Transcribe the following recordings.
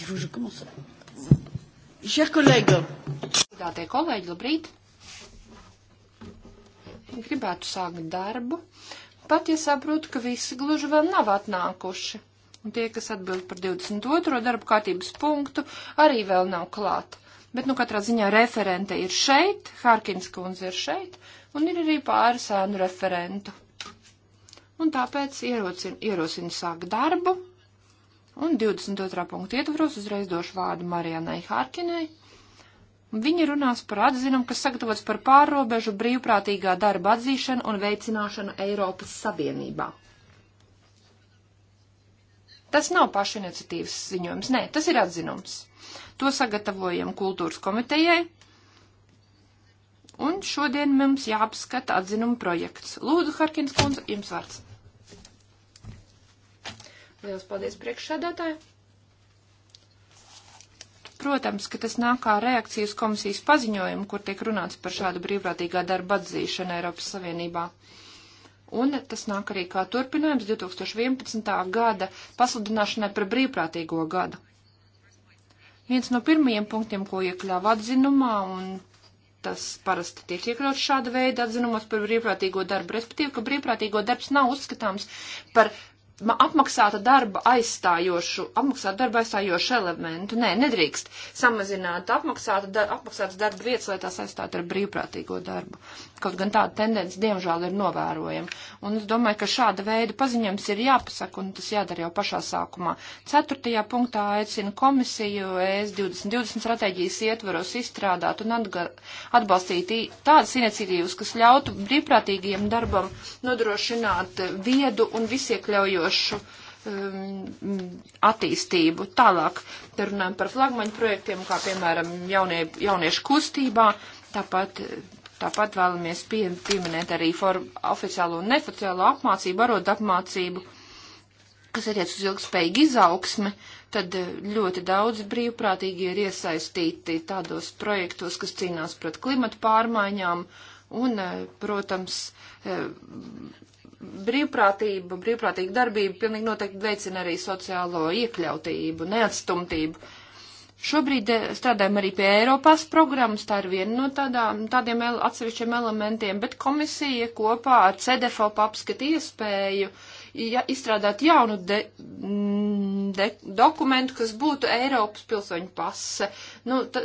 Il faut que je commence. Chers collègues. Tātie kolēģi, labrīt. Gribētu sākt darbu. Pat ja saprotu, ka visi gluži vēl nav atnākuši. Un tie, kas atbild par 22. darbu kārtības punktu, arī vēl nav klāt. Bet, nu, katrā ziņā referente ir šeit, Harkins kundze ir šeit, un ir arī pāris ēnu referentu. Un tāpēc ierosinu, ierosinu sākt darbu Un 22. punktu ietvaros uzreiz došu vārdu Marijanai Hārkinai. Viņa runās par atzinumu, kas sagatavots par pārrobežu brīvprātīgā darba atzīšanu un veicināšanu Eiropas Savienībā. Tas nav pašiniciatīvas ziņojums, nē, tas ir atzinums. To sagatavojam kultūras komitejai, un šodien mums jāapskata atzinuma projekts. Lūdzu, Harkins kundze, jums vārds. Lielas paldies priekšsēdētāji. Protams, ka tas nāk kā reakcijas komisijas paziņojumu, kur tiek runāts par šādu brīvprātīgā darba atzīšanu Eiropas Savienībā. Un tas nāk arī kā turpinājums 2011. gada pasludināšanai par brīvprātīgo gadu. Viens no pirmajiem punktiem, ko iekļāva atzinumā, un tas parasti tiek iekļauts šāda veida atzinumos par brīvprātīgo darbu, respektīvi, ka brīvprātīgo darbs nav uzskatāms par apmaksāta darba aizstājošu, apmaksāta darba aizstājošu elementu. Nē, nedrīkst samazināt apmaksāta, dar, apmaksātas darba vietas, lai tās aizstātu ar brīvprātīgo darbu. Kaut gan tāda tendence, diemžēl, ir novērojama. Un es domāju, ka šāda veida paziņojums ir jāpasaka, un tas jādara jau pašā sākumā. Ceturtajā punktā aicina komisiju ES 2020 stratēģijas ietvaros izstrādāt un atbalstīt tādas iniciatīvas, kas ļautu brīvprātīgiem darbam nodrošināt viedu un visiekļaujošu um, attīstību. Tālāk te runājam par flagmaņu projektiem, kā piemēram jaunie, jauniešu kustībā, tāpat Tāpat vēlamies pie, pieminēt arī for, oficiālo un neoficiālo apmācību, arot apmācību, kas ir iet uz ilgspējīgu izaugsmi, tad eh, ļoti daudz brīvprātīgi ir iesaistīti tādos projektos, kas cīnās pret klimatu pārmaiņām un, eh, protams, eh, brīvprātība, brīvprātīga darbība pilnīgi noteikti veicina arī sociālo iekļautību, neatstumtību. Šobrīd eh, strādājam arī pie Eiropas programmas, tā ir viena no tādām, tādiem el, atsevišķiem elementiem, bet komisija kopā ar CDFO apskatīja iespēju ja, izstrādāt jaunu de, mm, de, dokumentu, kas būtu Eiropas pilsoņu pase, nu, ta,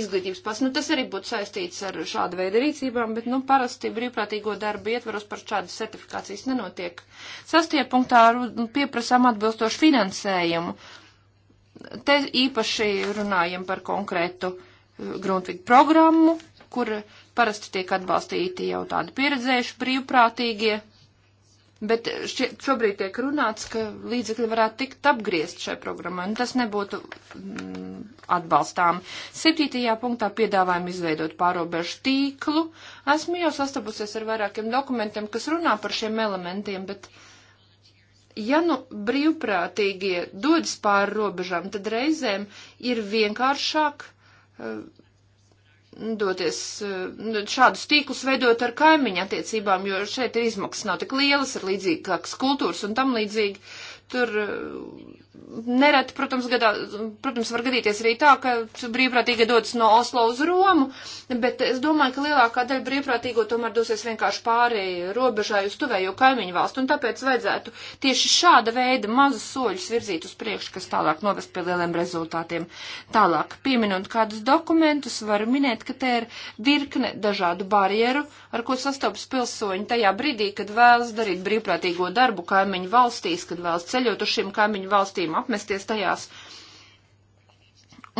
izglītības pase. Nu, tas arī būtu saistīts ar šādu veidu rīcībām, bet, nu, parasti brīvprātīgo darbu ietvaros par šādas certifikācijas nenotiek. Sastie punktā nu, pieprasām atbilstošu finansējumu. Uh, Te īpaši runājam par konkrētu eh, Grundvig programmu, kur parasti tiek atbalstīti jau tādi pieredzējuši brīvprātīgie, bet šie, šobrīd tiek runāts, ka līdzekļi varētu tikt apgriezt šai programmai, un tas nebūtu mm, atbalstām. Septītajā punktā piedāvājam izveidot pārobežu tīklu. Esmu jau sastapusies ar vairākiem dokumentiem, kas runā par šiem elementiem, bet. Uh, ja nu brīvprātīgie dodas pāri robežām, tad reizēm ir vienkāršāk eh, doties eh, šādus tīklus veidot ar kaimiņu attiecībām, jo šeit izmaksas nav tik lielas, ir līdzīgākas kultūras un tam līdzīgi. Tur eh, nereti, protams, gadā, protams, var gadīties arī tā, ka brīvprātīgi dodas no Oslo uz Romu, bet es domāju, ka lielākā daļa brīvprātīgo tomēr dosies vienkārši pāri robežai uz tuvējo kaimiņu valstu, un tāpēc vajadzētu tieši šāda veida mazus soļus virzīt uz priekšu, kas tālāk novest pie lieliem rezultātiem. Tālāk, pieminot kādus dokumentus, varu minēt, ka te ir virkne dažādu barjeru, ar ko sastopas pilsoņi tajā brīdī, kad vēlas darīt brīvprātīgo darbu kaimiņu valstīs, kad vēlas ceļot uz šīm kaimiņu valstīm valstīm, apmesties tajās.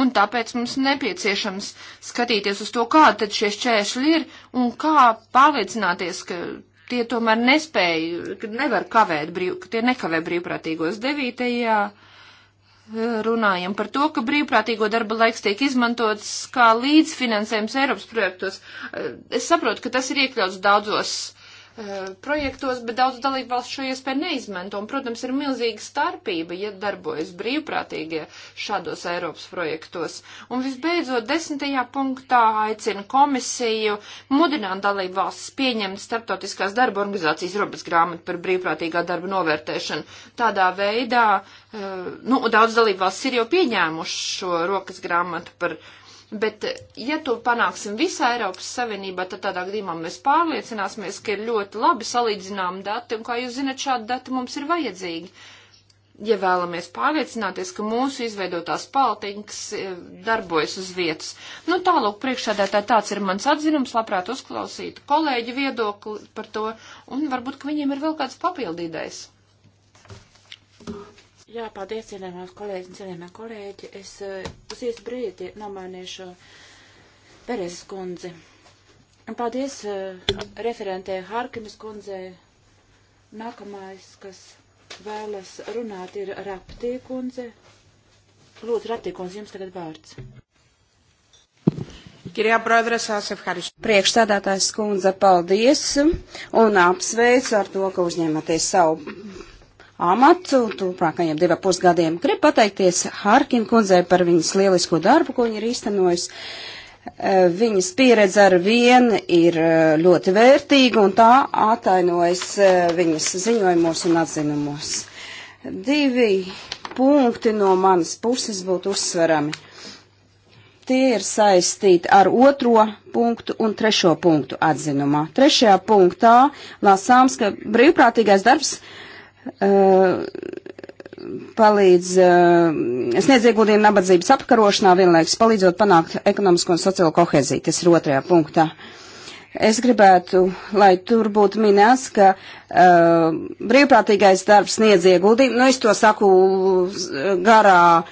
Un tāpēc mums nepieciešams skatīties uz to, kāda tad šie šķēršļi ir un kā pārliecināties, ka tie tomēr nespēja, ka nevar kavēt brīv, ka tie nekavē brīvprātīgos devītajā. Eh, runājam par to, ka brīvprātīgo darba laiks tiek izmantots kā līdzfinansējums Eiropas projektos. Eh, es saprotu, ka tas ir iekļauts daudzos uh, Uh, projektos, bet daudz dalībvalstu šo iespēju neizmanto. Un, protams, ir milzīga starpība, ja darbojas brīvprātīgie šādos Eiropas projektos. Un visbeidzot, desmitajā punktā aicina komisiju mudināt dalībvalstis pieņemt starptautiskās darba organizācijas robas grāmatu par brīvprātīgā darba novērtēšanu. Tādā veidā, uh, nu, daudz dalībvalstis ir jau pieņēmuši šo rokas grāmatu par Bet, ja to panāksim visā Eiropas Savienībā, tad tādā gadījumā mēs pārliecināsimies, ka ir ļoti labi salīdzināmi dati, un, kā jūs zinat, šādi dati mums ir vajadzīgi. Ja vēlamies pārliecināties, ka mūsu izveidotās politikas e, darbojas uz vietas. Nu, tālūk, priekšsēdētāji, tāds ir mans atzinums, labprāt uzklausītu kolēģi viedokli par to, un varbūt, ka viņiem ir vēl kāds papildīdais. Jā, paldies, cienējumās kolēģi un cienējumā kolēģi. Es eh, uz uh, īstu brīdi nomainīšu Perezes kundzi. Un paldies uh, referentē Harkinas kundzei. Nākamais, kas vēlas runāt, ir Raptī kundze. Lūdzu, Raptī kundze, jums tagad vārds. Priekšstādātājs kundze, paldies un apsveicu ar to, ka uzņēmaties savu amatu tūpākajiem divu pusgadiem. Gribu pateikties Harkin kundzei par viņas lielisko darbu, ko viņa ir īstenojusi. Eh, viņas pieredze ar vienu ir eh, ļoti vērtīga un tā atainojas eh, viņas ziņojumos un atzinumos. Divi punkti no manas puses būtu uzsverami. Tie ir saistīti ar otro punktu un trešo punktu atzinumā. Trešajā punktā lasāms, ka brīvprātīgais darbs uh, Uh, palīdz uh, sniedz ieguldījumu nabadzības apkarošanā, vienlaikus palīdzot panākt ekonomisko un sociālo koheziju. Tas ir otrajā punktā. Es gribētu, lai tur būtu minēts, ka uh, brīvprātīgais darbs sniedz ieguldījumu. Nu, es to saku uh, garā uh,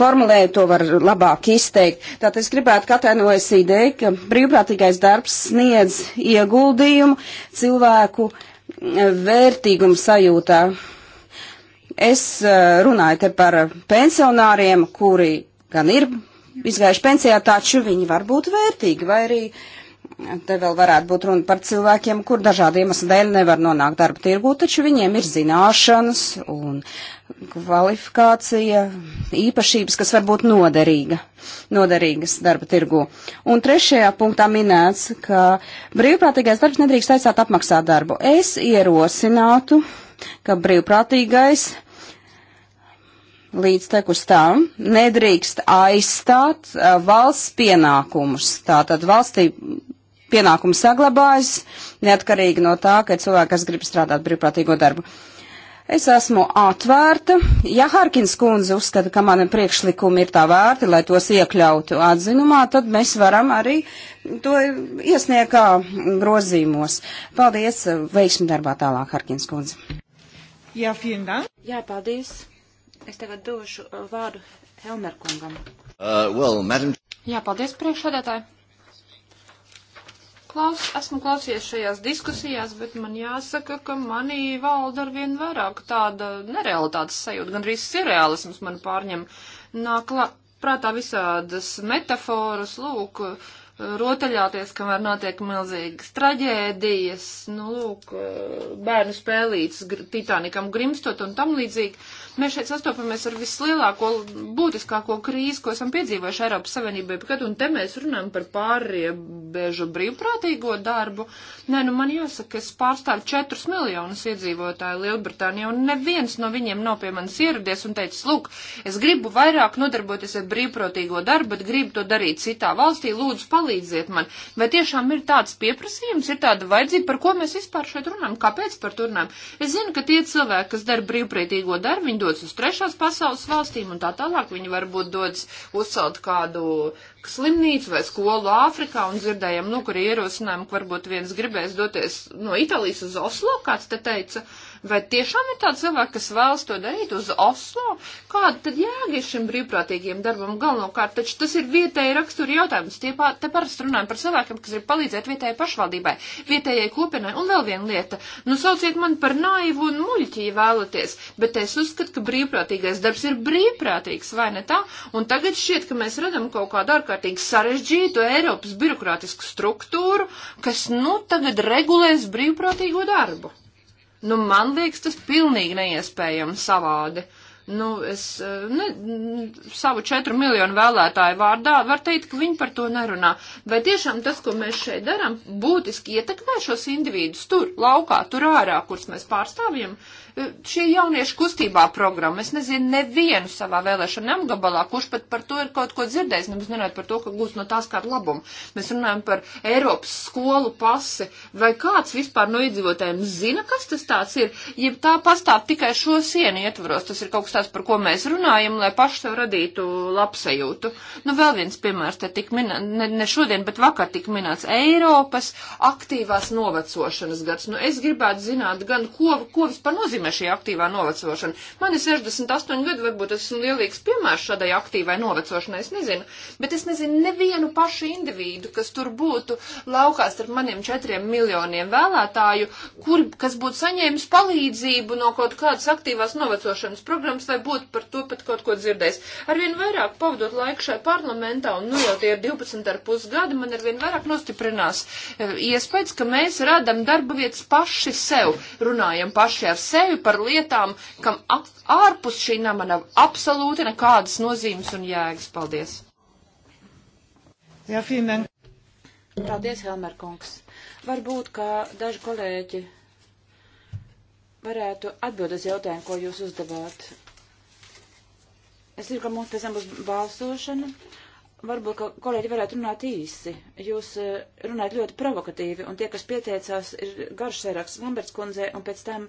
formulē, to var labāk izteikt. Tātad es gribētu katainojas ideju, ka brīvprātīgais darbs sniedz ieguldījumu cilvēku uh, vērtīguma sajūtā. Es eh, runāju te par pensionāriem, kuri gan ir izgājuši pensijā, taču viņi var būt vērtīgi vai arī uh, Te vēl varētu būt runa par cilvēkiem, kur dažādu iemeslu dēļ nevar nonākt darba tirgū, taču viņiem ir zināšanas un kvalifikācija, īpašības, kas var būt noderīga, noderīgas darba tirgū. Un trešajā punktā minēts, ka brīvprātīgais darbs nedrīkst aizstāt apmaksāt darbu. Es ierosinātu, ka brīvprātīgais līdz tekus tam nedrīkst aizstāt uh, valsts pienākumus. Tātad valstī pienākumu saglabājas, neatkarīgi no tā, ka ir cilvēki, kas grib strādāt brīvprātīgo darbu. Es esmu atvērta. Ja Harkins kundze uzskata, ka mani priekšlikumi ir tā vērti, lai tos iekļautu atzinumā, tad mēs varam arī to iesniegt kā grozīmos. Paldies, veiksmi darbā tālāk, Harkins kundze. Jā, fiendā. Jā, paldies. Es tagad došu uh, vārdu Helmerkungam. Uh, well, madam... Jā, paldies priekšsēdētāji klaus, esmu klausies šajās diskusijās, bet man jāsaka, ka manī valda ar vien vairāk tāda nerealitātes sajūta, gandrīz surrealisms man pārņem. Nāk la, prātā visādas metaforas, lūk, rotaļāties, kamēr notiek milzīgas traģēdijas, nu, lūk, bērnu spēlītas Titanikam grimstot un tam līdzīgi. Mēs šeit sastopamies ar vislielāko, būtiskāko krīzi, ko esam piedzīvojuši Eiropas Savienībai, kad un te mēs runājam par pārriebežu brīvprātīgo darbu. Nē, nu man jāsaka, es pārstāvu 4 miljonus iedzīvotāju Lielbritānijā, un neviens no viņiem nav pie manis ieradies un teicis, lūk, es gribu vairāk nodarboties ar brīvprātīgo darbu, bet gribu to darīt citā valstī, lūdzu palīdziet man. Vai tiešām ir tāds pieprasījums, ir tāda vajadzība, par ko mēs vispār šeit runājam, kāpēc par to runājam? Es zinu, ka tie cilvēki, kas dara brīvprātīgo darbu, viņi viņi dodas uz trešās pasaules valstīm un tā tālāk. Viņi varbūt dodas uzcelt kādu slimnīcu vai skolu Āfrikā un dzirdējam, nu, kur ierosinājumu, ka varbūt viens gribēs doties no Itālijas uz Oslo, kāds te teica. Uh, Vai tiešām ir tādi cilvēki, kas vēlas to darīt uz Oslo? Kāda tad jēga ir šim brīvprātīgiem darbam galvenokārt? Taču tas ir vietēji rakstura jautājums. Tie pār, te parasti runājam par cilvēkiem, kas ir palīdzēt vietējai pašvaldībai, vietējai kopienai. Un vēl viena lieta. Nu, sauciet mani par naivu un muļķi, ja vēlaties, bet es uzskatu, ka brīvprātīgais darbs ir brīvprātīgs, vai ne tā? Un tagad šķiet, ka mēs redzam kaut kādu ārkārtīgi sarežģītu Eiropas birokrātisku struktūru, kas nu tagad regulēs brīvprātīgo darbu. Nu, man liekas, tas pilnīgi neiespējami savādi. Nu, es eh, ne, savu četru miljonu vēlētāju vārdā var teikt, ka viņi par to nerunā. Vai tiešām tas, ko mēs šeit darām, būtiski ietekmē šos individus tur, laukā, tur ārā, kurus mēs pārstāvjam? Uh, šī jauniešu kustībā programma. Es nezinu nevienu savā vēlēšana apgabalā, kurš pat par to ir kaut ko dzirdējis, nemaz nerunājot par to, ka gūs no tās kādu labumu. Mēs runājam par Eiropas skolu pasi, vai kāds vispār no iedzīvotājiem zina, kas tas tāds ir, ja tā pastāv tikai šo sienu ietvaros. Tas ir kaut kas tāds, par ko mēs runājam, lai paši sev radītu labsajūtu. Nu, vēl viens piemērs te tik minēts, ne, ne šodien, bet vakar tik minēts Eiropas aktīvās novecošanas gads. Nu, es gribētu zināt gan, ko, ko vispār nozīmē nozīmē šī aktīvā novecošana. Man ir 68 gadi, varbūt esmu lielīgs piemērs šādai aktīvai novecošanai, es nezinu, bet es nezinu nevienu pašu individu, kas tur būtu laukās ar maniem četriem miljoniem vēlētāju, kur, kas būtu saņēmis palīdzību no kaut kādas aktīvās novecošanas programmas, lai būtu par to pat kaut ko dzirdējis. Arvien vairāk pavadot laiku šai parlamentā, un nu jau tie ir 12,5 gadi, man arvien vairāk nostiprinās eh, iespējas, ka mēs radam darba vietas paši sev, runājam paši ar sevi runāju par lietām, kam ārpus šī nama nav absolūti nekādas nozīmes un jēgas. Paldies! Jā, fīmen. Paldies, Helmer kungs. Varbūt, ka daži kolēģi varētu atbildēt uz jautājumu, ko jūs uzdevāt. Es zinu, ka mums pēc tam būs balsošana. Varbūt, ka kolēģi varētu runāt īsi. Jūs eh, runājat ļoti provokatīvi, un tie, kas pieteicās, ir garš saraksts Lamberts kundzei, un pēc tam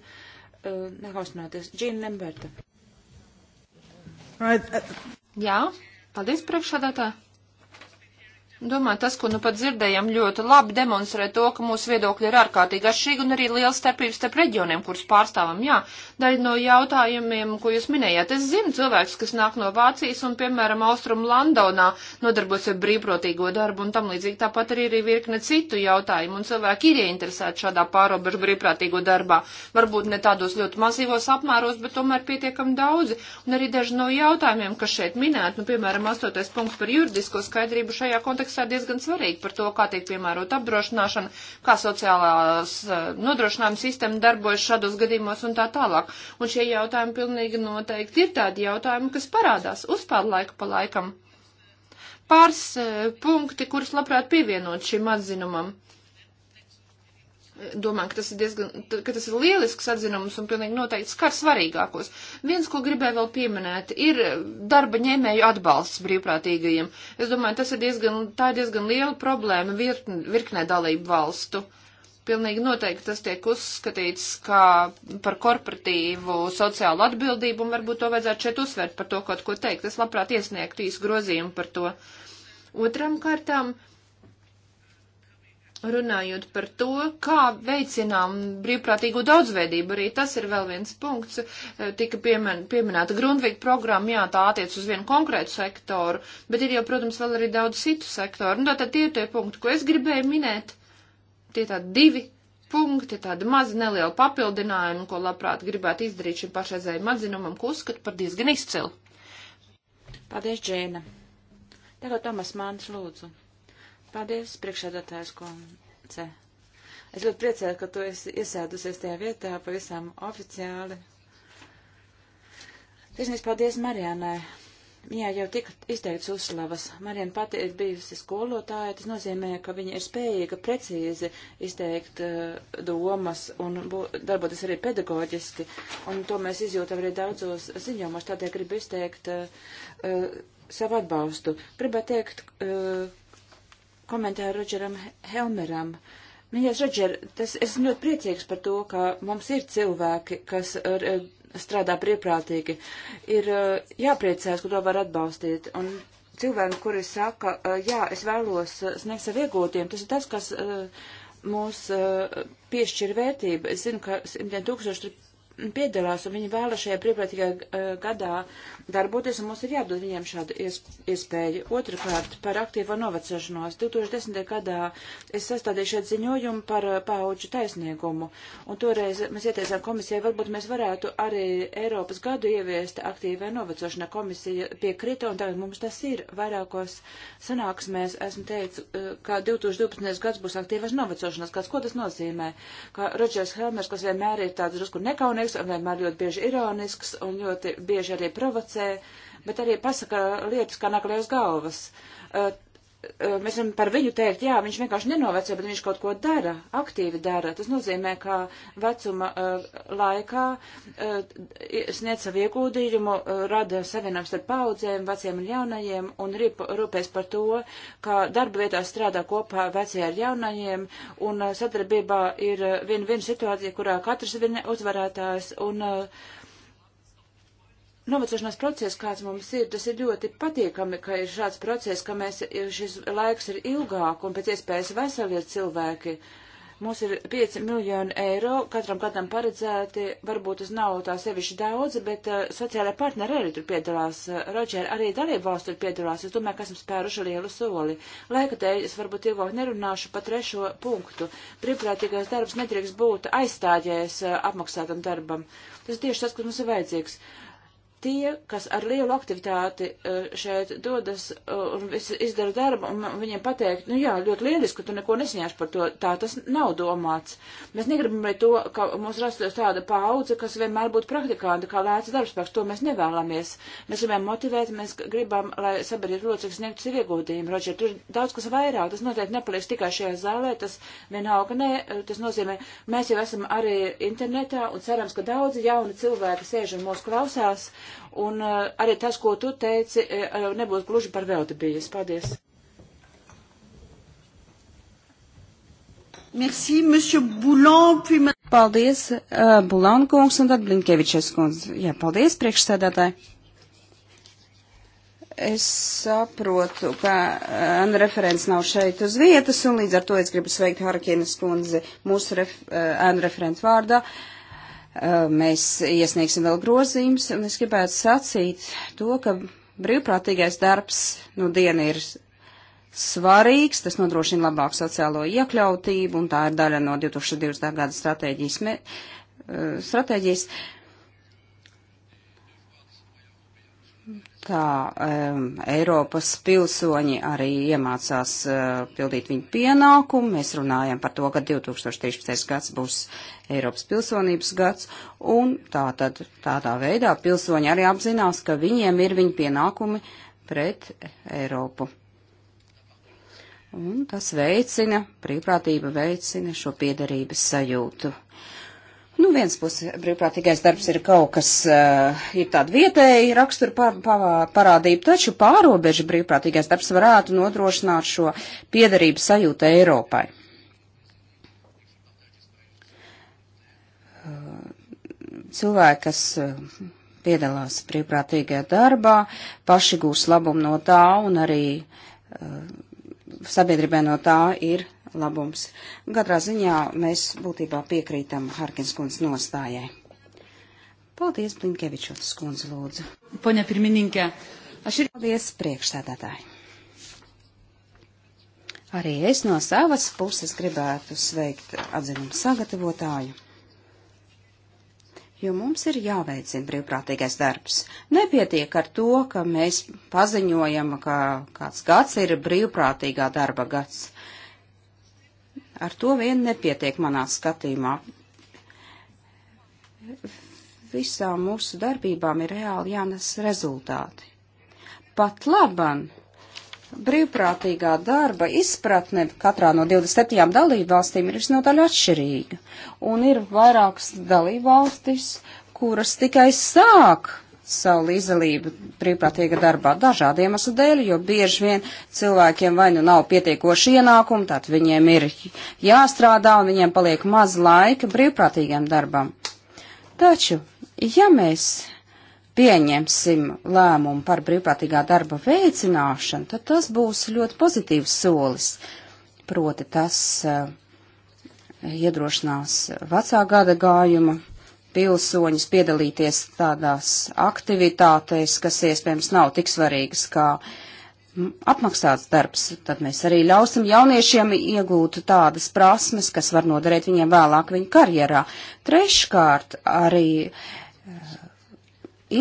uh, nekaustināties. Džīna Nemberta. Right. Uh, Jā, paldies priekšādātā. Domāju, tas, ko nu pat dzirdējām, ļoti labi demonstrē to, ka mūsu viedokļi ir ārkārtīgi atšķirīgi un arī liela starpības starp reģioniem, kurus pārstāvam. Jā, daļa no jautājumiem, ko jūs minējāt, es zinu cilvēks, kas nāk no Vācijas un, piemēram, Austrum Landonā nodarbojas ar brīvprotīgo darbu un tam līdzīgi tāpat arī ir virkne citu jautājumu un cilvēki ir ieinteresēti šādā pārobežu brīvprātīgo darbā. Varbūt ne tādos ļoti mazīvos apmēros, bet tomēr pietiekami daudzi. Un arī daži no jautājumiem, kas šeit minēti, nu, piemēram, astotais punkts par juridisko skaidrību šajā kontekstā kontekstā diezgan svarīgi par to, kā tiek piemērot apdrošināšana, kā sociālās eh, nodrošinājuma sistēma darbojas šādos gadījumos un tā tālāk. Un šie jautājumi pilnīgi noteikti ir tādi jautājumi, kas parādās uzpēd laiku pa laikam. Pāris eh, punkti, kurus labprāt pievienot šim atzinumam. Domāju, ka tas ir diezgan, ka tas ir lielisks atzinums un pilnīgi noteikti skar svarīgākos. Viens, ko gribēju vēl pieminēt, ir darba ņēmēju atbalsts brīvprātīgajiem. Es domāju, tas ir diezgan, tā ir diezgan liela problēma virkn, virknē dalību valstu. Pilnīgi noteikti tas tiek uzskatīts kā par korporatīvu sociālu atbildību un varbūt to vajadzētu šeit uzsvērt par to kaut ko teikt. Es labprāt iesniegtu īsu grozījumu par to. Otram kārtām. Uh, runājot par to, kā veicinām brīvprātīgo daudzveidību, arī tas ir vēl viens punkts. Eh, tika piemen, pieminēta Grundvika programma, jā, tā attiec uz vienu konkrētu sektoru, bet ir jau, protams, vēl arī daudz citu sektoru. Un nu, tātad tie tie punkti, ko es gribēju minēt, tie tādi divi punkti, tādi mazi nelieli papildinājumi, ko labprāt gribētu izdarīt šim pašreizējiem atzinumam, ko uzskatu par diezgan izcilu. Paldies, Džēna. Tagad Tomas Māns lūdzu. Paldies, priekšādātājs konce. Es ļoti priecēju, ka tu esi iesēdusies tajā vietā pavisam oficiāli. Tiesnīgs paldies Marijanai. Viņai jau tika izteikts uzslavas. Marijana pati ir bijusi skolotāja, tas nozīmē, ka viņa ir spējīga precīzi izteikt uh, domas un bū, darboties arī pedagoģiski, un to mēs izjūtam arī daudzos ziņojumos, tādēļ gribu izteikt uh, uh, savu atbalstu. Gribētu teikt, uh, komentāru Rodžeram Helmeram. Mīļais Rodžer, tas, esmu ļoti priecīgs par to, ka mums ir cilvēki, kas ar, eh, strādā brīvprātīgi. Ir eh, jāpriecājas, ka to var atbalstīt. Un cilvēki, kuri saka, eh, jā, es vēlos sniegt savu iegūtiem, tas ir tas, kas mūs piešķir vērtību. Es zinu, ka simtiem tūkstoši piedalās un viņi vēlas šajā brīvprātīgā eh, gadā darboties, un mums ir jādod viņiem šādu iespēju. Otrakārt, par aktīvo novecošanos. 2010. gadā es sastādīju šeit ziņojumu par eh, pauģu taisniegumu, un toreiz mēs ieteicām komisijai, varbūt mēs varētu arī Eiropas gadu ieviest aktīvē novecošanā. Komisija piekrita, un tagad mums tas ir vairākos sanāksmēs. Esmu teicis, eh, ka 2012. gads būs aktīvas novecošanas gads. Ko tas nozīmē? Ka Rodžers Helmers, kas vienmēr ir tāds drusku nekaunīgs, personīgs un vienmēr ļoti bieži ironisks un ļoti bieži arī provocē, bet arī pasaka lietas, kā nāk lai uz galvas. Uh, mēs varam par viņu teikt, jā, viņš vienkārši nenoveco, bet viņš kaut ko dara, aktīvi dara. Tas nozīmē, ka vecuma uh, laikā uh, sniedz savu ieguldījumu, uh, rada savienojums starp paudzēm, veciem un jaunajiem, un rip, rūpēs par to, ka darba vietā strādā kopā vecie ar jaunajiem, un sadarbībā ir viena vien situācija, kurā katrs ir uzvarētājs, un uh, novecošanās process, kāds mums ir, tas ir ļoti patīkami, ka ir šāds process, ka mēs, šis laiks ir ilgāk un pēc iespējas veselie cilvēki. Mums ir 5 miljoni eiro, katram gadam paredzēti, varbūt tas nav tā sevišķi daudz, bet uh, sociālai partneri arī tur piedalās, uh, Rodžēri arī dalību valsts tur piedalās, es domāju, ka esam spēruši lielu soli. Laika dēļ es varbūt ilgāk nerunāšu pa trešo punktu. Brīvprātīgais darbs nedrīkst būt aizstājies uh, apmaksātam darbam. Tas tieši tas, kas mums ir vajadzīgs. Uh, tie, kas ar lielu aktivitāti e, šeit dodas e, un izdara darbu, un viņiem pateikt, nu jā, ļoti lieliski, tu neko nesaņēš par to, tā tas nav domāts. Mēs negribam to, ka mums rastos tāda paudze, kas vienmēr būtu praktikanti, kā lēts darbspēks, to mēs nevēlamies. Mēs gribam motivēt, mēs gribam, lai sabiedrība locekļi sniegtu sev ieguldījumu. Roger, tur ir daudz kas vairāk, tas noteikti nepaliks tikai šajā zālē, tas vienalga nē, tas nozīmē, mēs jau esam arī internetā un cerams, ka daudzi jauni cilvēki sēž un mūs klausās. Uh, Un eh, arī tas, ko tu teici, eh, eh, nebūs gluži par velti bijis. Paldies! Merci, monsieur Boulan, puis... Paldies, uh, Bulan kungs un tad Blinkevičs kungs. Jā, paldies, priekšsēdētāji. Es saprotu, ka Anna referents nav šeit uz vietas, un līdz ar to es gribu sveikt Harkinas kundzi mūsu ref, Anna referents vārdā. Uh, Uh, mēs iesniegsim vēl grozījumus, un es gribētu sacīt to, ka brīvprātīgais darbs nu diena ir svarīgs, tas nodrošina labāku sociālo iekļautību, un tā ir daļa no 2020. gada stratēģijas. Me, uh, stratēģijas. Uh, kā um, Eiropas pilsoņi arī iemācās uh, pildīt viņu pienākumu. Mēs runājam par to, ka 2013. gads būs Eiropas pilsonības gads, un tā tad, tādā veidā pilsoņi arī apzinās, ka viņiem ir viņu pienākumi pret Eiropu. Un tas veicina, brīvprātība veicina šo piedarības sajūtu Nu, viens puses brīvprātīgais darbs ir kaut kas, uh, ir tāda vietēja rakstura par, par, parādība, taču pārobežu brīvprātīgais darbs varētu nodrošināt šo piedarību sajūtu Eiropai. Eh, cilvēki, kas eh, piedalās brīvprātīgajā darbā, paši gūs labumu no tā un arī uh, sabiedrībai no tā ir labums. Gadrā ziņā mēs būtībā piekrītam Harkins kundz nostājai. Paldies, Blinkevičotas kundze, lūdzu. Poņa pirmininkē, aš ir paldies priekšstādātāji. Arī es no savas puses gribētu sveikt atzinumu sagatavotāju jo mums ir jāveicina brīvprātīgais darbs. Nepietiek ar to, ka mēs paziņojam, ka kāds gads ir brīvprātīgā darba gads. Ar to vien nepietiek manā skatījumā. Visām mūsu darbībām ir reāli jānes rezultāti. Pat laban brīvprātīgā darba izpratne katrā no 27 dalībvalstīm ir visnotaļ atšķirīga. Un ir vairākas dalībvalstis, kuras tikai sāk savu līdzdalību brīvprātīga darbā dažādu iemeslu dēļ, jo bieži vien cilvēkiem vai nu nav pietiekoši ienākumi, tad viņiem ir jāstrādā un viņiem paliek maz laika brīvprātīgiem darbam. Taču, ja mēs pieņemsim lēmumu par brīvprātīgā darba veicināšanu, tad tas būs ļoti pozitīvs solis. Proti tas uh, iedrošinās vecā gada gājuma pilsoņus piedalīties tādās aktivitātēs, kas iespējams nav tik svarīgas kā apmaksāts darbs, tad mēs arī ļausim jauniešiem iegūt tādas prasmes, kas var noderēt viņiem vēlāk viņa karjerā. Treškārt, arī eh,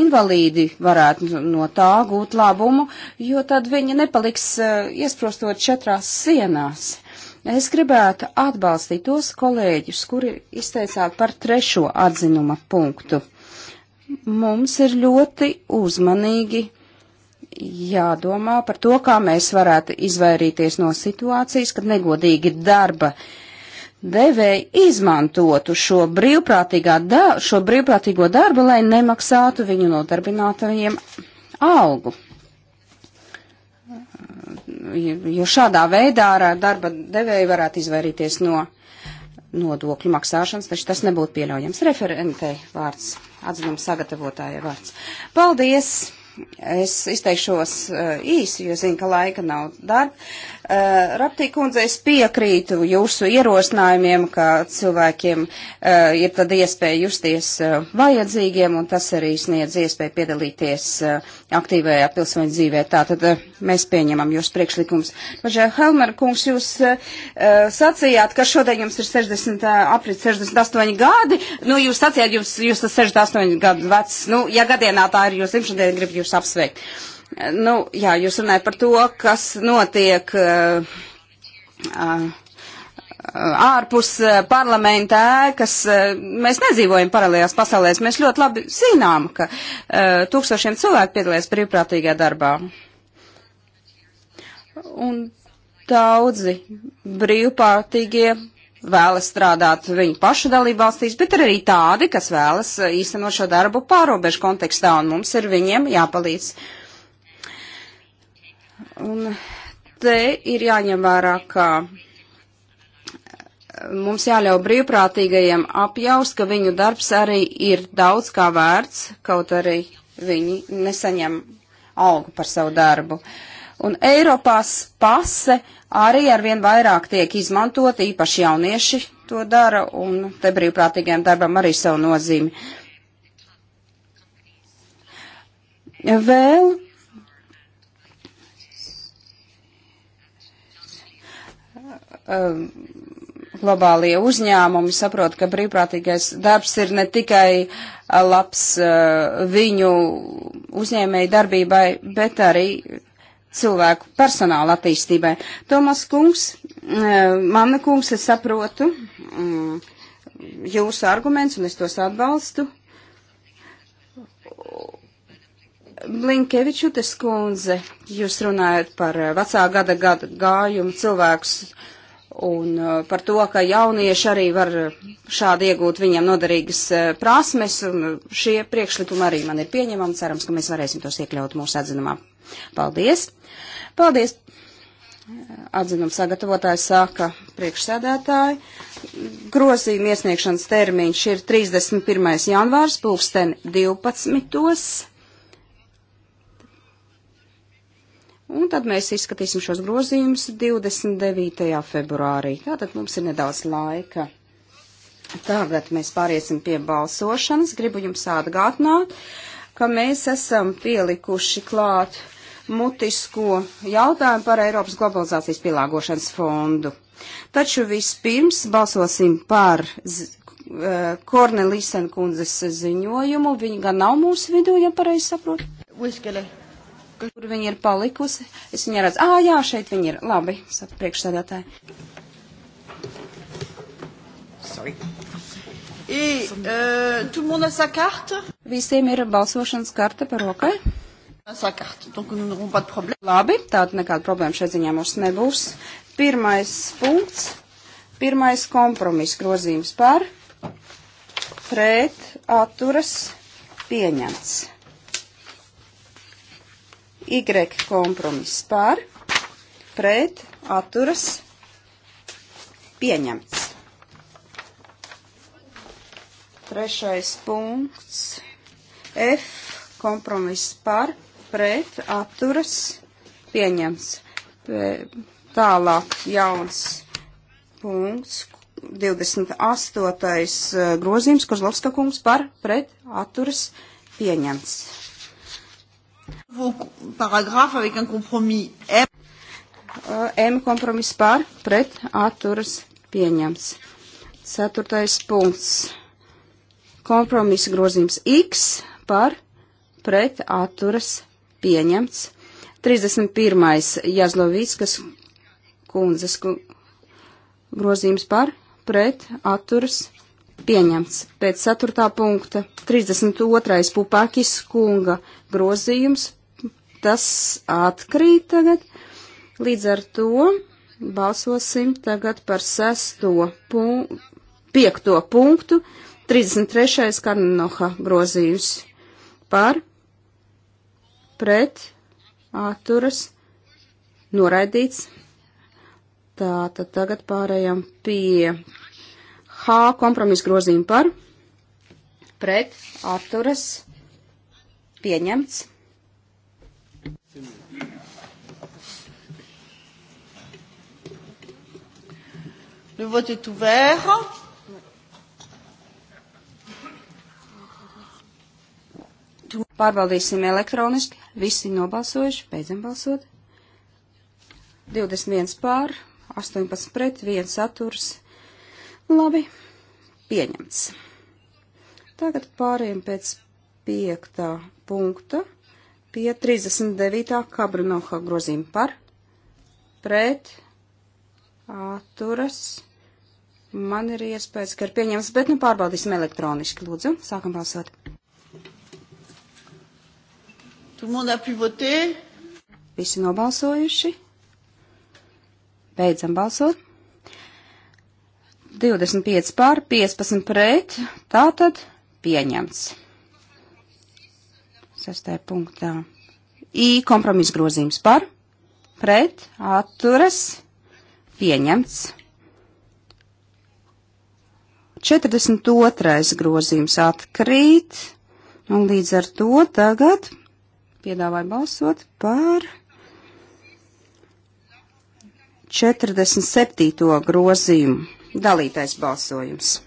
invalīdi varētu no tā gūt labumu, jo tad viņi nepaliks eh, iesprostot četrās sienās. Es gribētu atbalstīt tos kolēģus, kuri izteicāt par trešo atzinuma punktu. Mums ir ļoti uzmanīgi jādomā par to, kā mēs varētu izvairīties no situācijas, kad negodīgi darba devēji izmantotu šo, da šo brīvprātīgo darbu, lai nemaksātu viņu nodarbinātajiem algu jo šādā veidā darba devēja varētu izvairīties no nodokļu maksāšanas, taču tas nebūtu pieļaujams. Referentei vārds, atzinuma sagatavotājai vārds. Paldies! Es izteikšos eh, īsi, jo zinu, ka laika nav darba. Uh, eh, Raptī kundze, es piekrītu jūsu ierosinājumiem, ka cilvēkiem uh, ir tad iespēja justies uh, vajadzīgiem, un tas arī sniedz iespēju piedalīties uh, aktīvajā pilsoņu dzīvē. Tātad uh, mēs pieņemam jūsu priekšlikums. Pažēl, Helmer kungs, jūs uh, sacījāt, ka šodien jums ir 60, uh, aprit 68 gadi. Nu, jūs sacījāt, jūs, jūs tas 68 gadu vecs. Nu, ja gadienā tā ir jūs dzimšandiena, gribu jūs apsveikt. Uh, Nu, jā, jūs runājat par to, kas notiek uh, uh, ārpus eh, parlamenta ēkas. Mēs nedzīvojam paralēlās pasaulēs. Mēs ļoti labi zinām, ka uh, tūkstošiem cilvēku piedalās brīvprātīgā darbā. Un daudzi brīvprātīgie vēlas strādāt viņu pašu dalībvalstīs, bet ir arī tādi, kas vēlas īstenot šo darbu pārobežu kontekstā, un mums ir viņiem jāpalīdz. Uh, Un te ir jāņem vērā, ka eh, mums jāļauj brīvprātīgajiem apjaust, ka viņu darbs arī ir daudz kā vērts, kaut arī viņi nesaņem algu par savu darbu. Un Eiropās pase arī arvien vairāk tiek izmantot, īpaši jaunieši to dara, un te brīvprātīgajiem darbam arī savu nozīmi. Vēl um, globālie uzņēmumi saprot, ka brīvprātīgais darbs ir ne tikai uh, labs uh, viņu uzņēmēju darbībai, bet arī cilvēku personāla attīstībai. Tomas kungs, uh, mana kungs, es saprotu um, jūsu arguments un es tos atbalstu. Blinkevičutes kundze, jūs runājat par uh, vecā gada, gada gājumu cilvēkus un uh, par to, ka jaunieši arī var šādi iegūt viņiem noderīgas uh, prasmes, un uh, šie priekšlikumi arī man ir pieņemami, cerams, ka mēs varēsim tos iekļaut mūsu atzinumā. Paldies! Paldies! Atzinums sagatavotājs saka priekšsēdētāji. Grozījuma iesniegšanas termiņš ir 31. janvārs, pulksten 12. Un tad mēs izskatīsim šos grozījumus 29. februārī. Tātad mums ir nedaudz laika. Tagad mēs pāriesim pie balsošanas. Gribu jums atgādināt, ka mēs esam pielikuši klāt mutisko jautājumu par Eiropas globalizācijas pielāgošanas fondu. Taču vispirms balsosim par eh, Kornelīsen kundzes ziņojumu. Viņa gan nav mūsu vidū, ja pareizi saprotu. Uizgalē kas... Kur viņa ir palikusi? Es viņu redzu. Ā, jā, šeit viņa ir. Labi, saka priekšsēdētāji. Sorry. Et, euh, tout le monde a sa carte? Visiem ir balsošanas karte par rokai. Sa carte, donc nous n'aurons pas de problème. Labi, tātad nekāda problēma šeit ziņā mums nebūs. Pirmais punkts, pirmais kompromiss grozījums par, pret, atturas, pieņemts. Y kompromiss par, pret, atturas, pieņemts. Trešais punkts. F kompromiss par, pret, atturas, pieņemts. Tālāk jauns punkts, 28. Eh, grozījums Kozlovska kungs par pret atturas pieņemts. M kompromiss eh, pār, pret, atturas pieņems. Ceturtais punkts. Kompromisa grozījums X par, pret, atturas pieņemts. 31. Jazlovīskas kundzes grozījums par, pret, atturas pieņemts Pieņemts pēc 4. punkta 32. pupakis kunga grozījums. Tas atkrīt tagad. Līdz ar to balsosim tagad par 6. Punk 5. punktu 33. Karnoha grozījums par pret atturas noraidīts. Tā tad tagad pārējām pie H kompromisu grozījumu par, pret, atturas, pieņemts. Le vote est ouvert. Pārbaudīsim elektroniski. Visi nobalsojuši, beidzam balsot. 21 pār, 18 pret, 1 saturs Labi, pieņemts. Tagad pārējiem pēc piektā punkta pie 39. kabrinoha grozījuma par pret atturas. Man ir iespējas, ka ir pieņems, bet nu pārbaudīsim elektroniski, lūdzu. Sākam balsot. Visi nobalsojuši. Beidzam balsot. 25 pār 15 pret, tātad pieņemts. Sestē punktā. I kompromis grozījums par, pret, atturas, pieņemts. 42. grozījums atkrīt, un līdz ar to tagad piedāvāju balsot par 47. grozījumu dalītais balsojums.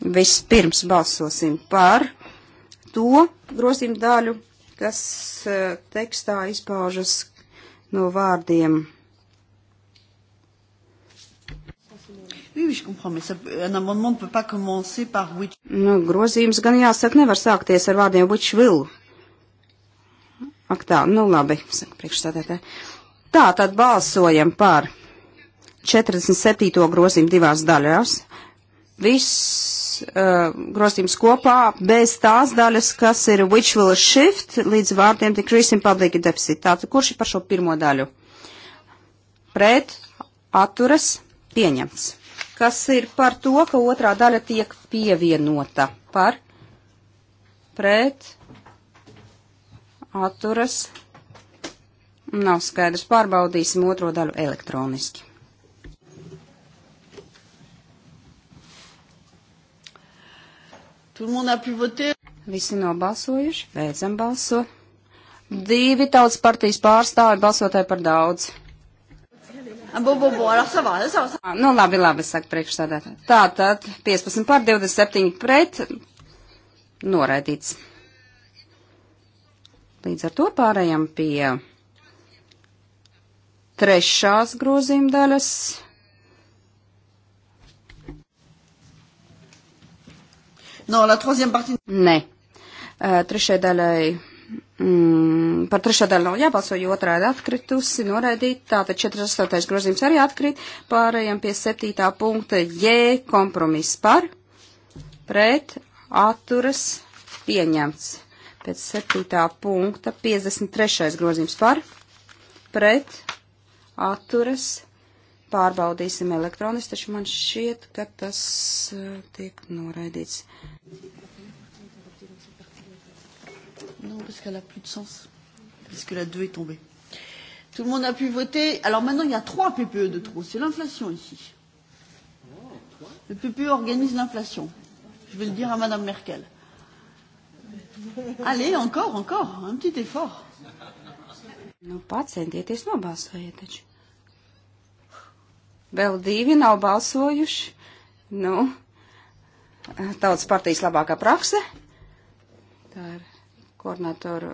Vispirms balsosim par to grozījumu daļu, kas eh, tekstā izpaužas no vārdiem. Oui, oui, je comprends, mais ça, un amendement ne peut pas commencer par which. Nu, grozījums gan jāsaka nevar sākties ar vārdiem which will. Ak tā, nu labi, saka priekšstādētāji. Tā tad balsojam par 47. grozījumu divās daļās. Viss uh, grozījums kopā bez tās daļas, kas ir which will shift līdz vārdiem decreasing public deficit. Tātad kurš ir par šo pirmo daļu? Pret, atturas, pieņemts. Kas ir par to, ka otrā daļa tiek pievienota? Par, pret, atturas, Nav skaidrs, pārbaudīsim otro daļu elektroniski. Visi nobalsojuši, beidzam balso. Divi tautas partijas pārstāvi balsotāji par daudz. Nu, labi, labi, saka priekšstādātāji. Tātad 15 pār 27 pret noraidīts. Līdz ar to pārējām pie trešās grozījuma daļas No, la troisième partie. Nē. Uh, eh, trešajai daļai. Mm, par trešo daļu nav jābalso, jo otrā ir atkritusi, noraidīt, tātad 48. grozījums arī atkrīt, pārējām pie 7. punkta J kompromiss par, pret, atturas, pieņemts. Pēc 7. punkta 53. grozījums par, pret, atturas, pieņemts pārbaudīsim elektroniski, taču man šķiet, ka tas eh, tiek noraidīts. Non, parce qu'elle a plus de sens, puisque la 2 est tombée. Tout le monde a pu voter. Alors maintenant, il y a 3 PPE de trop. C'est l'inflation ici. Le PPE organise l'inflation. Je vais le dire à Madame Merkel. Allez, encore, encore, un petit effort. Nu, pacientieties nobalsojiet taču. Vēl divi nav balsojuši. Nu, tautas partijas labākā prakse. Tā ir koordinatoru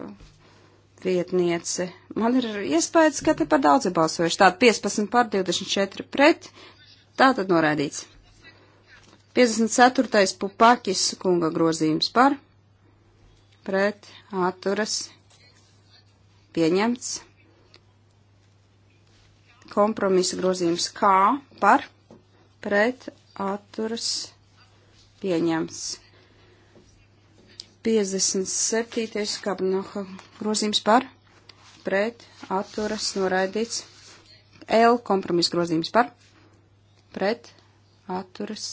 vietniece. Man ir iespējas, ka te par daudz ir balsojuši. Tāda 15 par 24 pret. Tā tad norādīts. 54. pupakis kunga grozījums par pret atturas pieņemts. Kompromisa grozījums K par pret atturas pieņemts. 57. kabinoha grozījums par pret atturas noraidīts. L kompromisa grozījums par pret atturas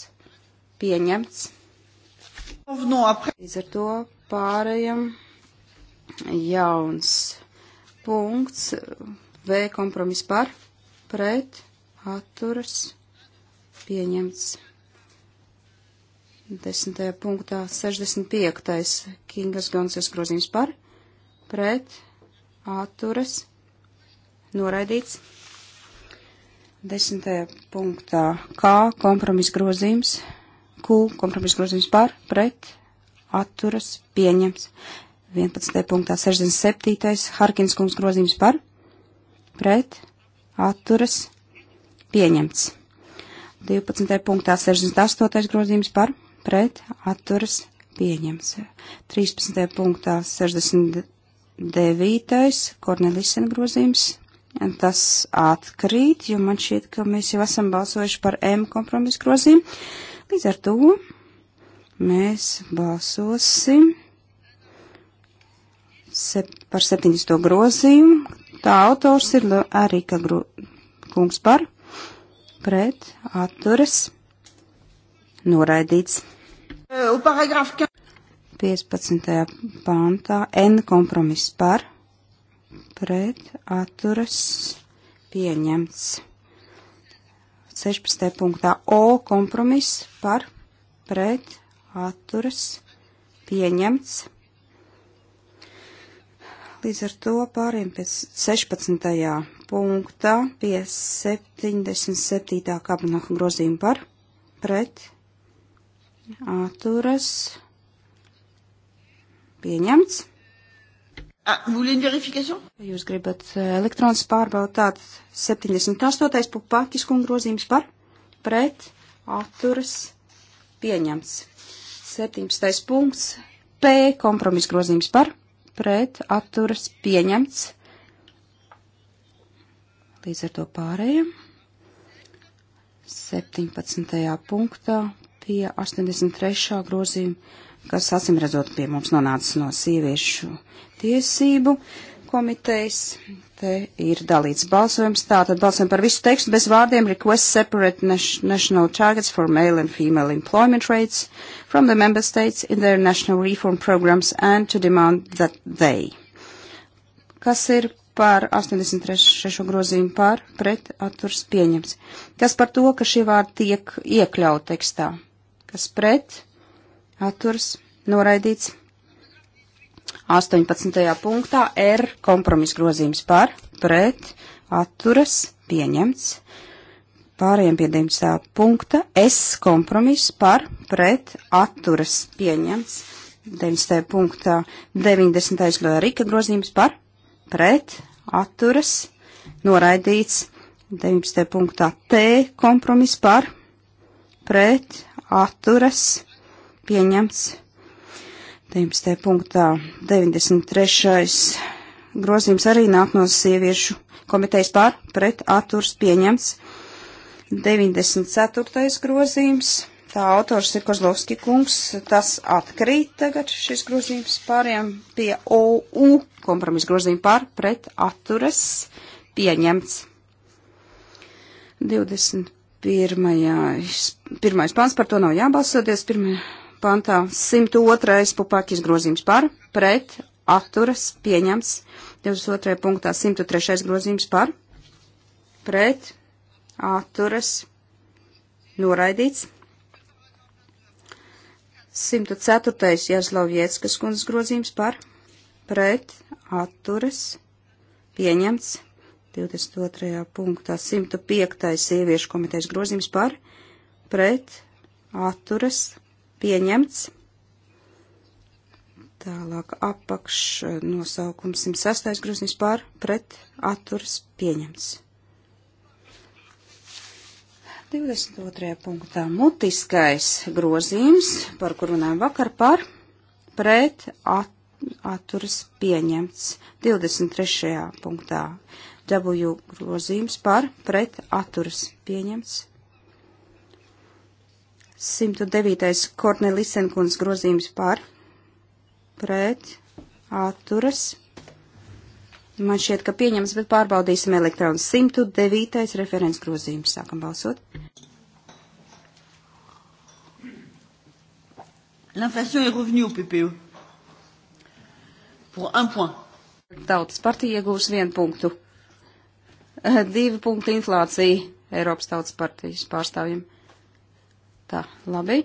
pieņemts. Līdz ar to pārējam jauns punkts V kompromis par pret atturas pieņemts. Desmitajā punktā 65. Kingas Gonsas grozījums par pret atturas noraidīts. Desmitajā punktā K kompromis grozījums, Q kompromis grozījums par pret atturas pieņemts. 11. punktā 67. Harkins kungs grozījums par pret atturas atturas pieņemts. 12. punktā 68. grozījums par pret atturas pieņems. 13. punktā 69. Kornelisena grozījums. Tas atkrīt, jo man šķiet, ka mēs jau esam balsojuši par M kompromisu grozījumu. Līdz ar to mēs balsosim par 70. grozījumu. Tā autors ir Arika kungs par, pret, atturas, noraidīts. 15. pāntā N kompromiss par, pret, atturas, pieņemts. 16. punktā O kompromiss par, pret, atturas, pieņemts. Līdz ar to pāriem pēc 16. punktā pie 77. kabinaka grozījuma par pret atturas pieņemts. Ah, Jūs gribat eh, elektronas pārbaudīt tātad 78. pupakis kungu grozījums par pret atturas pieņemts. 17. punkts P kompromis grozījums par pret pret atturas pieņemts. Līdz ar to pārējiem. 17. punktā pie 83. grozījuma, kas acimredzot pie mums nonācis no sieviešu tiesību komitejas. Te ir dalīts balsojums. Tātad balsojam par visu tekstu bez vārdiem. Request separate national targets for male and female employment rates from the member states in their national reform programs and to demand that they. Kas ir par 83. grozījumu pār pret atturs pieņemts? Kas par to, ka šie vārdi tiek iekļaut tekstā? Kas pret atturs noraidīts? 18. punktā R kompromis grozījums par, pret, atturas, pieņemts. Pārējiem pie 19. punkta S kompromis par, pret, atturas, pieņemts. 19. punktā 90. Rika grozījums par, pret, atturas, noraidīts. 19. punktā T kompromis par, pret, atturas, pieņemts. 19. punktā 93. grozījums arī nāk no sieviešu komitejas pār pret atturs pieņemts. 94. grozījums. Tā autors ir Kozlovski kungs. Tas atkrīt tagad šis grozījums pāriem pie OU kompromisa grozījuma pār pret atturas pieņemts. 21. Pirmais pāns par to nav jābalsoties. Pirmajā pantā 102. pupakis grozījums par, pret, atturas, pieņems. 22. punktā 103. grozījums par, pret, atturas, noraidīts. 104. Jaslovieckas kundzes grozījums par, pret, atturas, pieņemts. 22. punktā 105. sieviešu komitejas grozījums par, pret, atturas, pieņemts pieņemts. Tālāk apakš eh, nosaukums 106. grozījums pār pret atturas pieņemts. 22. punktā mutiskais grozījums, par kur runājam vakar par pret at, atturas pieņemts. 23. punktā W grozījums par pret atturas pieņemts. 109. Kornelisenkundas grozījums par, pret, atturas. Man šķiet, ka pieņems, bet pārbaudīsim elektronu. 109. referents grozījums. Sākam balsot. L'inflation est revenue au PPE. Pour un point. Tautas partija iegūs vienu punktu. Divi punkti inflācija Eiropas tautas partijas pārstāvjiem. Tā, labi.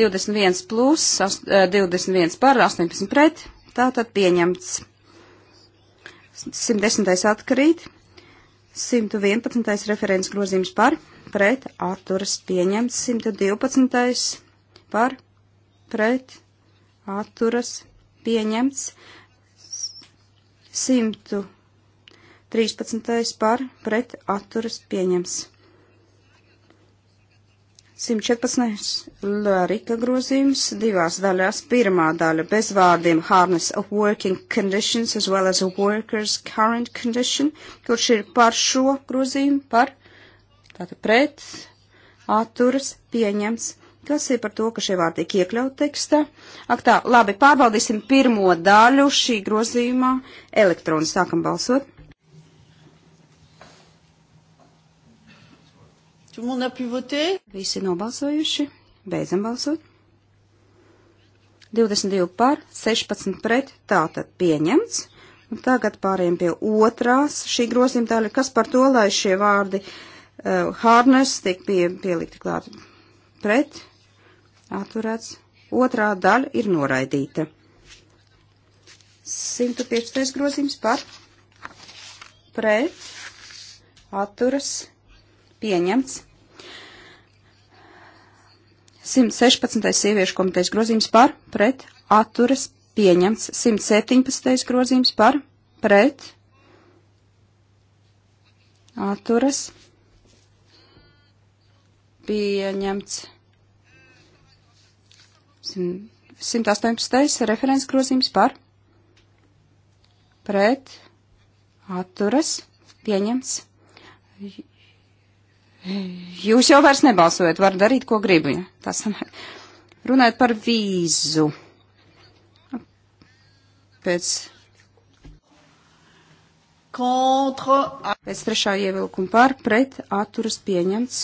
21 plus, 21 eh, par, 18 pret. Tā tad pieņemts. 110. atkarīt. 111. referents grozījums par, pret, atturas pieņemts. 112. par, pret, atturas pieņemts. 113. par, pret, atturas pieņemts. 114. Lārika grozījums divās daļās. Pirmā daļa bez vārdiem harness of working conditions as well as a worker's current condition, kurš ir par šo grozījumu, par, tātad pret, atturas, pieņems. Kas ir par to, ka šie vārdi tiek iekļaut tekstā? Ak tā, labi, pārbaudīsim pirmo daļu šī grozījumā. Elektroni sākam balsot. Visi nobalsojuši. Beidzam balsot. 22 par, 16 pret, tātad pieņemts. Un tagad pārējiem pie otrās šī grozījuma daļa. Kas par to, lai šie vārdi uh, harness tiek pie, pielikti klāt pret, atturēts. Otrā daļa ir noraidīta. 115. grozījums par pret, atturas, pieņemts. 116. sieviešu komitejas grozījums par, pret, atturas, pieņemts. 117. grozījums par, pret, atturas, pieņemts. 118. referents grozījums par, pret, atturas, pieņemts Jūs jau vairs nebalsojat, var darīt, ko gribi. Tā sanāk. Runājot par vīzu. Pēc. Kontra. Pēc trešā ievilkuma par pret atturas pieņemts.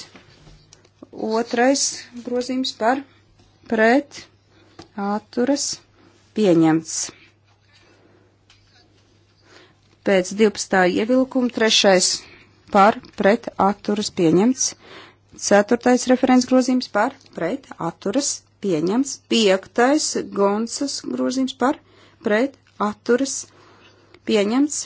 Otrais grozījums par pret atturas pieņemts. Pēc 12. ievilkuma trešais par pret atturas pieņemts. Ceturtais referents grozījums par pret atturas pieņemts. Piektais gonsas grozījums par pret atturas pieņemts.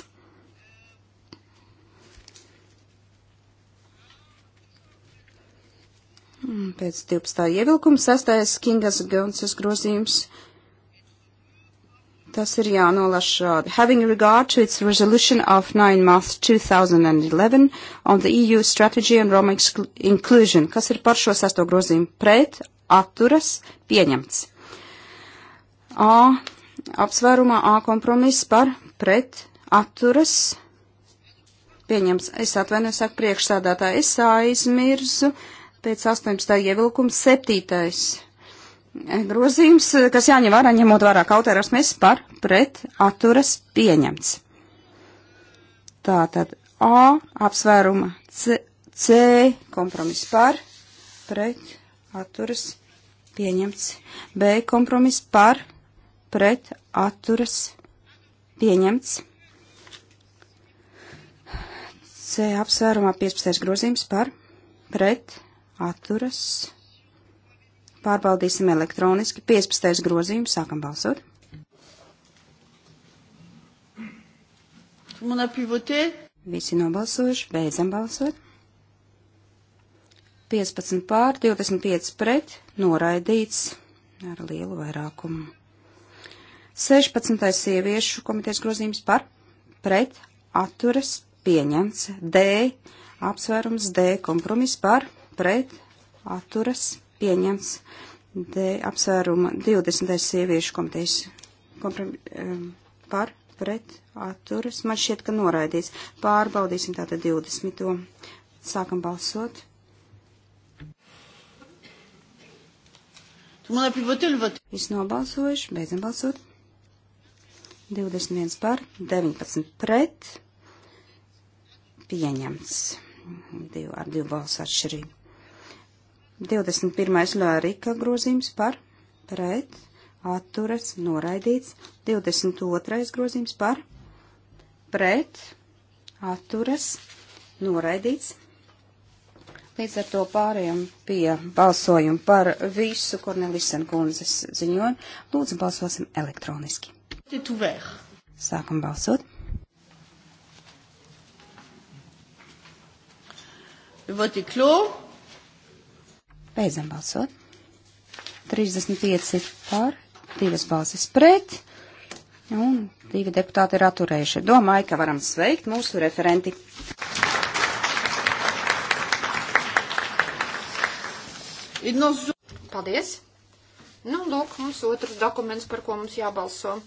Mm, pēc 12. ievilkuma sastais Kingas Gonsas grozījums Tas ir jānolaš šādi. Uh, having regard to its resolution of 9 month 2011 on the EU strategy and Roma inclusion, kas ir par šo sesto grozījumu pret, atturas, pieņemts. A. Apsvērumā A kompromiss par pret, atturas, pieņemts. Es atvainojos, saku priekšsādātāji, es aizmirzu pēc 18. ievilkuma 7 grozījums, eh, kas jāņem vērā, ņemot vērā kauteras mēs par pret atturas pieņemts. Tātad A apsvēruma C, C kompromis par pret atturas pieņemts. B kompromis par pret atturas pieņemts. C apsvērumā 15. grozījums par pret atturas pieņemts Pārbaudīsim elektroniski. 15. grozījums. Sākam balsot. Visi nobalsojuši. Beidzam balsot. 15 pār, 25 pret, noraidīts ar lielu vairākumu. 16. sieviešu komitejas grozījums par, pret, atturas, pieņemts, D, apsvērums D, kompromis par, pret, atturas, pieņemts dēļ apsvēruma 20. sieviešu komitejas komprom, par pret atturas. Man šķiet, ka noraidīts. Pārbaudīsim tātad 20. Sākam balsot. Viss nobalsojuši, beidzam balsot. 21 par, 19 pret, pieņemts divu, ar divu balsu atšķirību. 21. Lārika grozījums par, pret, atturas, noraidīts. 22. grozījums par, pret, atturas, noraidīts. Līdz ar to pārējām pie balsojuma par visu Kornelisen kundzes ziņojumu. Lūdzu, balsosim elektroniski. Sākam balsot. Votiklo. Beidzam balsot. 35 par, divas balsis pret, un divi deputāti ir atturējuši. Domāju, ka varam sveikt mūsu referenti. Paldies! Nu, lūk, mums otrs dokuments, par ko mums jābalso.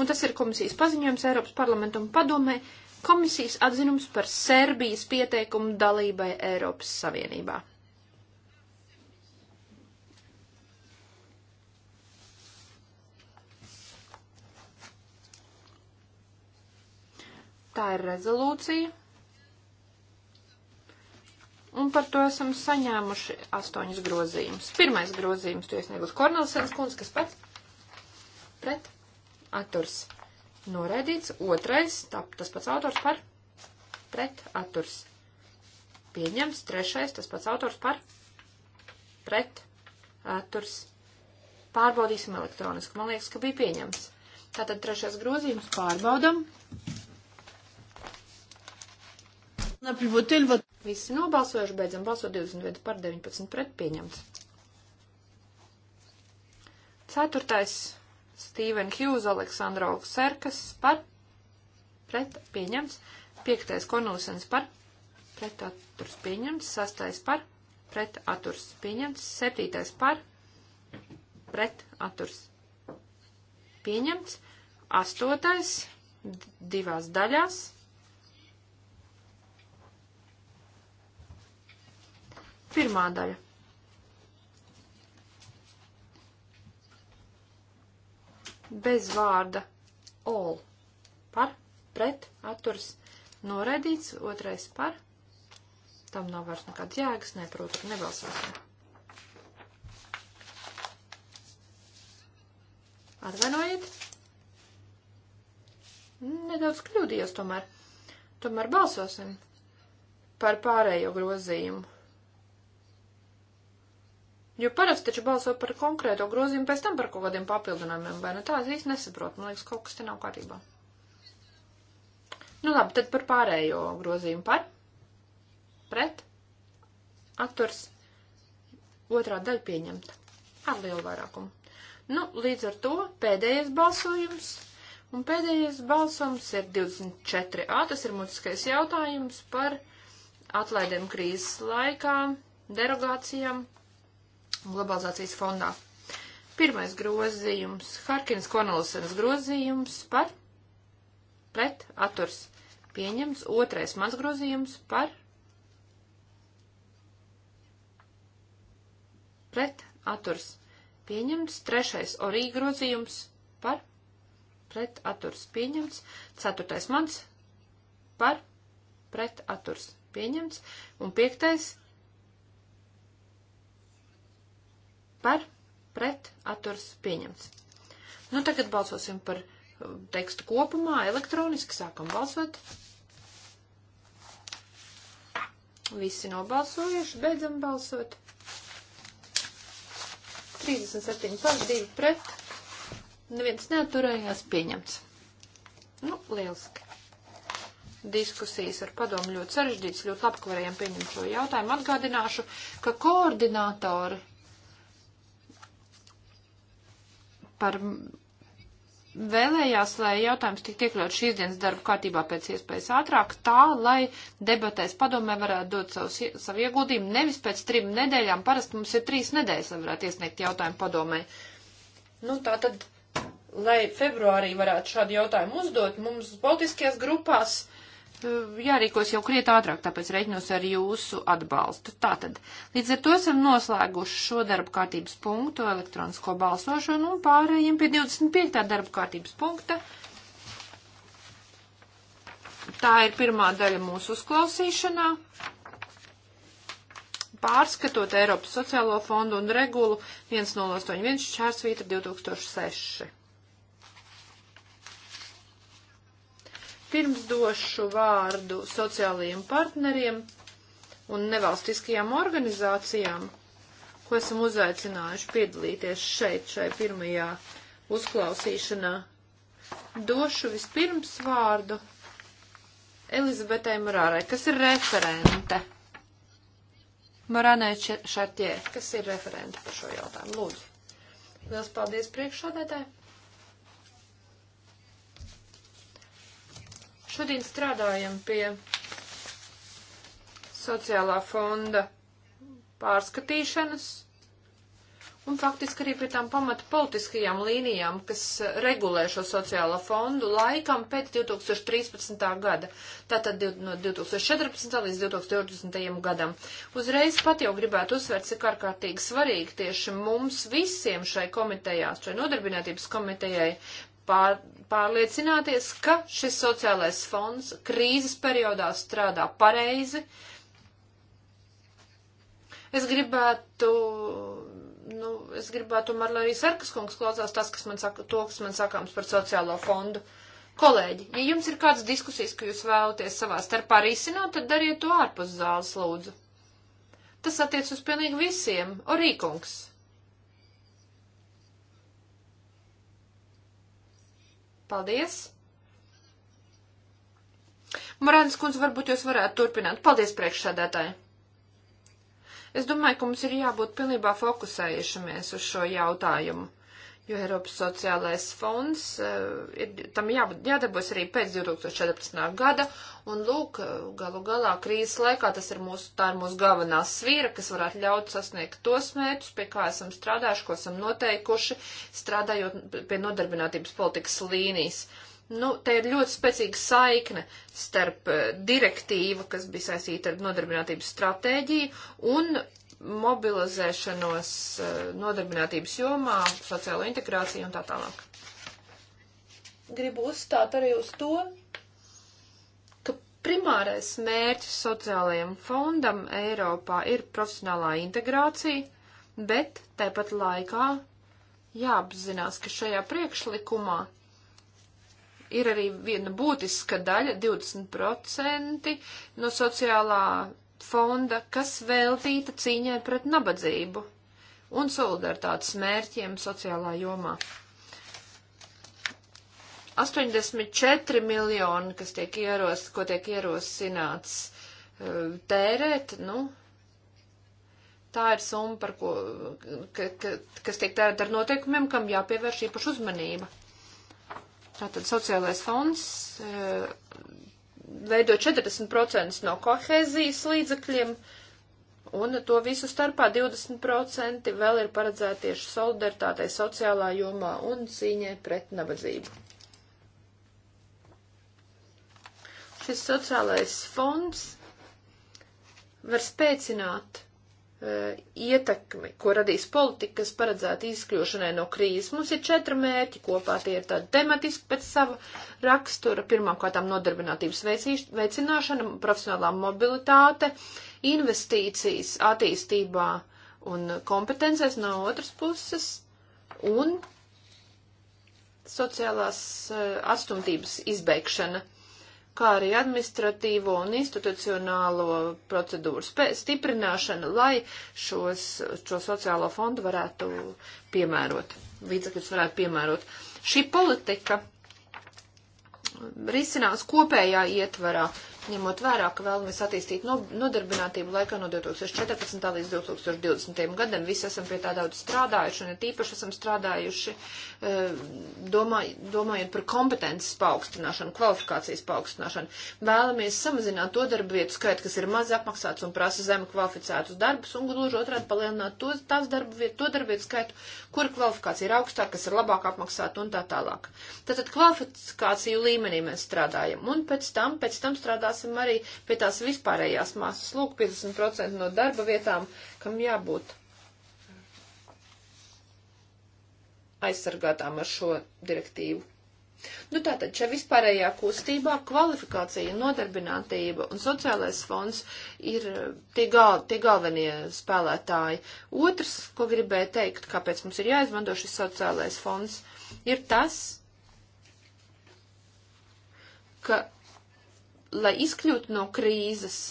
Un tas ir komisijas paziņojums Eiropas parlamentam padomē komisijas atzinums par Serbijas pieteikumu dalībai Eiropas Savienībā. Tā ir rezolūcija. Un par to esam saņēmuši astoņus grozījumus. Pirmais grozījums tu iesniegus Kornelsens kundz, kas pat pret atturs noraidīts. Otrais, tā, tas pats autors par pret atturs pieņems. Trešais, tas pats autors par pret atturs. Pārbaudīsim elektroniski. Man liekas, ka bija pieņems. Tātad trešais grozījums pārbaudam. Visi nobalsojuši, beidzam balsot 21 par 19 pret pieņemts. Ceturtais Steven Hughes, Aleksandro Serkas par pret pieņemts. Piektais Konulsens par pret atturs pieņemts. Sastais par pret atturs pieņemts. Septītais par pret atturs pieņemts. Astotais divās daļās Pirmā daļa. Bez vārda all. Par, pret, atturs, noraidīts, otrais par. Tam nav vairs nekāds jēgas, nē, protams, nebalsosim. Atvainojiet. Nedaudz kļūdījos tomēr. Tomēr balsosim par pārējo grozījumu. Jo parasti taču balso par konkrēto grozījumu, pēc tam par kaut kādiem papildinājumiem, vai ne tā? Es īsti nesaprotu, man liekas, kaut kas te nav kārtībā. Nu labi, tad par pārējo grozījumu par, pret, atturs, otrā daļa pieņemta ar lielu vairākumu. Nu, līdz ar to pēdējais balsojums, un pēdējais balsojums ir 24a, tas ir mutiskais jautājums par atlaidēm krīzes laikā, derogācijām globalizācijas fondā. Pirmais grozījums - Harkins Konalisens grozījums par pret aturs pieņems. Otrais mans grozījums par pret aturs pieņems. Trešais orī grozījums par pret aturs pieņemts. Ceturtais mans par pret aturs pieņemts. Un piektais par pret atturs pieņemts. Nu, tagad balsosim par uh, tekstu kopumā, elektroniski sākam balsot. Visi nobalsojuši, beidzam balsot. 37 par, 2 pret. Neviens neaturējās pieņemts. Nu, lieliski. Diskusijas ar padomu ļoti sarežģītas, ļoti labi, ka varējām pieņemt šo jautājumu. Atgādināšu, ka koordinātori par vēlējās, lai jautājums tiktu iekļauts šīs dienas darba kārtībā pēc iespējas ātrāk, tā, lai debatēs padomē varētu dot savus, savu ieguldījumu nevis pēc trim nedēļām. Parasti mums ir trīs nedēļas, lai varētu iesniegt jautājumu padomē. Nu, tā tad, lai februārī varētu šādu jautājumu uzdot, mums politiskajās grupās uh, Eh, jārīkos jau kriet ātrāk, tāpēc reiķinos ar jūsu atbalstu. Tātad, līdz ar to esam noslēguši šo darba kārtības punktu, elektronisko balsošanu un pārējiem pie 25. darba kārtības punkta. Tā ir pirmā daļa mūsu uzklausīšanā. Pārskatot Eiropas sociālo fondu un regulu 1081 čērsvīta 2006. Pirms došu vārdu sociālajiem partneriem un nevalstiskajām organizācijām, ko esam uzaicinājuši piedalīties šeit, šai pirmajā uzklausīšanā. Došu vispirms vārdu Elizabetei Marārai, kas ir referente. Marānai Šartie, kas ir referente par šo jautājumu. Lūdzu. Liels paldies priekšādētāji. Šodien strādājam pie sociālā fonda pārskatīšanas un faktiski arī pie tām pamata politiskajām līnijām, kas regulē šo sociālo fondu laikam pēc 2013. gada, tātad no 2014. līdz 2020. gadam. Uzreiz pat jau gribētu uzsvērt, cik ārkārtīgi svarīgi tieši mums visiem šai komitejās, šai nodarbinātības komitejai pār, pārliecināties, ka šis sociālais fonds krīzes periodā strādā pareizi. Es gribētu, nu, es gribētu, tomēr, lai arī Sarkas kungs klausās tas, kas man saka, to, kas man sakāms par sociālo fondu. Kolēģi, ja jums ir kādas diskusijas, ko jūs vēlaties savā starpā risināt, tad dariet to ārpus zāles, lūdzu. Tas attiec uz pilnīgi visiem. Orīkungs. Paldies! Morānas kundze, varbūt jūs varētu turpināt. Paldies, priekšsādātāji! Es domāju, ka mums ir jābūt pilnībā fokusējušamies uz šo jautājumu jo Eiropas sociālais fonds eh, ir, tam jā, jādarbos arī pēc 2014. gada, un lūk, galu galā krīzes laikā tas ir mūsu, tā ir mūsu galvenā svīra, kas varētu ļaut sasniegt tos mērķus, pie kā esam strādājuši, ko esam noteikuši, strādājot pie nodarbinātības politikas līnijas. Nu, te ir ļoti spēcīga saikne starp eh, direktīvu, kas bija saistīta ar nodarbinātības stratēģiju, un mobilizēšanos eh, nodarbinātības jomā, sociālo integrāciju un tā tālāk. Gribu uzstāt arī uz to, ka primārais mērķis sociālajiem fondam Eiropā ir profesionālā integrācija, bet tāpat laikā jāapzinās, ka šajā priekšlikumā ir arī viena būtiska daļa, 20% no sociālā fonda, kas veltīta cīņai pret nabadzību un solidaritātes mērķiem sociālā jomā. 84 miljoni, kas tiek ieros, ko tiek ierosināts eh, tērēt, nu, tā ir summa, par ko, ka, ka, kas tiek tērēt ar noteikumiem, kam jāpievērš īpaši uzmanība. Tātad sociālais fonds eh, veido 40% no kohēzijas līdzekļiem, un to visu starpā 20% vēl ir paredzēti tieši solidaritātei sociālā jomā un cīņai pret nabadzību. Šis sociālais fonds var spēcināt Eh, ietekmi, ko radīs politika, kas paredzēta izkļūšanai no krīzes. Mums ir četri mērķi kopā, tie ir tādi tematiski pēc sava rakstura, pirmkārtām nodarbinātības veicināšana, profesionālā mobilitāte, investīcijas attīstībā un kompetencēs no otras puses un sociālās uh, atstumtības izbeigšana. Uh, kā arī administratīvo un institucionālo procedūru stiprināšana, lai šos, šo sociālo fondu varētu piemērot, līdzekļus varētu piemērot. Šī politika risinās kopējā ietvarā, ņemot vērā, ka vēlamies attīstīt nodarbinātību laikā no 2014. līdz 2020. gadam. Visi esam pie tā daudz strādājuši un tīpaši esam strādājuši, eh, domā, domājot par kompetences paaugstināšanu, kvalifikācijas paaugstināšanu. Vēlamies samazināt to darbu vietu skaitu, kas ir maz apmaksāts un prasa zemu kvalificētus darbus, un gluži otrādi palielināt tos, tās darbu vietu, to darbu vietu skaitu, kura kvalifikācija ir augstāka, kas ir labāk apmaksāta un tā tālāk. Tātad kvalifikāciju līmenī mēs strādājam, un pēc tam, pēc tam strādāsim arī pie tās vispārējās māsas, lūk, 50% no darba vietām, kam jābūt aizsargātām ar šo direktīvu. Nu tātad šajā vispārējā kustībā kvalifikācija, nodarbinātība un sociālais fonds ir eh, tie, gal, tie galvenie spēlētāji. Otrs, ko gribēju teikt, kāpēc mums ir jāizmanto šis sociālais fonds, ir tas, ka, lai izkļūtu no krīzes,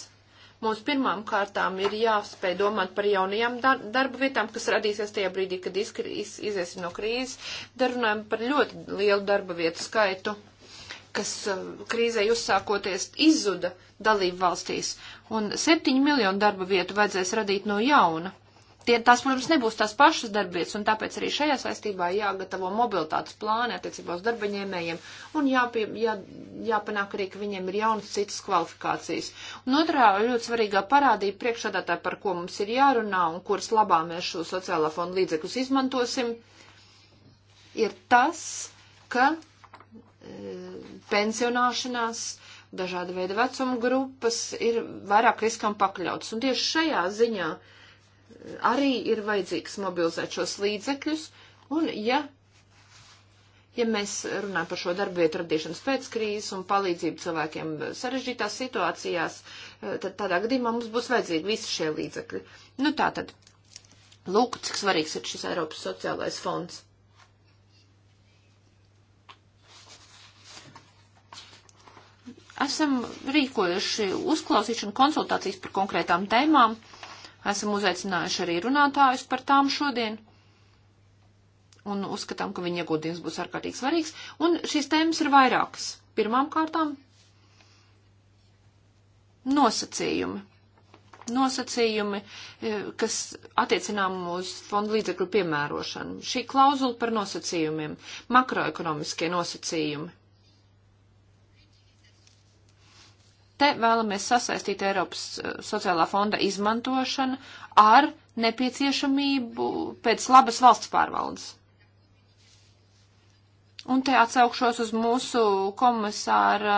Mums pirmām kārtām ir jāspēj domāt par jaunajām dar darba vietām, kas radīsies tajā brīdī, kad iz iziesim no krīzes. Darunājam par ļoti lielu darba vietu skaitu, kas uh, krīzē uzsākoties izzuda dalību valstīs. Un 7 miljonu darba vietu vajadzēs radīt no jauna. Tie, tās, protams, nebūs tās pašas darbvietas, un tāpēc arī šajā saistībā jāgatavo mobilitātes plāni attiecībā uz darbaņēmējiem, un jāpie, jā, jāpanāk arī, ka viņiem ir jaunas citas kvalifikācijas. Un otrā ļoti svarīgā parādība priekšsādātāja, par ko mums ir jārunā un kuras labā mēs šo sociālā fonda līdzekļus izmantosim, ir tas, ka e, pensionāšanās dažāda veida vecuma grupas ir vairāk riskam pakļautas. Un tieši šajā ziņā arī ir vajadzīgs mobilizēt šos līdzekļus, un ja, ja mēs runājam par šo darbvietu radīšanas pēc krīzes un palīdzību cilvēkiem sarežģītās situācijās, eh, tad tādā gadījumā mums būs vajadzīgi visi šie līdzekļi. Nu tā tad, lūk, cik svarīgs ir šis Eiropas sociālais fonds. Esam rīkojuši uzklausīšanu konsultācijas par konkrētām tēmām. Esam uzaicinājuši arī runātājus par tām šodien. Un uzskatām, ka viņa ieguldījums būs ārkārtīgi svarīgs. Un šīs tēmas ir vairākas. Pirmām kārtām nosacījumi. Nosacījumi, eh, kas attiecinām uz fondu līdzekļu piemērošanu. Šī klauzula par nosacījumiem, makroekonomiskie nosacījumi. Te vēlamies sasaistīt Eiropas eh, sociālā fonda izmantošanu ar nepieciešamību pēc labas valsts pārvaldes. Un te atsaukšos uz mūsu komisāra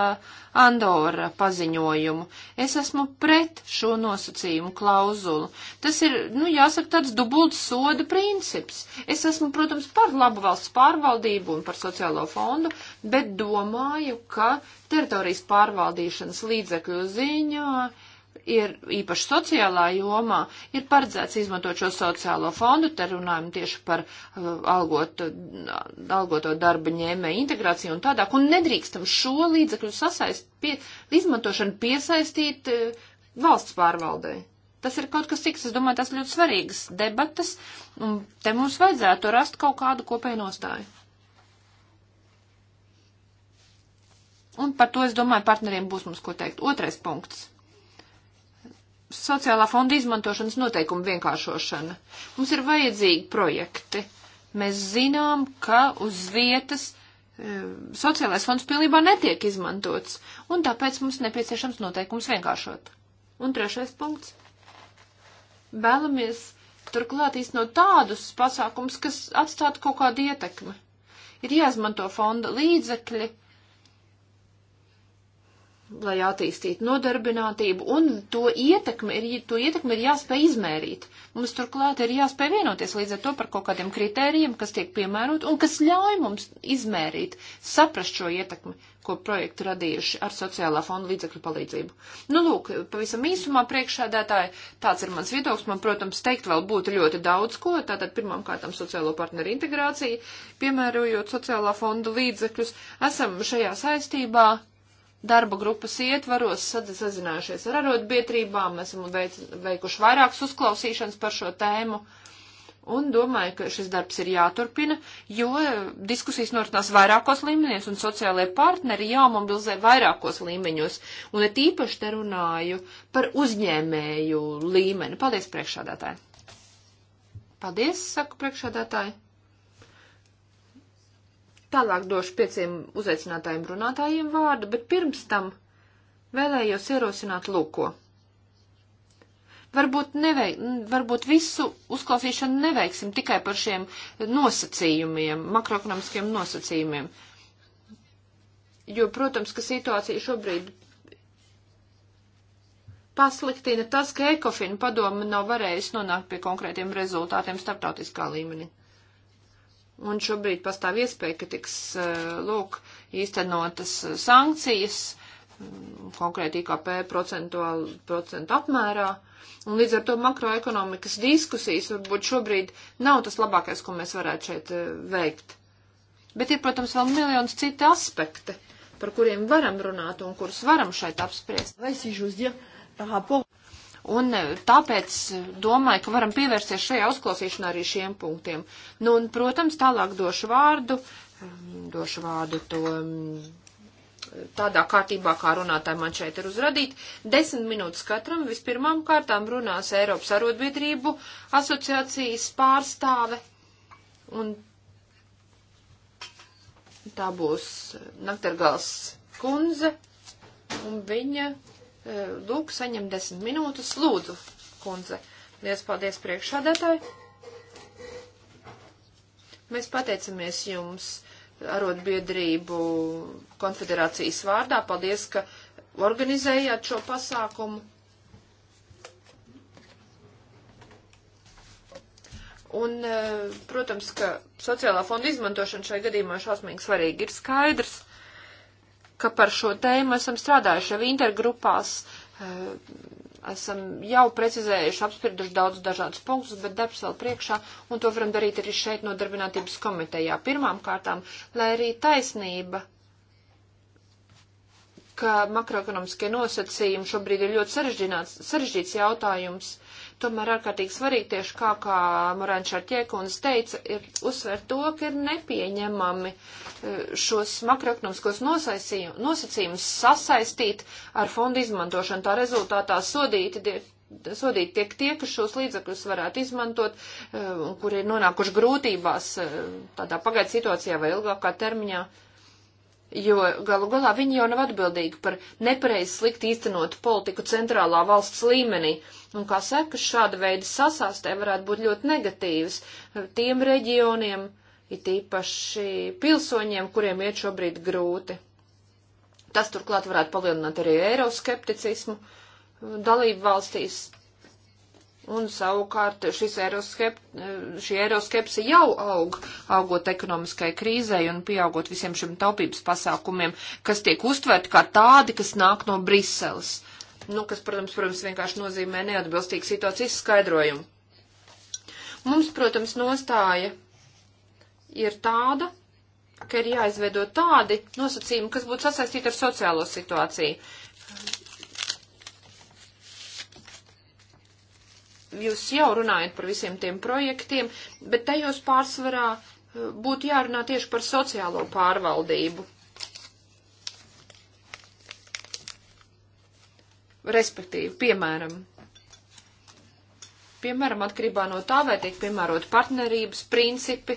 Andora paziņojumu. Es esmu pret šo nosacījumu klauzulu. Tas ir, nu, jāsaka, tāds dubults soda princips. Es esmu, protams, par labu valsts pārvaldību un par sociālo fondu, bet domāju, ka teritorijas pārvaldīšanas līdzekļu ziņā uh, ir īpaši sociālā jomā, ir paredzēts izmantot šo sociālo fondu, te runājam tieši par uh, algotu, uh, algoto darba ņēmēju integrāciju un tādāk, un nedrīkstam šo līdzekļu sasaist, pie, izmantošanu piesaistīt uh, valsts pārvaldē. Tas ir kaut kas cits, es domāju, tas ļoti svarīgas debatas, un te mums vajadzētu rast kaut kādu kopēju nostāju. Un par to, es domāju, partneriem būs mums ko teikt. Otrais punkts sociālā fonda izmantošanas noteikumu vienkāršošana. Mums ir vajadzīgi projekti. Mēs zinām, ka uz vietas e, sociālais fonds pilnībā netiek izmantots, un tāpēc mums nepieciešams noteikums vienkāršot. Un trešais punkts. Vēlamies turklāt īstenot tādus pasākums, kas atstātu kaut kādu ietekmi. Ir jāizmanto fonda līdzekļi lai attīstītu nodarbinātību, un to ietekmi ir, to ietekmi ir jāspēj izmērīt. Mums turklāt ir jāspēj vienoties līdz ar to par kaut kādiem kritērijiem, kas tiek piemērot un kas ļauj mums izmērīt, saprast šo ietekmi, ko projekti radījuši ar sociālā fonda līdzekļu palīdzību. Nu, lūk, pavisam īsumā priekšādētāji, tāds ir mans viedoklis. Man, protams, teikt vēl būtu ļoti daudz ko. Tātad pirmām kārtām sociālo partneru integrācija, piemērojot sociālā fonda līdzekļus, esam šajā saistībā darba grupas ietvaros sazinājušies ar arotbiedrībām, esam veic, veikuši vairākas uzklausīšanas par šo tēmu. Un domāju, ka šis darbs ir jāturpina, jo e, diskusijas norisinās vairākos līmeņos, un sociālajie partneri jāmobilizē vairākos līmeņos. Un es īpaši te runāju par uzņēmēju līmeni. Paldies, priekšādātāji! Paldies, saku priekšādātāji! Tālāk došu pieciem uzaicinātājiem runātājiem vārdu, bet pirms tam vēlējos ierosināt lūko. Varbūt, neveik, varbūt visu uzklausīšanu neveiksim tikai par šiem nosacījumiem, makroekonomiskiem nosacījumiem. Jo, protams, ka situācija šobrīd pasliktina tas, ka Ekofina padoma nav varējusi nonākt pie konkrētiem rezultātiem starptautiskā līmenī. Un šobrīd pastāv iespēja, ka tiks, eh, lūk, īstenotas eh, sankcijas mm, konkrēti IKP procentuāli procentu apmērā. Un līdz ar to makroekonomikas diskusijas varbūt šobrīd nav tas labākais, ko mēs varētu šeit eh, veikt. Bet ir, protams, vēl miljons citu aspekti, par kuriem varam runāt un kurus varam šeit apspriest. Vai, si Un e, tāpēc domāju, ka varam pievērsties šajā uzklausīšanā arī šiem punktiem. Nu, un, protams, tālāk došu vārdu, mm, došu vārdu to mm, tādā kārtībā, kā runātāji man šeit ir uzradīti. Desmit minūtes katram vispirmām kārtām runās Eiropas arotbiedrību asociācijas pārstāve. Un tā būs Naktergals kundze. Un viņa Eh, lūk, saņem desmit minūtes. Lūdzu, kundze. Liels paldies priekšādātāji. Mēs pateicamies jums arotbiedrību konfederācijas vārdā. Paldies, ka organizējāt šo pasākumu. Un, eh, protams, ka sociālā fonda izmantošana šai gadījumā šausmīgi svarīgi ir skaidrs ka par šo tēmu esam strādājuši jau intergrupās, eh, esam jau precizējuši, apsprieduši daudz dažādus punktus, bet darbs vēl priekšā, un to varam darīt arī šeit nodarbinātības komitejā. Pirmām kārtām, lai arī taisnība ka makroekonomiskie nosacījumi šobrīd ir ļoti sarežģīts jautājums. Tomēr ārkārtīgi svarīgi tieši kā, kā Morāns Šarķēkons teica, ir uzsvērt to, ka ir nepieņemami e, šos makroekonomiskos nosacījumus sasaistīt ar fondu izmantošanu. Tā rezultātā sodīti sodīt tiek tie, kas šos līdzekļus varētu izmantot, e, kuri ir nonākuši grūtībās e, tādā pagaidu situācijā vai ilgākā termiņā jo galu galā viņi jau nav atbildīgi par nepareizi slikti īstenotu politiku centrālā valsts līmenī. Un kā saka, šāda veida sasāstē varētu būt ļoti negatīvas tiem reģioniem, it īpaši pilsoņiem, kuriem iet šobrīd grūti. Tas turklāt varētu palielināt arī eiroskepticismu dalību valstīs, Un savukārt eiroskep, šī eiroskepse jau aug, augot ekonomiskai krīzei un pieaugot visiem šiem taupības pasākumiem, kas tiek uztverti kā tādi, kas nāk no Briseles. Nu, kas, protams, protams, vienkārši nozīmē neatbilstīgu situācijas skaidrojumu. Mums, protams, nostāja ir tāda, ka ir jāizveido tādi nosacījumi, kas būtu sasaistīti ar sociālo situāciju jūs jau runājat par visiem tiem projektiem, bet tajos pārsvarā eh, būtu jārunā tieši par sociālo pārvaldību. Respektīvi, piemēram, piemēram, atkarībā no tā, vai tiek piemērot partnerības principi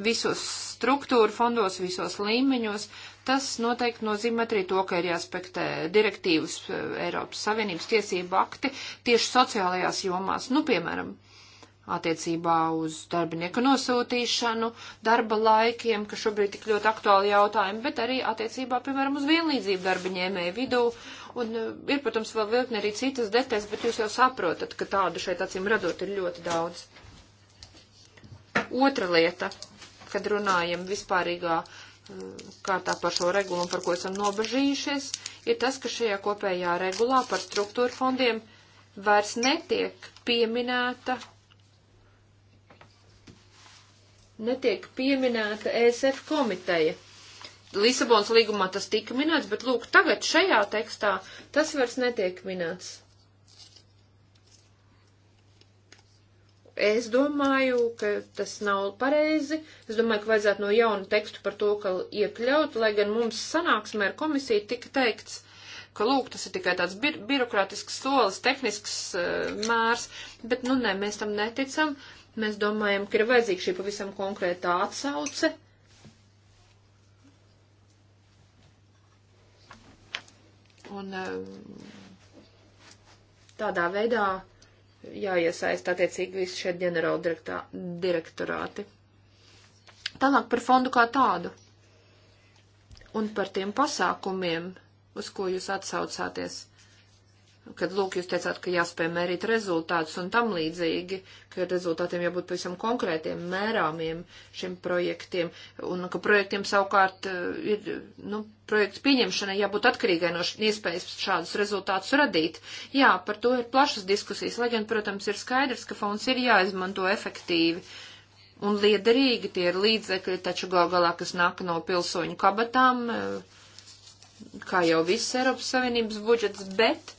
visos struktūra fondos, visos līmeņos, Tas noteikti nozīmē arī to, ka ir jāspektē direktīvas eh, Eiropas Savienības tiesību akti tieši sociālajās jomās. Nu, piemēram, attiecībā uz darbinieku nosūtīšanu, darba laikiem, kas šobrīd tik ļoti aktuāli jautājumi, bet arī attiecībā, piemēram, uz vienlīdzību darbiņēmēju vidū. Un eh, ir, protams, vēl virkni arī citas detaļas, bet jūs jau saprotat, ka tādu šeit acīm radot ir ļoti daudz. Otra lieta, kad runājam vispārīgā uh, kārtā par šo regulu un par ko esam nobežījušies, ir tas, ka šajā kopējā regulā par struktūra fondiem vairs netiek pieminēta, netiek pieminēta ESF komiteja. Lisabons līgumā tas tika minēts, bet lūk, tagad šajā tekstā tas vairs netiek minēts. Es domāju, ka tas nav pareizi. Es domāju, ka vajadzētu no jaunu tekstu par to, ka iekļaut, lai gan mums sanāksmē ar komisiju tika teikts, ka lūk, tas ir tikai tāds bi birokrātisks solis, tehnisks uh, mērs, bet nu nē, mēs tam neticam. Mēs domājam, ka ir vajadzīga šī pavisam konkrētā atsauce. Un uh, tādā veidā jāiesaist attiecīgi visi šie ģenerāla direktorāti. Tālāk par fondu kā tādu un par tiem pasākumiem, uz ko jūs atsaucāties kad, lūk, jūs teicāt, ka jāspēj mērīt rezultātus un tam līdzīgi, ka rezultātiem jābūt pavisam konkrētiem, mērāmiem šiem projektiem, un ka projektiem savukārt eh, ir, nu, projekts pieņemšanai jābūt atkarīgai no iespējas šādus rezultātus radīt. Jā, par to ir plašas diskusijas, lai gan, protams, ir skaidrs, ka fonds ir jāizmanto efektīvi. Un liederīgi tie ir līdzekļi, taču gal galā, kas nāk no pilsoņu kabatām, eh, kā jau viss Eiropas Savienības budžets, bet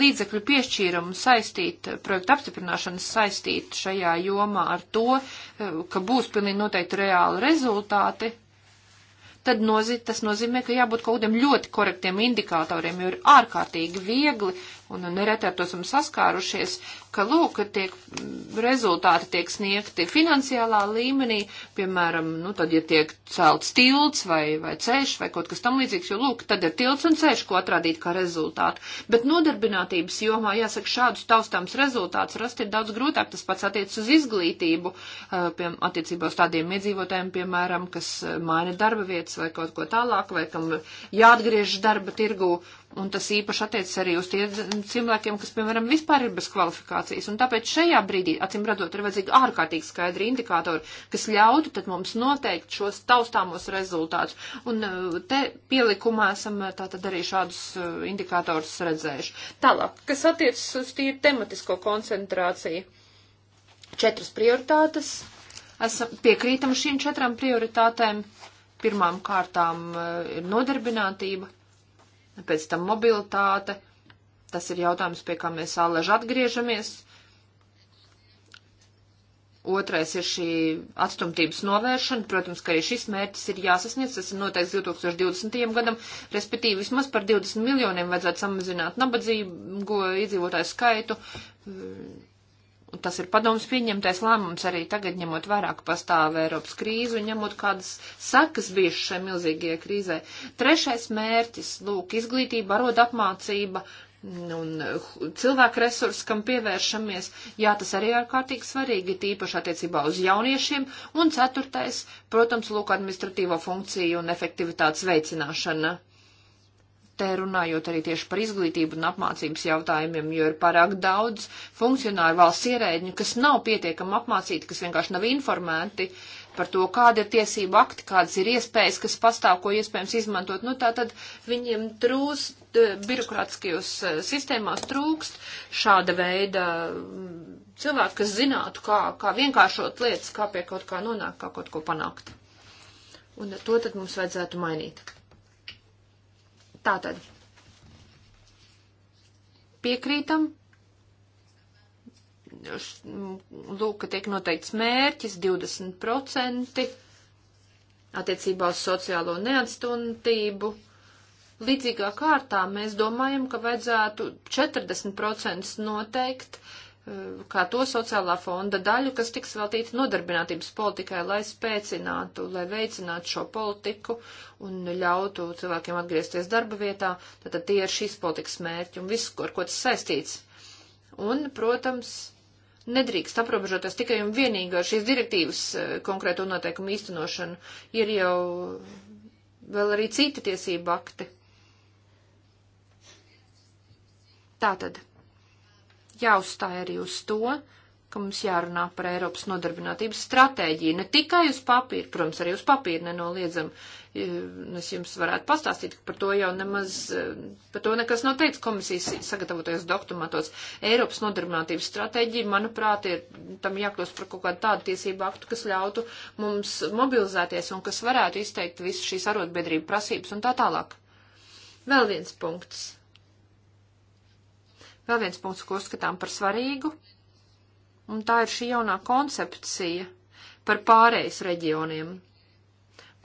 līdzekļu piešķīrumu saistīt, projektu apstiprināšanu saistīt šajā jomā ar to, eh, ka būs pilnīgi noteikti reāli rezultāti, tad nozi, tas nozīmē, ka jābūt kaut kādiem ļoti korektiem indikatoriem, jo ir ārkārtīgi viegli, un nereti ar to esam saskārušies, ka, lūk, tiek, rezultāti tiek sniegti finansiālā līmenī, piemēram, nu, tad, ja tiek celts tilts vai, vai ceļš vai kaut kas tam līdzīgs, jo, lūk, tad ir tilts un ceļš, ko atrādīt kā rezultātu. Bet nodarbinātības jomā, jāsaka, šādus taustāms rezultātus rast ir daudz grūtāk. Tas pats attiec uz izglītību, piem, attiecībā uz tādiem iedzīvotājiem, piemēram, kas maina darba vietas vai kaut ko tālāk, vai kam jāatgriežas darba tirgu. Un tas īpaši attiec arī uz tiem cilvēkiem, kas, piemēram, vispār ir bez kvalifikācijas situācijas. Un tāpēc šajā brīdī, acīm redzot, ir vajadzīgi ārkārtīgi skaidri indikātori, kas ļautu tad mums noteikt šos taustāmos rezultātus. Un uh, te pielikumā esam uh, tātad arī šādus uh, indikātorus redzējuši. Tālāk, kas attiecas uz tīri tematisko koncentrāciju. Četras prioritātes. Esam piekrītam šīm četrām prioritātēm. Pirmām kārtām ir nodarbinātība, pēc tam mobilitāte, Tas ir jautājums, pie kā mēs allaž atgriežamies. Otrais ir šī atstumtības novēršana. Protams, ka arī šis mērķis ir jāsasniedz. Tas ir noteikts 2020. gadam, respektīvi vismaz par 20 miljoniem vajadzētu samazināt nabadzīgo iedzīvotāju skaitu. Un tas ir padoms pieņemtais lēmums arī tagad, ņemot vērā, ka pastāv Eiropas krīze un ņemot kādas sakas bijušas šai milzīgajai krīzē. Trešais mērķis, lūk, izglītība, arod apmācība. Uh, un eh, cilvēku resursi, kam pievēršamies, jā, tas arī ir ārkārtīgi svarīgi, tīpaši attiecībā uz jauniešiem, un ceturtais, protams, lūk, administratīvo funkciju un efektivitātes veicināšana. Te runājot arī tieši par izglītību un apmācības jautājumiem, jo ir pārāk daudz funkcionāru valsts ierēģiņu, kas nav pietiekami apmācīti, kas vienkārši nav informēti par to, kāda ir tiesība akti, kādas ir iespējas, kas pastāv, ko iespējams izmantot. Nu, tā tad viņiem trūst Eh, birokrātiskajos eh, sistēmās trūkst šāda veida mm, cilvēku, kas zinātu, kā, kā vienkāršot lietas, kā pie kaut kā nonākt, kā kaut ko panākt. Un to tad mums vajadzētu mainīt. Tātad. Piekrītam. Mm, lūk, ka tiek noteikts mērķis 20% attiecībā uz sociālo neatstuntību Līdzīgā kārtā mēs domājam, ka vajadzētu 40% noteikt eh, kā to sociālā fonda daļu, kas tiks veltīta nodarbinātības politikai, lai spēcinātu, lai veicinātu šo politiku un ļautu cilvēkiem atgriezties darba vietā. Tātad tie ir šīs politikas mērķi un viss, ar ko tas saistīts. Un, protams, nedrīkst aprobežoties tikai un vienīgi ar šīs direktīvas eh, konkrēto noteikumu īstenošanu. Ir jau vēl arī citi tiesību akti Tātad jāuzstāj arī uz to, ka mums jārunā par Eiropas nodarbinātības stratēģiju, ne tikai uz papīra, protams, arī uz papīra nenoliedzam. Es jums varētu pastāstīt, ka par to jau nemaz, par to nekas nav teicis komisijas sagatavotajos dokumentos. Eiropas nodarbinātības stratēģija, manuprāt, ir tam jākļūst par kaut kādu tādu tiesību aktu, kas ļautu mums mobilizēties un kas varētu izteikt visu šīs arotbiedrību prasības un tā tālāk. Vēl viens punkts Vēl viens punkts, ko uzskatām par svarīgu, un tā ir šī jaunā koncepcija par pārējais reģioniem.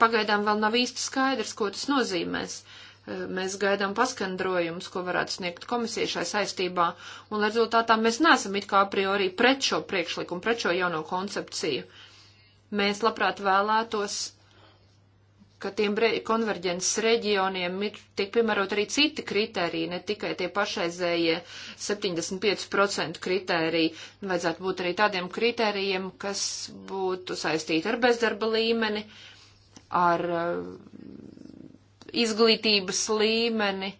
Pagaidām vēl nav īsti skaidrs, ko tas nozīmēs. Eh, mēs gaidām paskandrojumus, ko varētu sniegt komisija šai saistībā, un rezultātā mēs neesam it kā a priori pret šo priekšlikumu, pret šo jauno koncepciju. Mēs labprāt vēlētos ka tiem konverģences reģioniem ir, tiek piemērot arī citi kriteriji, ne tikai tie pašreizējie 75% kriteriji. Vajadzētu būt arī tādiem kriterijiem, kas būtu saistīti ar bezdarba līmeni, ar uh, izglītības līmeni.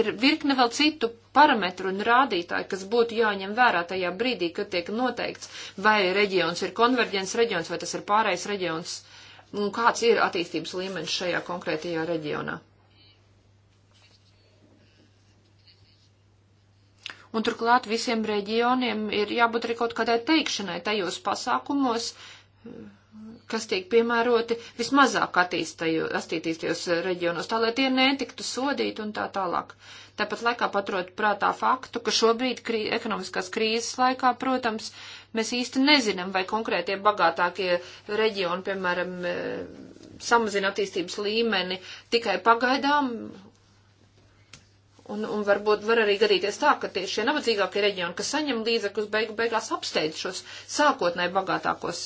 Ir virkne vēl citu parametru un rādītāju, kas būtu jāņem vērā tajā brīdī, kad tiek noteikts, vai reģions ir konverģents reģions, vai tas ir pārējais reģions. Uh, un kāds ir attīstības līmenis šajā konkrētajā reģionā. Un turklāt visiem reģioniem ir jābūt arī kaut kādai teikšanai tajos pasākumos, kas tiek piemēroti vismazāk attīstītajos reģionos, tā lai tie netiktu sodīti un tā tālāk. Tāpat laikā paturot prātā faktu, ka šobrīd krī, ekonomiskās krīzes laikā, protams, uh, Mēs īsti nezinām, vai konkrētie bagātākie reģioni, piemēram, e, samazina attīstības līmeni tikai pagaidām. Un, un varbūt var arī gadīties tā, ka tieši šie nabadzīgākie reģioni, kas saņem līdzekļus, beigu beigās apsteidz šos sākotnēji bagātākos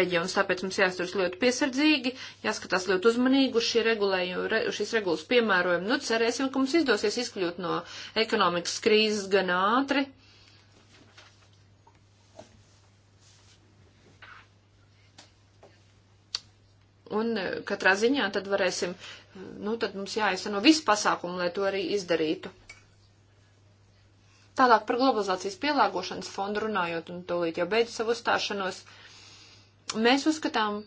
reģionus. Tāpēc mums jāsturas ļoti piesardzīgi, jāskatās ļoti uzmanīgi uz šī regulēju, re, šīs regulas piemērojumu. Nu, cerēsim, ka mums izdosies izkļūt no ekonomikas krīzes gan ātri Un e, katrā ziņā tad varēsim, nu tad mums jāizsano visi pasākumi, lai to arī izdarītu. Tālāk par globalizācijas pielāgošanas fondu runājot, un tūlīt jau beidz savu stāšanos, mēs uzskatām,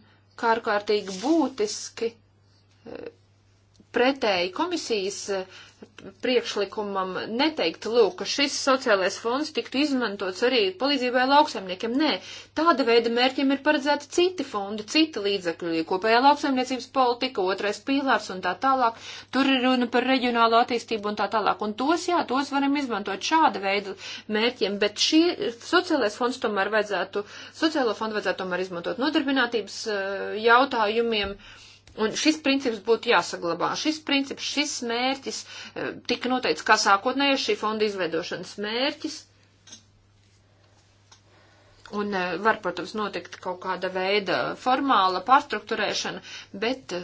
kā ārkārtīgi būtiski e, pretēji komisijas eh, priekšlikumam neteiktu, lūk, ka šis sociālais fonds tiktu izmantots arī palīdzībai lauksaimniekiem. Nē, tāda veida mērķiem ir paredzēti citi fondi, citi līdzekļi, kopējā lauksaimniecības politika, otrais pīlārs un tā tālāk. Tur ir runa par reģionālo attīstību un tā tālāk. Un tos, jā, tos varam izmantot šāda veida mērķiem, bet šī sociālais fonds tomēr vajadzētu, sociālo fondu vajadzētu tomēr izmantot nodarbinātības eh, jautājumiem. Uh, Un šis princips būtu jāsaglabā. Šis princips, šis mērķis e, tika noteikts kā sākotnējais šī fonda izveidošanas mērķis. Un e, var, protams, notikt kaut kāda veida formāla pārstruktūrēšana, bet e,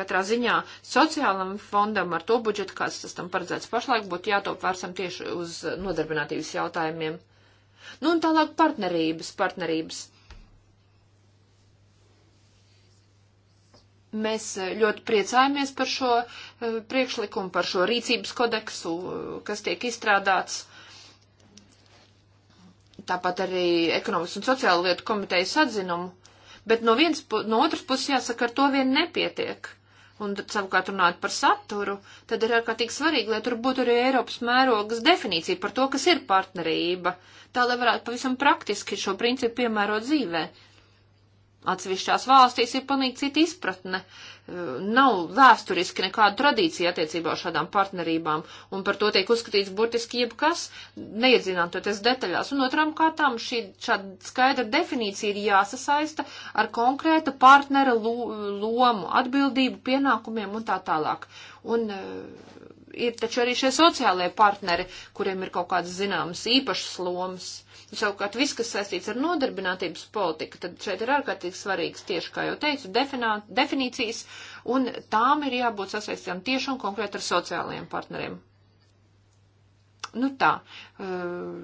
katrā ziņā sociālam fondam ar to budžetu, kāds tas tam paredzēts pašlaik, būtu jātop vērsam tieši uz nodarbinātības jautājumiem. Nu un tālāk partnerības, partnerības Mēs eh, ļoti priecājamies par šo eh, priekšlikumu, par šo rīcības kodeksu, kas tiek izstrādāts. Tāpat arī ekonomikas un sociāla lietu komitejas atzinumu. Bet no, viens, no otras puses jāsaka, ar to vien nepietiek. Un tad, savukārt runāt par saturu, tad ir ārkārtīgi svarīgi, lai tur būtu arī Eiropas mērogas definīcija par to, kas ir partnerība. Tā, lai varētu pavisam praktiski šo principu piemērot dzīvē. Atsevišķās valstīs ir panīgi cita izpratne. Nav vēsturiski nekāda tradīcija attiecībā uz šādām partnerībām, un par to tiek uzskatīts burtiski jebkas, neiedzinātoties detaļās. Un otrām kārtām šī šāda skaidra definīcija ir jāsasaista ar konkrētu partnera lomu, atbildību, pienākumiem un tā tālāk. Un ir taču arī šie sociālie partneri, kuriem ir kaut kādas zināmas īpašas lomas. Savukārt viss, kas saistīts ar nodarbinātības politiku, tad šeit ir ārkārtīgi svarīgs tieši, kā jau teicu, definā, definīcijas, un tām ir jābūt sasaistām tieši un konkrēti ar sociālajiem partneriem. Nu tā. Uh,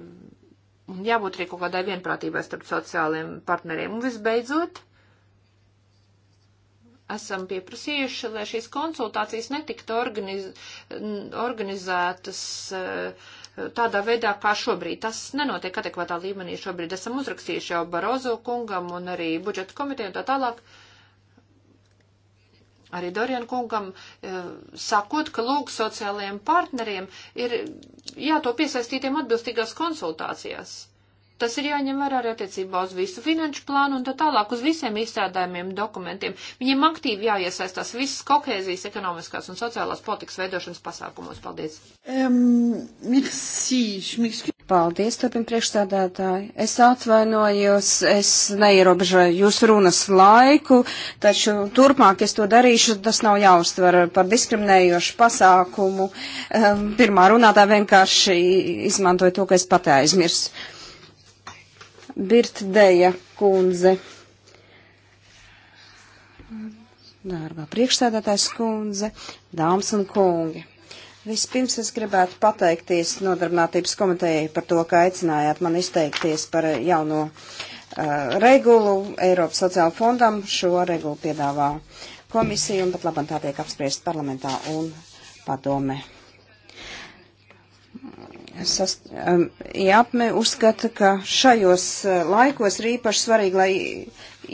un jābūt arī kaut kādai vienprātībai starp sociālajiem partneriem. Un visbeidzot, esam pieprasījuši, lai šīs konsultācijas netiktu organiz, organizētas eh, tādā veidā, kā šobrīd. Tas nenotiek adekvātā līmenī. Šobrīd esam uzrakstījuši jau Barozo kungam un arī budžeta komiteju un tā tālāk. Arī Dorian kungam eh, sakot, ka lūk sociālajiem partneriem ir jāto piesaistītiem atbilstīgās konsultācijās Tas ir jāņem vērā arī attiecībā uz visu finanšu plānu un tā tālāk uz visiem izstrādājumiem dokumentiem. Viņiem aktīvi jāiesaistās visas kohēzijas ekonomiskās un sociālās politikas veidošanas pasākumos. Paldies! Um, merci, Paldies, turpin priekšstādātāji. Es atvainojos, es neierobežoju jūsu runas laiku, taču turpmāk es to darīšu, tas nav jāuztver par diskriminējošu pasākumu. Um, pirmā runātā vienkārši izmantoja to, ka es patē aizmirsu. Birtdeja kundze. Dārgā priekšsēdētājs kundze, dāmas un kungi. Vispirms es gribētu pateikties nodarbinātības komitejai par to, ka aicinājāt man izteikties par jauno uh, regulu Eiropas sociāla fondam. Šo regulu piedāvā komisija un pat labam tā tiek apspriest parlamentā un padomē. Sast, um, Japme uzskata, ka šajos uh, laikos ir īpaši svarīgi, lai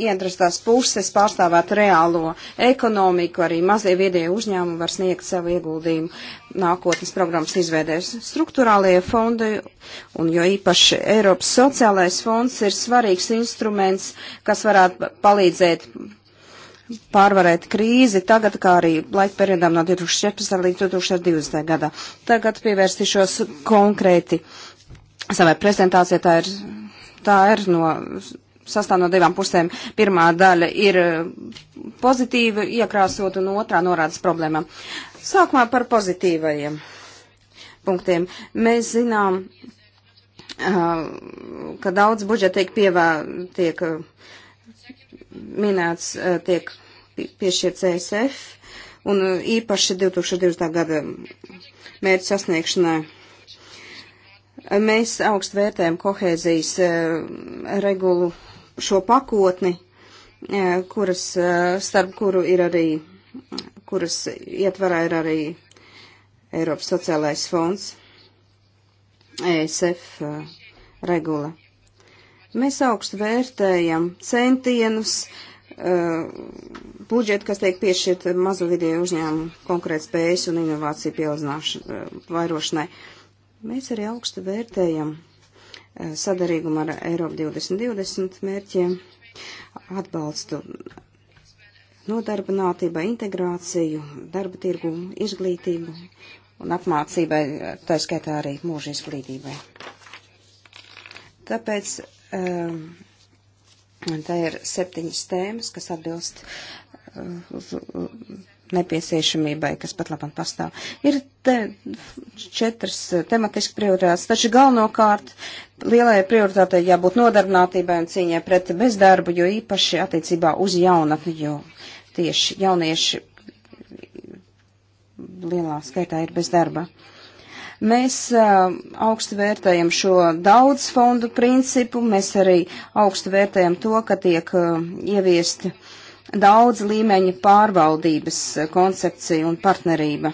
iedrastās puses pārstāvētu reālo ekonomiku, arī mazie viedie uzņēmumi var sniegt savu ieguldījumu nākotnes programmas izveidēs. Struktūrālie fondi un jo īpaši Eiropas sociālais fonds ir svarīgs instruments, kas varētu palīdzēt pārvarēt krīzi tagad, kā arī laika periodām no 2014. līdz 2020. gadā. Tagad pievērstīšos konkrēti savai prezentācijai. Tā ir, tā ir no, sastāv no divām pusēm. Pirmā daļa ir pozitīva, iekrāsot, un otrā norādas problēmām. Sākumā par pozitīvajiem punktiem. Mēs zinām, ka daudz budžeta tiek pievērsta minēts eh, tiek piešķirts ESF, un eh, īpaši 2020. gada mērķu sasniegšanai. Eh, mēs augst vērtējam kohēzijas regulu šo pakotni, kuras, starp kuru ir arī, kuras ietvarā ir arī Eiropas sociālais fonds, ESF regula. Mēs augstu vērtējam centienus, uh, eh, budžetu, kas tiek piešķirt mazu vidēju uzņēmumu konkrēt spējas un inovāciju pielazināšanai, uh, eh, vairošanai. Mēs arī augstu vērtējam eh, sadarīgumu ar Eiropu 2020 mērķiem, atbalstu nodarbinātībai, integrāciju, darba tirgu, izglītību un apmācībai, tā skaitā arī mūža izglītībai. Tāpēc um, tā ir septiņas tēmas, kas atbilst uh, nepieciešamībai, kas pat labam pastāv. Ir te, četras tematiski prioritātes, taču galvenokārt lielai prioritātei jābūt nodarbinātībai un cīņai pret bezdarbu, jo īpaši attiecībā uz jaunatni, jo tieši jaunieši lielā skaitā ir bez darba. Uh, Mēs augstu vērtējam šo daudz fondu principu, mēs arī augstu vērtējam to, ka tiek ieviesti daudz līmeņa pārvaldības koncepcija un partnerība.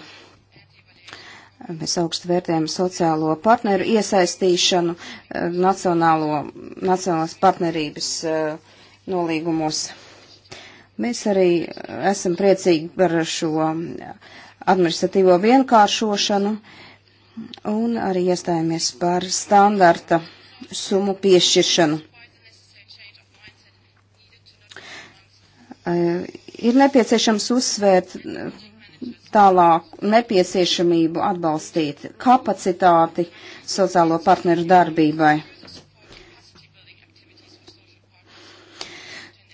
Mēs augstu vērtējam sociālo partneru iesaistīšanu nacionālo, nacionālās partnerības nolīgumos. Mēs arī esam priecīgi par šo administratīvo vienkāršošanu. Uh, un arī iestājāmies par standarta summu piešķiršanu. Eh, ir nepieciešams uzsvērt eh, tālāk nepieciešamību atbalstīt kapacitāti sociālo partneru darbībai.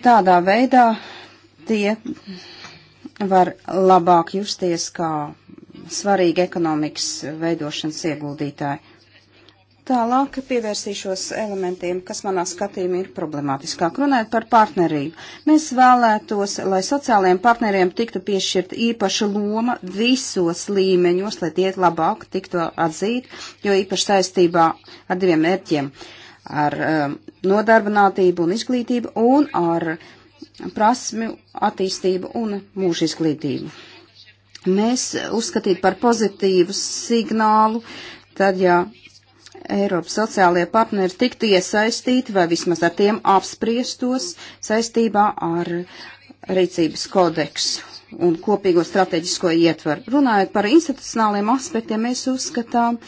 Tādā veidā tie var labāk justies kā svarīgi ekonomikas veidošanas ieguldītāji. Tālāk pievērsīšos elementiem, kas manā skatījumā ir problemātiskāk. Runājot par partnerību, mēs vēlētos, lai sociālajiem partneriem tiktu piešķirt īpaša loma visos līmeņos, lai tie labāk tiktu atzīt, jo īpaši saistībā ar diviem mērķiem - ar um, nodarbinātību un izglītību un ar prasmju attīstību un mūža izglītību mēs uzskatītu par pozitīvu signālu, tad, ja Eiropas sociālajie partneri tiktu iesaistīti vai vismaz ar tiem apspriestos saistībā ar rīcības kodeksu un kopīgo strateģisko ietvaru. Runājot par institucionāliem aspektiem, mēs uzskatām,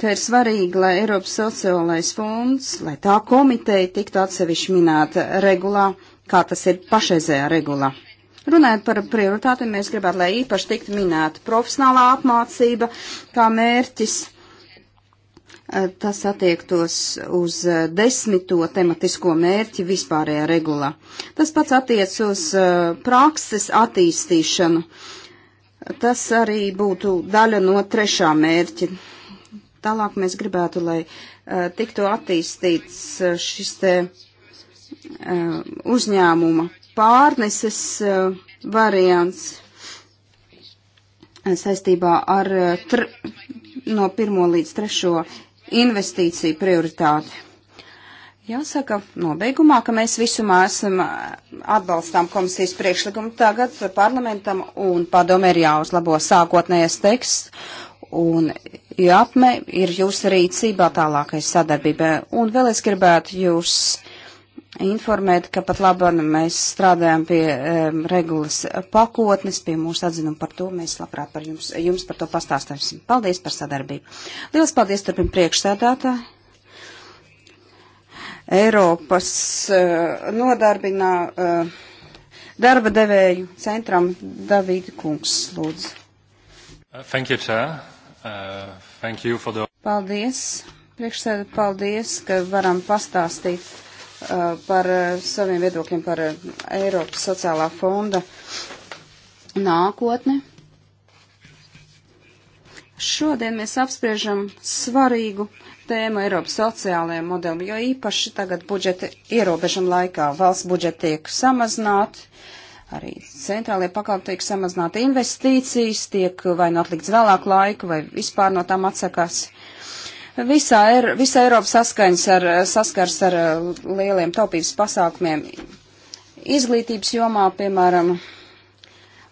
ka ir svarīgi, lai Eiropas sociālais fonds, lai tā komiteja tiktu atsevišķi minēta regulā, kā tas ir pašreizējā regulā. Runājot par prioritātēm, mēs gribētu, lai īpaši tiktu minēta profesionālā apmācība kā mērķis. Eh, tas attiektos uz eh, desmito tematisko mērķi vispārējā regulā. Tas pats attiec uz eh, prakses attīstīšanu. Tas arī būtu daļa no trešā mērķa. Tālāk mēs gribētu, lai uh, tiktu attīstīts šis te uh, uzņēmuma pārneses eh, variants saistībā ar eh, tr, no pirmo līdz trešo investīciju prioritāti. Jāsaka, nobeigumā, ka mēs visumā esam eh, atbalstām komisijas priekšlikumu tagad parlamentam un padomē ir jāuzlabo sākotnējais teksts un jāapme ir jūsu rīcībā tālākai sadarbībai. Un vēl es gribētu jūs informēt, ka pat labāk mēs strādājam pie um, regulas pakotnes, pie mūsu atzinuma par to. Mēs labprāt par jums, jums par to pastāstīsim. Paldies par sadarbību. Lielas paldies turpin priekšsēdētā. Eiropas uh, nodarbinā uh, darba devēju centram Davīda Kungs, lūdzu. Uh, thank you, Chair. Uh, thank you for the... Paldies. Priekšsēdē, paldies, ka varam pastāstīt Uh, par uh, saviem viedokļiem par uh, Eiropas sociālā fonda nākotni. Šodien mēs apspriežam svarīgu tēmu Eiropas sociālajiem modelim, jo īpaši tagad budžeta ierobežam laikā valsts budžeta tiek samazināti, arī centrālajie pakalpi tiek samazināti investīcijas, tiek vai nu atlikts vēlāk laiku, vai vispār no tām atsakās. Visā, er, visā Eiropa saskaņas ar, saskars ar uh, lieliem taupības pasākumiem izglītības jomā, piemēram,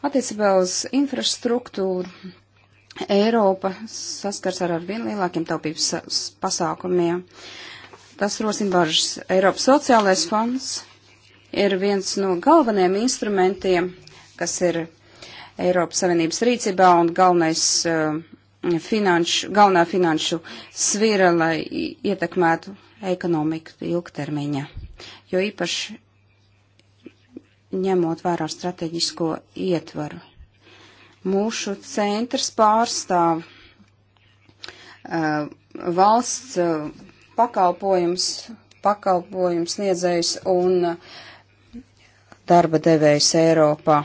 attiecībā uz infrastruktūru. Eiropa saskars ar arvien lielākiem taupības pasākumiem. Tas rosina bažas. Eiropas sociālais fonds ir viens no galvenajiem instrumentiem, kas ir Eiropas Savienības rīcībā un galvenais uh, finanšu, galvenā finanšu svira, lai ietekmētu ekonomiku ilgtermiņā. Jo īpaši ņemot vērā strateģisko ietvaru. Mūsu centrs pārstāv uh, valsts uh, pakalpojums, pakalpojums sniedzējs un uh, darba devējs Eiropā.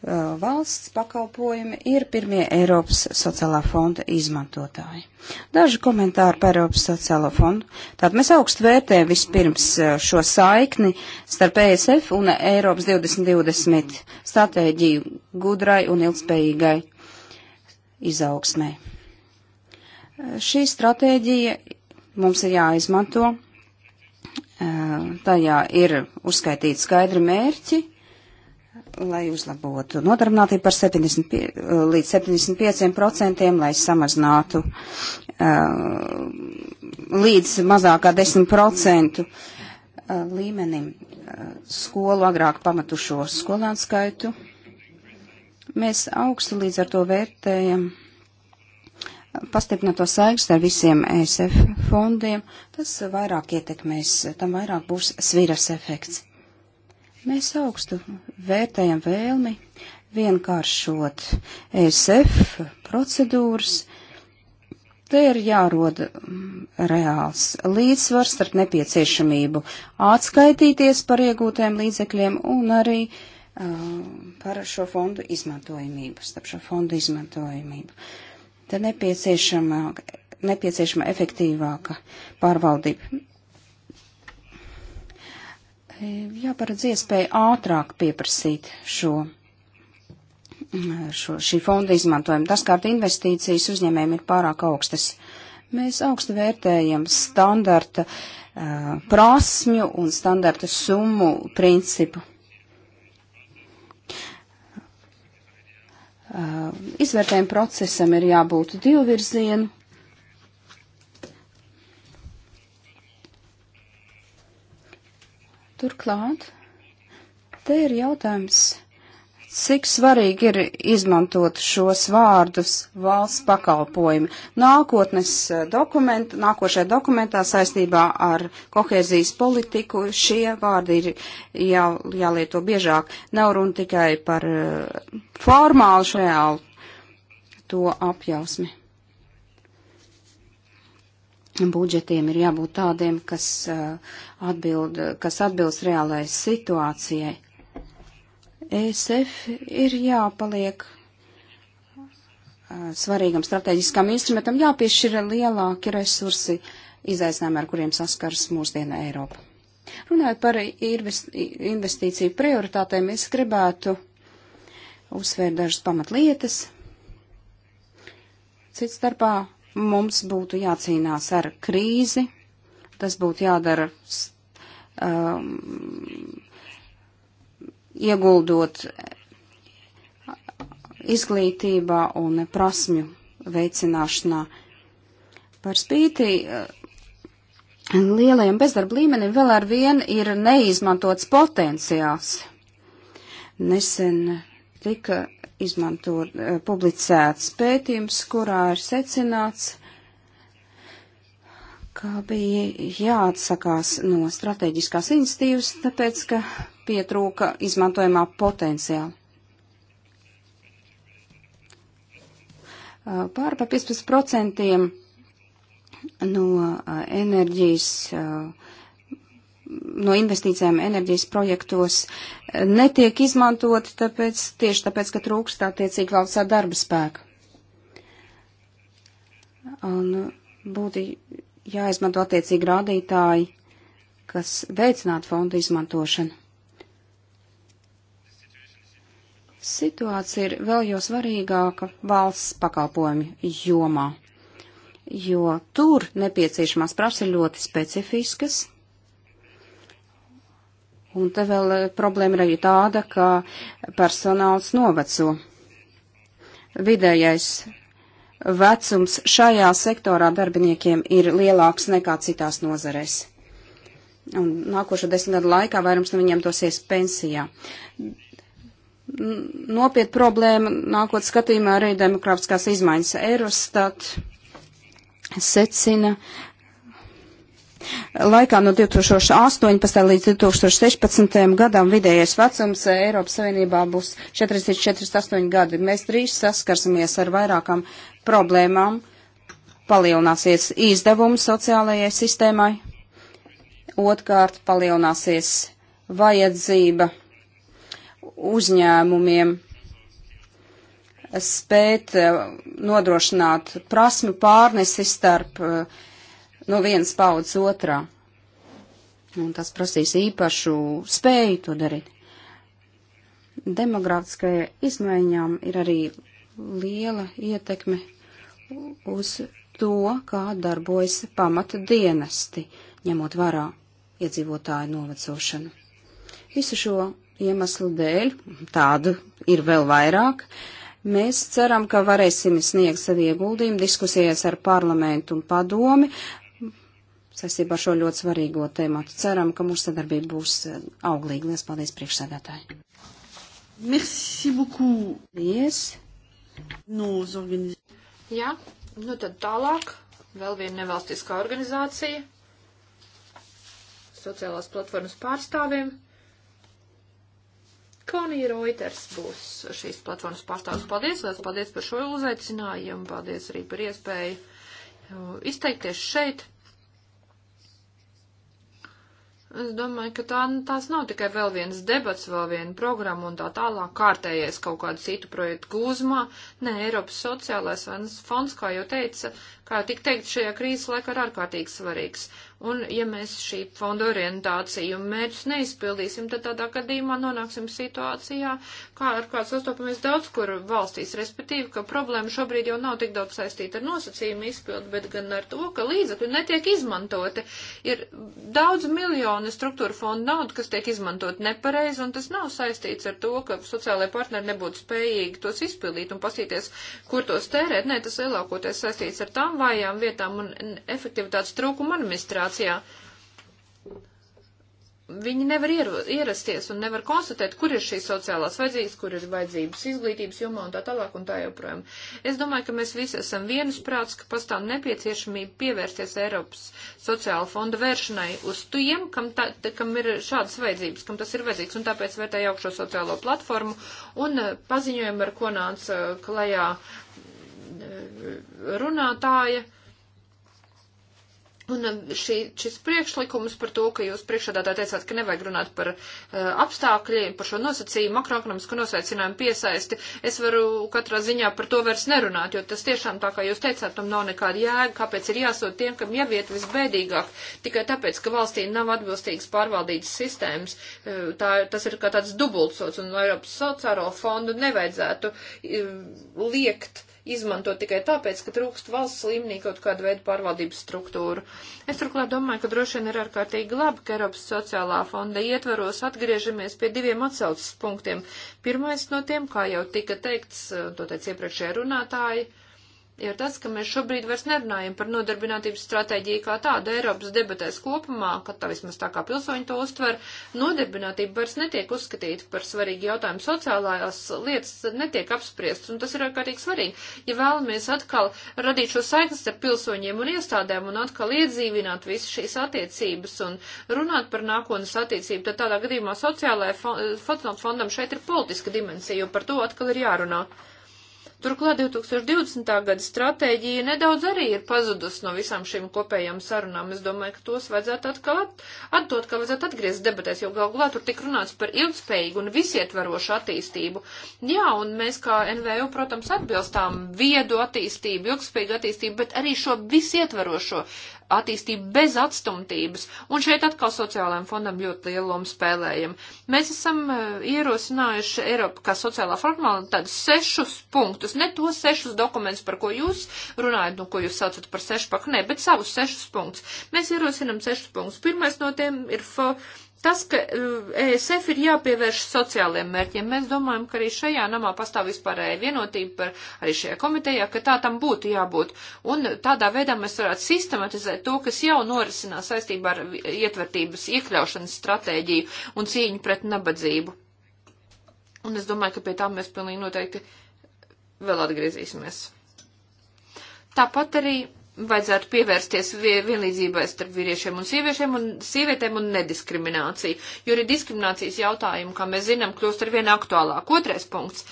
Uh, valsts pakalpojumi ir pirmie Eiropas sociālā fonda izmantotāji. Daži komentāri par Eiropas sociālo fondu. Tātad mēs augstu vērtējam vispirms uh, šo saikni starp ESF un Eiropas 2020 stratēģiju gudrai un ilgspējīgai izaugsmē. Uh, šī stratēģija mums ir jāizmanto. Tajā ir uzskaitīti skaidri mērķi, lai uzlabotu nodarbinātību par 70, līdz 75%, lai samazinātu uh, līdz mazākā 10% līmenim skolu agrāk pamatušo skolēnu skaitu. Mēs augstu līdz ar to vērtējam pastiprināto saikstu ar visiem ESF fondiem. Tas vairāk ietekmēs, tam vairāk būs sviras efekts. Mēs augstu vērtējam vēlmi vienkāršot ESF procedūras. Te ir jāroda mm, reāls līdzsvars starp nepieciešamību atskaitīties par iegūtiem līdzekļiem un arī uh, par šo fondu izmantojamību, starp šo fondu izmantojamību. Te nepieciešama, nepieciešama efektīvāka pārvaldība jāparedz iespēja ātrāk pieprasīt šo, šo šī fonda izmantojumu. Dažkārt investīcijas uzņēmējiem ir pārāk augstas. Mēs augstu vērtējam standarta uh, prasmju un standarta summu principu. Uh, izvērtējuma procesam ir jābūt divvirzienu Turklāt, te ir jautājums, cik svarīgi ir izmantot šos vārdus valsts pakalpojumi. Nākotnes eh, dokument, nākošajā dokumentā saistībā ar kohēzijas politiku šie vārdi ir jā, jālieto biežāk. Nav runa tikai par eh, formālu šajā to apjausmi budžetiem ir jābūt tādiem, kas, eh, atbild, kas atbilst reālajai situācijai. ESF ir jāpaliek eh, svarīgam strateģiskam instrumentam, jāpiešķir lielāki resursi izaicinājumi, ar kuriem saskars mūsdiena Eiropa. Runājot par investīciju prioritātēm, es gribētu uzsvērt dažas pamatlietas. Cits starpā mums būtu jācīnās ar krīzi, tas būtu jādara um, ieguldot izglītībā un prasmju veicināšanā. Par spīti uh, lielajam bezdarba līmenim vēl ar vienu ir neizmantots potenciāls. Nesen tika izmanto eh, publicēts pētījums, kurā ir secināts, ka bija jāatsakās no strateģiskās institīvas, tāpēc, ka pietrūka izmantojumā potenciāla. Eh, pār par 15% no eh, enerģijas uh, no investīcijām enerģijas projektos eh, netiek izmantot, tāpēc, tieši tāpēc, ka trūkst attiecīgi valsts darba spēka. Un būtu jāizmanto attiecīgi rādītāji, kas veicinātu fondu izmantošanu. Situācija ir vēl jo svarīgāka valsts pakalpojumu jomā, jo tur nepieciešamās prasa ļoti specifiskas, Un te vēl eh, problēma ir arī tāda, ka personāls noveco. Vidējais vecums šajā sektorā darbiniekiem ir lielāks nekā citās nozarēs. Un nākošo desmit gadu laikā vairums no viņiem dosies pensijā. Nopiet problēma nākot skatījumā arī demokrātiskās izmaiņas. Eurostat secina, Laikā no 2018. līdz 2016. gadam vidējais vecums Eiropas Savienībā būs 44-48 gadi. Mēs drīz saskarsimies ar vairākām problēmām. Palielināsies izdevumi sociālajai sistēmai. Otkārt palielināsies vajadzība uzņēmumiem spēt eh, nodrošināt prasmu pārnesi starp uh, no vienas paudzes otrā. Un tas prasīs īpašu spēju to darīt. Demogrāfiskajai izmaiņām ir arī liela ietekme uz to, kā darbojas pamata dienesti, ņemot vērā iedzīvotāju novecošanu. Visu šo iemeslu dēļ, tādu ir vēl vairāk, mēs ceram, ka varēsim sniegt savu ieguldījumu diskusijās ar parlamentu un padomi, saistībā ar šo ļoti svarīgo tēmatu. Ceram, ka mūsu sadarbība būs eh, auglīga. Lielas paldies priekšsēdētāji. Merci beaucoup. Yes. No, organiz... Jā, nu tad tālāk. Vēl viena nevalstiskā organizācija. Sociālās platformas pārstāvjiem. Konija Reuters būs šīs platformas pārstāvis. Paldies, liels paldies par šo uzaicinājumu. Paldies arī par iespēju uh, izteikties šeit. Es domāju, ka tā, tās nav tikai vēl viens debats, vēl viena programma un tā tālāk kārtējies kaut kādu citu projektu gūzmā. Nē, Eiropas sociālais fonds, kā jau teica, kā jau tik teikt, šajā krīzes laikā ir ārkārtīgi svarīgs. Un ja mēs šī fonda orientāciju un mērķus neizpildīsim, tad tādā gadījumā nonāksim situācijā, kā ar kādu sastopamies daudz kur valstīs, respektīvi, ka problēma šobrīd jau nav tik daudz saistīta ar nosacījumu izpildu, bet gan ar to, ka līdzekļi netiek izmantoti. Ir daudz miljonu struktūra fonda naudu, kas tiek izmantot nepareizi, un tas nav saistīts ar to, ka sociālai partneri nebūtu spējīgi tos izpildīt un pastīties, kur tos tērēt. Nē, tas lielākoties saistīts ar tām vājām vietām un efektivitātes trūkumu administrācijā. Yeah viņi nevar ierasties un nevar konstatēt, kur ir šīs sociālās vajadzības, kur ir vajadzības izglītības jomā un tā tālāk un tā joprojām. Es domāju, ka mēs visi esam vienas prāts, ka pastāv nepieciešamība pievērsties Eiropas sociāla fonda vēršanai uz tiem, kam, tā, kam ir šādas vajadzības, kam tas ir vajadzīgs, un tāpēc vērtēju augšo sociālo platformu un eh, paziņojumu, ar ko nāca eh, klajā eh, runātāja Un um, šī, šis priekšlikums par to, ka jūs priekšādātā teicāt, ka nevajag runāt par uh, apstākļiem, par šo nosacījumu, makroekonomisku nosacījumu piesaisti, es varu katrā ziņā par to vairs nerunāt, jo tas tiešām tā kā jūs teicāt, tam nav nekāda jēga, kāpēc ir jāsūt tiem, kam jāviet visbēdīgāk, tikai tāpēc, ka valstī nav atbilstīgas pārvaldības sistēmas. Uh, tā, tas ir kā tāds dubultsots, un Eiropas sociālo fondu nevajadzētu uh, liekt izmanto tikai tāpēc, ka trūkst valsts līmenī kaut kādu veidu pārvaldības struktūru. Es turklāt domāju, ka droši vien ir ārkārtīgi labi, ka Eiropas sociālā fonda ietvaros atgriežamies pie diviem atsaucas punktiem. Pirmais no tiem, kā jau tika teikts, to teica iepriekšējā runātāja, ir tas, ka mēs šobrīd vairs nerunājam par nodarbinātības stratēģiju kā tādu Eiropas debatēs kopumā, ka tā vismaz tā kā pilsoņi to uztver, nodarbinātība vairs netiek uzskatīta par svarīgu jautājumu. Sociālās lietas netiek apspriestas, un tas ir ārkārtīgi svarīgi. Ja vēlamies atkal radīt šo saiknes ar pilsoņiem un iestādēm un atkal iedzīvināt visas šīs attiecības un runāt par nākotnes attiecību, tad tādā gadījumā sociālajai fondam šeit ir politiska dimensija, jo par to atkal ir jārunā. Turklāt 2020. gada stratēģija nedaudz arī ir pazudusi no visām šīm kopējām sarunām. Es domāju, ka tos vajadzētu atkal at, atdot, ka vajadzētu atgriezt debatēs, jo galvā tur tik runāts par ilgspējīgu un visietvarošu attīstību. Jā, un mēs kā NVO, protams, atbilstām viedu attīstību, ilgspējīgu attīstību, bet arī šo visietvarošo attīstību bez atstumtības, un šeit atkal sociālajiem fondam ļoti lielu lomu spēlējam. Mēs esam e, ierosinājuši Eiropu kā sociālā formāla tādus sešus punktus, ne tos sešus dokumentus, par ko jūs runājat, nu, ko jūs saucat par sešpaku, ne, bet savus sešus punktus. Mēs ierosinam sešus punktus. Pirmais no tiem ir Tas, ka ESF eh, e ir jāpievērš sociālajiem mērķiem, mēs domājam, ka arī šajā namā pastāv vispārēja vienotība par arī šajā komitejā, ka tā tam būtu jābūt. Un tādā veidā mēs varētu sistematizēt to, kas jau norisinās saistībā ar ietvertības iekļaušanas stratēģiju un cīņu pret nabadzību. Un es domāju, ka pie tā mēs pilnīgi noteikti vēl atgriezīsimies. Tāpat arī vajadzētu pievērsties vienlīdzībai starp vīriešiem un sieviešiem un sievietēm un nediskrimināciju, jo arī diskriminācijas jautājumu, kā mēs zinām, kļūst ar vien aktuālāk. Otrais punkts.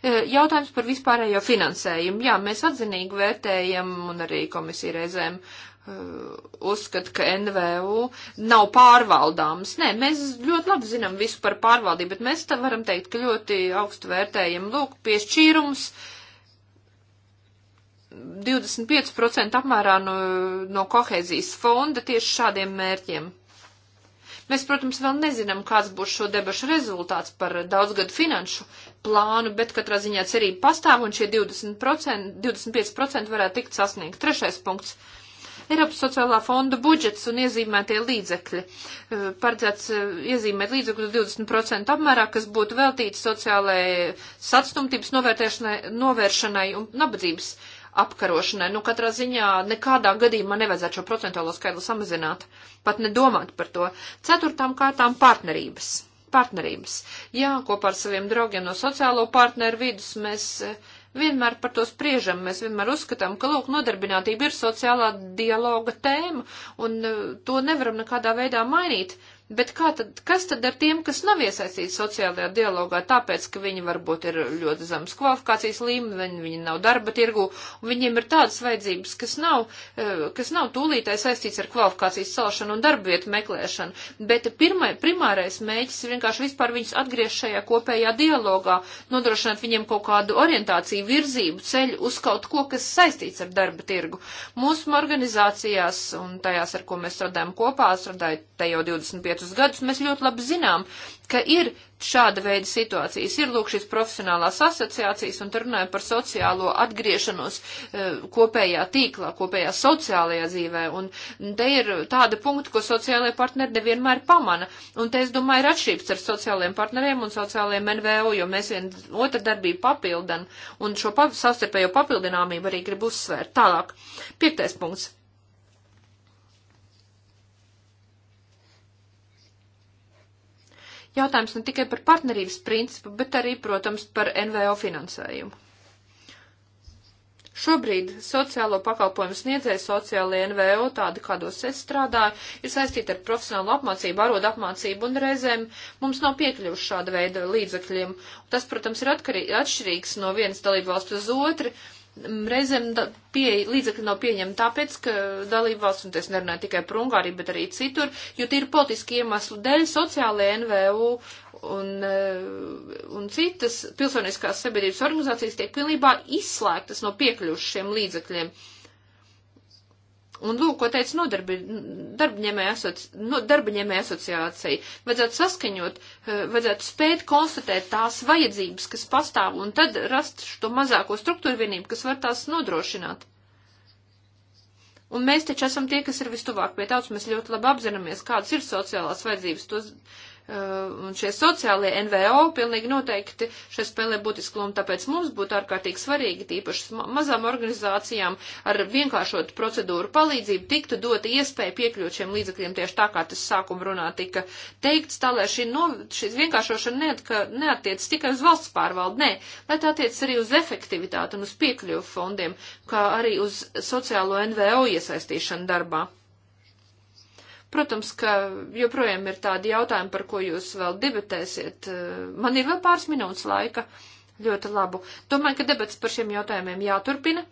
E, jautājums par vispārējo finansējumu. Jā, mēs atzinīgi vērtējam un arī komisija reizēm e, uzskata, ka NVU nav pārvaldāms. Nē, mēs ļoti labi zinām visu par pārvaldību, bet mēs varam teikt, ka ļoti augstu vērtējam, lūk, piešķīrums, uh, 25% apmērā no, no kohēzijas fonda tieši šādiem mērķiem. Mēs, protams, vēl nezinām, kāds būs šo debašu rezultāts par daudzgadu finanšu plānu, bet katrā ziņā cerība pastāv un šie 20%, 25% varētu tikt sasniegt. Trešais punkts. Eiropas sociālā fonda budžets un iezīmētie līdzekļi. Eh, paredzēts eh, iezīmēt līdzekļus 20% apmērā, kas būtu veltīti sociālajai satstumtības novēršanai un nabadzības apkarošanai. Nu, katrā ziņā nekādā gadījumā nevajadzētu šo procentuālo skaidru samazināt, pat nedomāt par to. Ceturtām kārtām partnerības. Partnerības. Jā, kopā ar saviem draugiem no sociālo partneru vidus mēs eh, vienmēr par to spriežam, mēs vienmēr uzskatām, ka, lūk, nodarbinātība ir sociālā dialoga tēma, un eh, to nevaram nekādā veidā mainīt. Bet kā tad, kas tad ar tiem, kas nav iesaistīti sociālajā dialogā, tāpēc, ka viņi varbūt ir ļoti zemas kvalifikācijas līmeni, viņi nav darba tirgu, un viņiem ir tādas vajadzības, kas nav, eh, kas nav tūlītai saistīts ar kvalifikācijas celšanu un darba vietu meklēšanu, bet pirmai, primārais mēģis ir vienkārši vispār viņus atgriezt šajā kopējā dialogā, nodrošināt viņiem kaut kādu orientāciju, virzību, ceļu uz kaut ko, kas saistīts ar darba tirgu. Mūsu organizācijās un tajās, ar ko mēs strādājam kopā, strādāja te jau 25 piecus gadus, mēs ļoti labi zinām, ka ir šāda veida situācijas. Ir lūk šīs profesionālās asociācijas, un te runājam par sociālo atgriešanos eh, kopējā tīklā, kopējā sociālajā dzīvē, un te ir tāda punkta, ko sociālajie partneri nevienmēr pamana, un te, es domāju, ir atšķirības ar sociālajiem partneriem un sociālajiem NVO, jo mēs vien otru darbību papildam, un šo pa, savstarpējo papildināmību arī grib uzsvērt. Tālāk, piektais punkts jautājums ne tikai par partnerības principu, bet arī, protams, par NVO finansējumu. Šobrīd sociālo pakalpojumu sniedzēja sociālajie NVO, tādi kādos es strādāju, ir saistīti ar profesionālu apmācību, arodu apmācību un reizēm mums nav piekļuvuši šāda veida līdzekļiem. Tas, protams, ir atkarī, atšķirīgs no vienas dalību valsts uz otru, Mm, reizēm pie, līdzekļi nav pieņemti tāpēc, ka dalībvalsts, un es nerunāju tikai par Ungāriju, bet arī citur, jo tie ir politiski iemesli dēļ sociālajie NVU un, eh, un citas pilsoniskās sabiedrības organizācijas tiek pilnībā izslēgtas no piekļušiem līdzekļiem. Uh, Un lūk, ko teica nodarbi, darbaņēmēja asoci, no, darba asociācija. Vajadzētu saskaņot, eh, vajadzētu spēt konstatēt tās vajadzības, kas pastāv, un tad rast to mazāko struktūru vienību, kas var tās nodrošināt. Un mēs taču esam tie, kas ir vistuvāk pie tautas, mēs ļoti labi apzināmies, kādas ir sociālās vajadzības. Tos, Eh, un šie sociālie NVO pilnīgi noteikti šeit spēlē būtisku lomu, tāpēc mums būtu ārkārtīgi svarīgi, tīpaši mazām organizācijām ar vienkāršotu procedūru palīdzību tiktu dota iespēja piekļūt šiem līdzekļiem tieši tā, kā tas sākuma runā tika teikts, tā lai šī, no, šī vienkāršošana neatiec tikai uz valsts pārvaldu, nē, lai tā attiec arī uz efektivitāti un uz piekļuvu fondiem, kā arī uz sociālo NVO iesaistīšanu darbā. Protams, ka joprojām ir tādi jautājumi, par ko jūs vēl debatēsiet. Man ir vēl pāris minūtes laika. Ļoti labu. Domāju, ka debats par šiem jautājumiem jāturpina.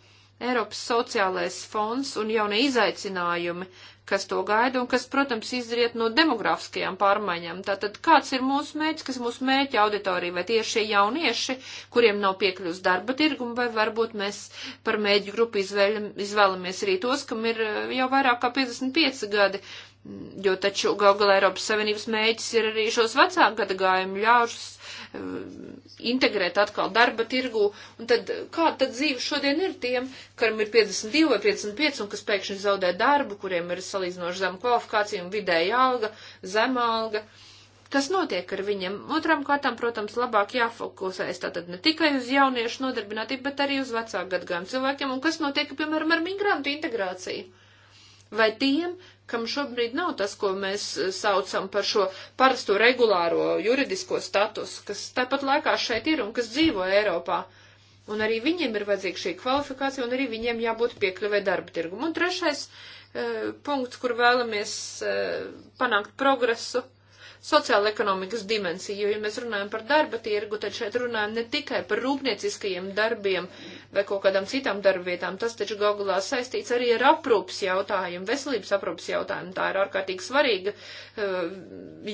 Eiropas sociālais fonds un jaunie izaicinājumi, kas to gaida un kas, protams, izriet no demografiskajām pārmaiņām. Tātad, kāds ir mūsu mērķis, kas mūsu mērķa auditorija, vai tieši šie jaunieši, kuriem nav piekļūst darba tirgumu, vai varbūt mēs par mēģi grupu izvēļam, izvēlamies arī tos, kam ir eh, jau vairāk kā 55 gadi, jo taču gal galā Eiropas Savienības mēģis ir arī šos vecāku gadagājumu ļaužus integrēt atkal darba tirgu, un tad kāda tad dzīve šodien ir tiem, kam ir 52 vai 55 un kas pēkšņi zaudē darbu, kuriem ir salīdzinoši zema kvalifikācija un vidēja alga, zema alga. Kas notiek ar viņiem? Otram kārtām, protams, labāk jāfokusēs tātad ne tikai uz jauniešu nodarbinātību, bet arī uz vecāku gadgājumu cilvēkiem, un kas notiek, piemēram, ar migrantu integrāciju vai tiem, kam šobrīd nav tas, ko mēs eh, saucam par šo parasto regulāro juridisko statusu, kas tāpat laikā šeit ir un kas dzīvo Eiropā. Un arī viņiem ir vajadzīga šī kvalifikācija, un arī viņiem jābūt piekļuvē darba tirgumu. Un trešais e, punkts, kur vēlamies e, panākt progresu, e, sociāla ekonomikas dimensiju, jo, ja mēs runājam par darba tirgu, tad šeit runājam ne tikai par rūpnieciskajiem darbiem vai kaut kādām citām darbvietām, tas taču gaugulā saistīts arī ar aprūpas jautājumu, veselības aprūpas jautājumu, tā ir ārkārtīgi svarīga uh,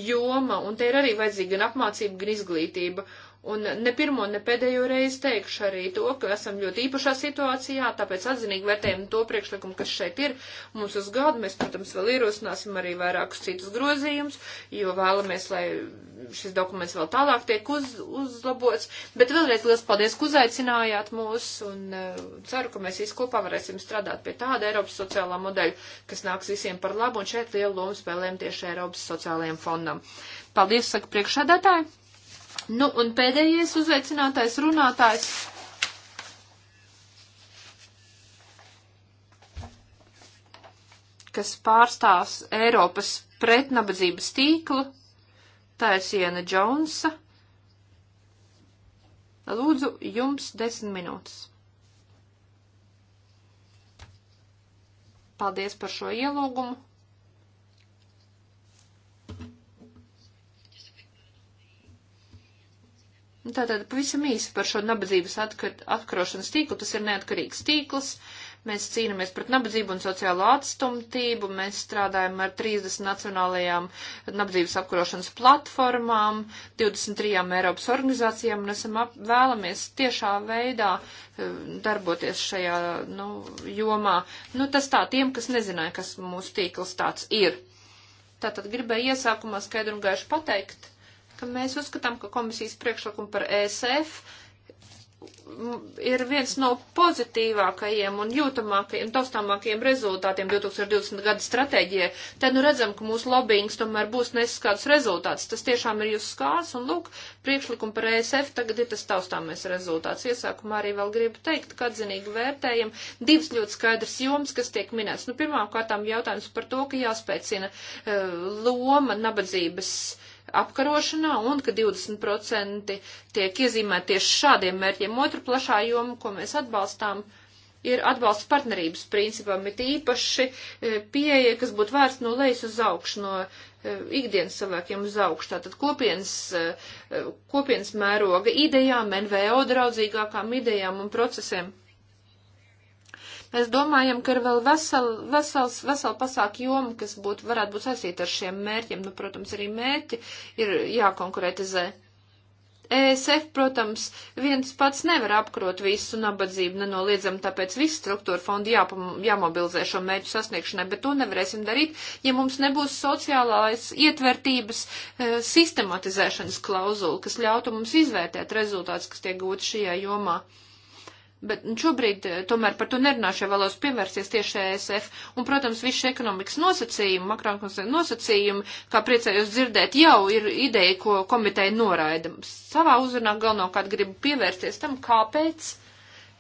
joma, un te ir arī vajadzīga gan apmācība, gan izglītība, Un ne pirmo, ne pēdējo reizi teikšu arī to, ka esam ļoti īpašā situācijā, tāpēc atzinīgi vērtējam to priekšlikumu, kas šeit ir. Mums uz gadu mēs, protams, vēl ierosināsim arī vairākus citus grozījumus, jo vēlamies, lai šis dokuments vēl tālāk tiek uz, uzlabots. Bet vēlreiz liels paldies, ka uzaicinājāt mūs un uh, ceru, ka mēs visi kopā varēsim strādāt pie tāda Eiropas sociālā modeļa, kas nāks visiem par labu un šeit lielu lomu spēlēm tieši Eiropas sociālajiem fondam. Paldies, saka priekšādātāji! Nu, un pēdējais uzveicinātais runātājs. kas pārstāvs Eiropas pretnabadzības tīklu, Taisiena Džonsa. Lūdzu, jums desmit minūtes. Paldies par šo ielūgumu. Tātad pavisam īsi par šo nabadzības atkar, atkarošanas tīklu. Tas ir neatkarīgs tīkls. Mēs cīnāmies pret nabadzību un sociālo atstumtību. Mēs strādājam ar 30 nacionālajām nabadzības apkarošanas platformām, 23 Eiropas organizācijām un esam ap, vēlamies tiešā veidā eh, darboties šajā nu, jomā. Nu, tas tā tiem, kas nezināja, kas mūsu tīkls tāds ir. Tātad gribēju iesākumā skaidru un gaišu pateikt ka mēs uzskatām, ka komisijas priekšlikumi par ESF ir viens no pozitīvākajiem un jūtamākajiem, taustāmākajiem rezultātiem 2020. gada stratēģijai, tad nu redzam, ka mūsu lobbyings tomēr būs nesis kāds rezultāts. Tas tiešām ir jūsu skāds un lūk, priekšlikumi par ESF tagad ir tas taustāmais rezultāts. Iesākumā arī vēl gribu teikt, ka atzinīgi vērtējam divas ļoti skaidras jomas, kas tiek minēts. Nu, pirmkārtām jautājums par to, ka jāspēcina uh, loma nabadzības. Uh, apkarošanā un ka 20% tiek iezīmēti tieši šādiem mērķiem. Otra plašā joma, ko mēs atbalstām, ir atbalsts partnerības principam, ir īpaši e, pieeja, kas būtu vērsts no lejas uz augšu, no e, ikdienas cilvēkiem uz augšu, tātad kopienas, e, kopienas mēroga idejām, NVO draudzīgākām idejām un procesiem. Mēs domājam, ka ir vēl vesel, vesels, vesela pasāka joma, kas būtu, varētu būt saistīta ar šiem mērķiem. Nu, protams, arī mērķi ir jākonkurētizē. ESF, protams, viens pats nevar apkrot visu nabadzību nenoliedzam, tāpēc visu struktūru fondu jāpam, jāmobilizē šo mērķu sasniegšanai, bet to nevarēsim darīt, ja mums nebūs sociālās ietvertības e, sistematizēšanas klauzula, kas ļautu mums izvērtēt rezultātus, kas tiek gūti šajā jomā. Bet šobrīd eh, tomēr par to nerunāšu, ja vēlos pievērsties tieši ESF. Un, protams, visi ekonomikas nosacījumi, makroekonomikas nosacījumi, kā priecājos dzirdēt, jau ir ideja, ko komiteja noraida. Savā uzrunā galvenokārt gribu pievērsties tam, kāpēc uh,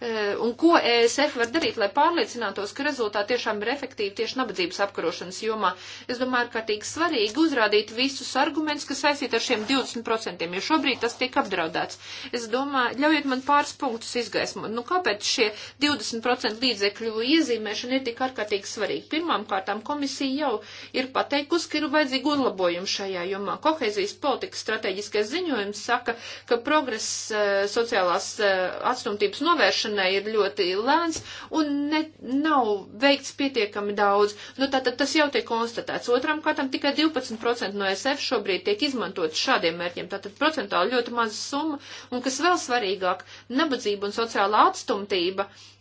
Eh, un ko ESF var darīt, lai pārliecinātos, ka rezultāti tiešām ir efektīvi tieši nabadzības apkarošanas jomā? Es domāju, ka tīk svarīgi uzrādīt visus argumentus, kas saistīti ar šiem 20%, jo šobrīd tas tiek apdraudēts. Es domāju, ļaujiet man pāris punktus izgaismot. Nu, kāpēc šie 20% līdzekļu iezīmēšana ir tik ārkārtīgi svarīga? Pirmām kārtām komisija jau ir pateikusi, ka ir vajadzīgi uzlabojumi šajā jomā. Kohēzijas politikas strateģiskais ziņojums saka, ka progress eh, sociālās eh, atstumtības novēršana īstenošanai ir ļoti lēns un ne, nav veikts pietiekami daudz. Nu, tātad tas jau tiek konstatēts. Otram kārtam tikai 12% no SF šobrīd tiek izmantot šādiem mērķiem. Tātad procentāli ļoti maza summa. Un kas vēl svarīgāk, nabadzība un sociālā atstumtība. Uh,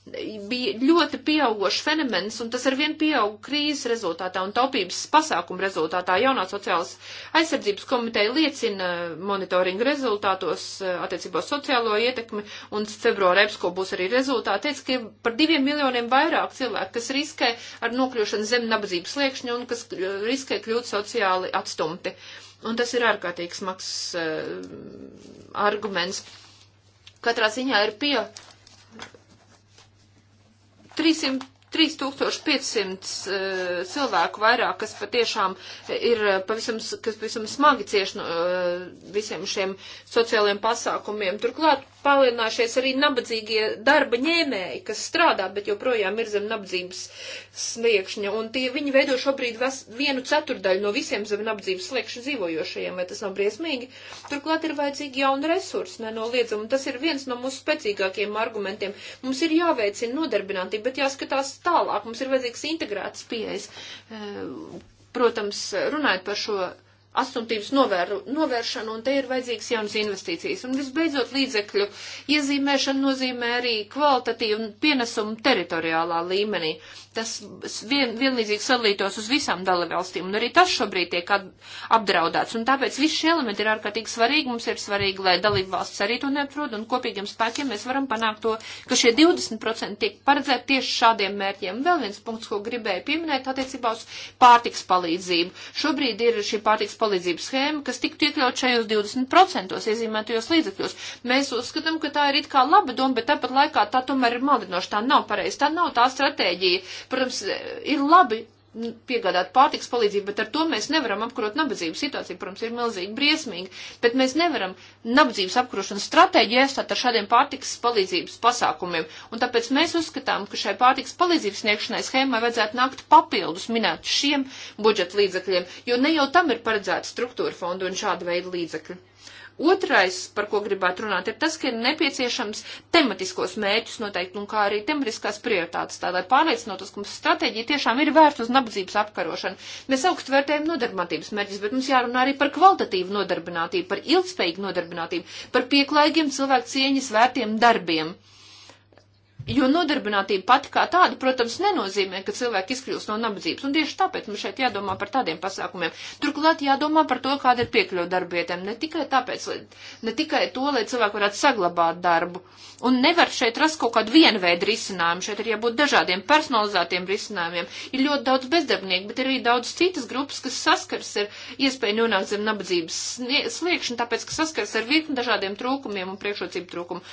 bija ļoti pieaugošs fenomens, un tas ar vien pieauga krīzes rezultātā un taupības pasākumu rezultātā. Jaunā sociālas aizsardzības komiteja liecina monitoringa rezultātos eh, attiecībā uz sociālo ietekmi, un februāra EPSCO būs arī rezultāti. Teica, ka par diviem miljoniem vairāk cilvēku, kas riskē ar nokļūšanu zem nabadzības sliekšņa un kas eh, riskē kļūt sociāli atstumti. Un tas ir ārkārtīgi smags uh, arguments. Katrā ziņā ir pie 300 3500 uh, cilvēku vairāk, kas patiešām ir eh, pavisam, kas pavisam smagi cieši no uh, visiem šiem sociālajiem pasākumiem. Turklāt palielinājušies arī nabadzīgie darba ņēmēji, kas strādā, bet joprojām ir zem nabadzības sliekšņa, un tie, viņi veido šobrīd ves, vienu ceturdaļu no visiem zem nabadzības sliekšņa dzīvojošajiem, vai tas nav briesmīgi? Turklāt ir vajadzīgi jauni resursi, nenoliedzami, un tas ir viens no mūsu spēcīgākajiem argumentiem. Mums ir jāveicina nodarbinātība, bet jāskatās tālāk, mums ir vajadzīgs integrētas pieejas. Ehm, protams, runājot par šo atstumtības novēru, novēršanu, un te ir vajadzīgs jaunas investīcijas. Un visbeidzot, līdzekļu iezīmēšana nozīmē arī kvalitatīvu pienesumu teritoriālā līmenī tas vien, vienlīdzīgi sadalītos uz visām dalībvalstīm, un arī tas šobrīd tiek apdraudēts, un tāpēc visi šie elementi ir ārkārtīgi svarīgi, mums ir svarīgi, lai dalībvalstis arī to neatrod, un kopīgiem spēkiem mēs varam panākt to, ka šie 20% tiek paredzēti tieši šādiem mērķiem. Vēl viens punkts, ko gribēju pieminēt attiecībā uz pārtiks palīdzību. Šobrīd ir šī pārtiks palīdzības schēma, kas tiktu iekļaut šajos 20% iezīmētajos līdzekļos. Mēs uzskatām, ka tā ir it kā laba doma, bet tāpat laikā tā tomēr ir maldinoša, tā nav pareiza, tā nav tā stratēģija, Protams, ir labi piegādāt pārtiks palīdzību, bet ar to mēs nevaram apkarot nabadzību. Situācija, protams, ir milzīgi briesmīga, bet mēs nevaram nabadzības apkarošanas stratēģiju iestāt ar šādiem pārtiks palīdzības pasākumiem. Un tāpēc mēs uzskatām, ka šai pārtiks palīdzības sniegšanai schēmai vajadzētu nākt papildus minēt šiem budžeta līdzekļiem, jo ne jau tam ir paredzēta struktūra fonda un šāda veida līdzekļi. Otrais, par ko gribētu runāt, ir tas, ka ir nepieciešams tematiskos mērķus noteikt un kā arī tematiskās prioritātes, tā lai pārliecinotos, ka mums stratēģija tiešām ir vērsta uz nabadzības apkarošanu. Mēs augstu vērtējam nodarbinātības mērķus, bet mums jārunā arī par kvalitatīvu nodarbinātību, par ilgspējīgu nodarbinātību, par pieklājīgiem cilvēku cieņas vērtiem darbiem. Jo nodarbinātība pati kā tāda, protams, nenozīmē, ka cilvēki izkļūst no nabadzības. Un tieši tāpēc mums šeit jādomā par tādiem pasākumiem. Turklāt jādomā par to, kāda ir piekļuva darbietēm. Ne tikai tāpēc, lai, ne tikai to, lai cilvēki varētu saglabāt darbu. Un nevar šeit rast kaut kādu vienveidu risinājumu. Šeit ir jābūt dažādiem personalizētiem risinājumiem. Ir ļoti daudz bezdarbnieku, bet ir arī daudz citas grupas, kas saskars ar iespēju nonākt zem nabadzības sliekšņa, tāpēc, ka saskars ar virkni dažādiem trūkumiem un priekšrocību trūkumu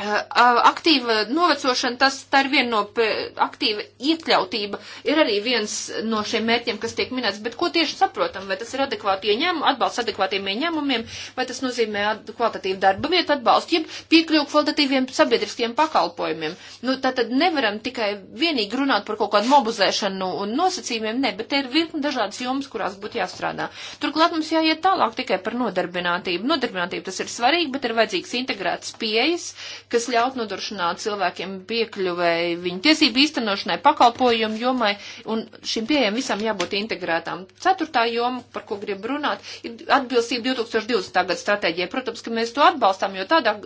aktīva novecošana, tas tā ir viena no aktīva iekļautība, ir arī viens no šiem mērķiem, kas tiek minēts, bet ko tieši saprotam, vai tas ir adekvāti ieņēmumi, atbalsts adekvātiem ieņēmumiem, vai tas nozīmē kvalitatīvu darba vietu atbalstu, jeb piekļuvu kvalitatīviem sabiedriskiem pakalpojumiem. Nu, tātad nevaram tikai vienīgi runāt par kaut kādu mobuzēšanu un nosacījumiem, ne, bet te ir virkni dažādas jomas, kurās būtu jāstrādā. Turklāt mums jāiet tālāk tikai par nodarbinātību. Nodarbinātība tas ir svarīgi, bet ir vajadzīgs integrētas pieejas, kas ļaut nodrošināt cilvēkiem piekļuvēju viņu tiesību īstenošanai, pakalpojumu jomai, un šīm pieejām visam jābūt integrētām. Ceturtā joma, par ko gribu runāt, ir atbilstība 2020. gada stratēģijai. Protams, ka mēs to atbalstām, jo tādā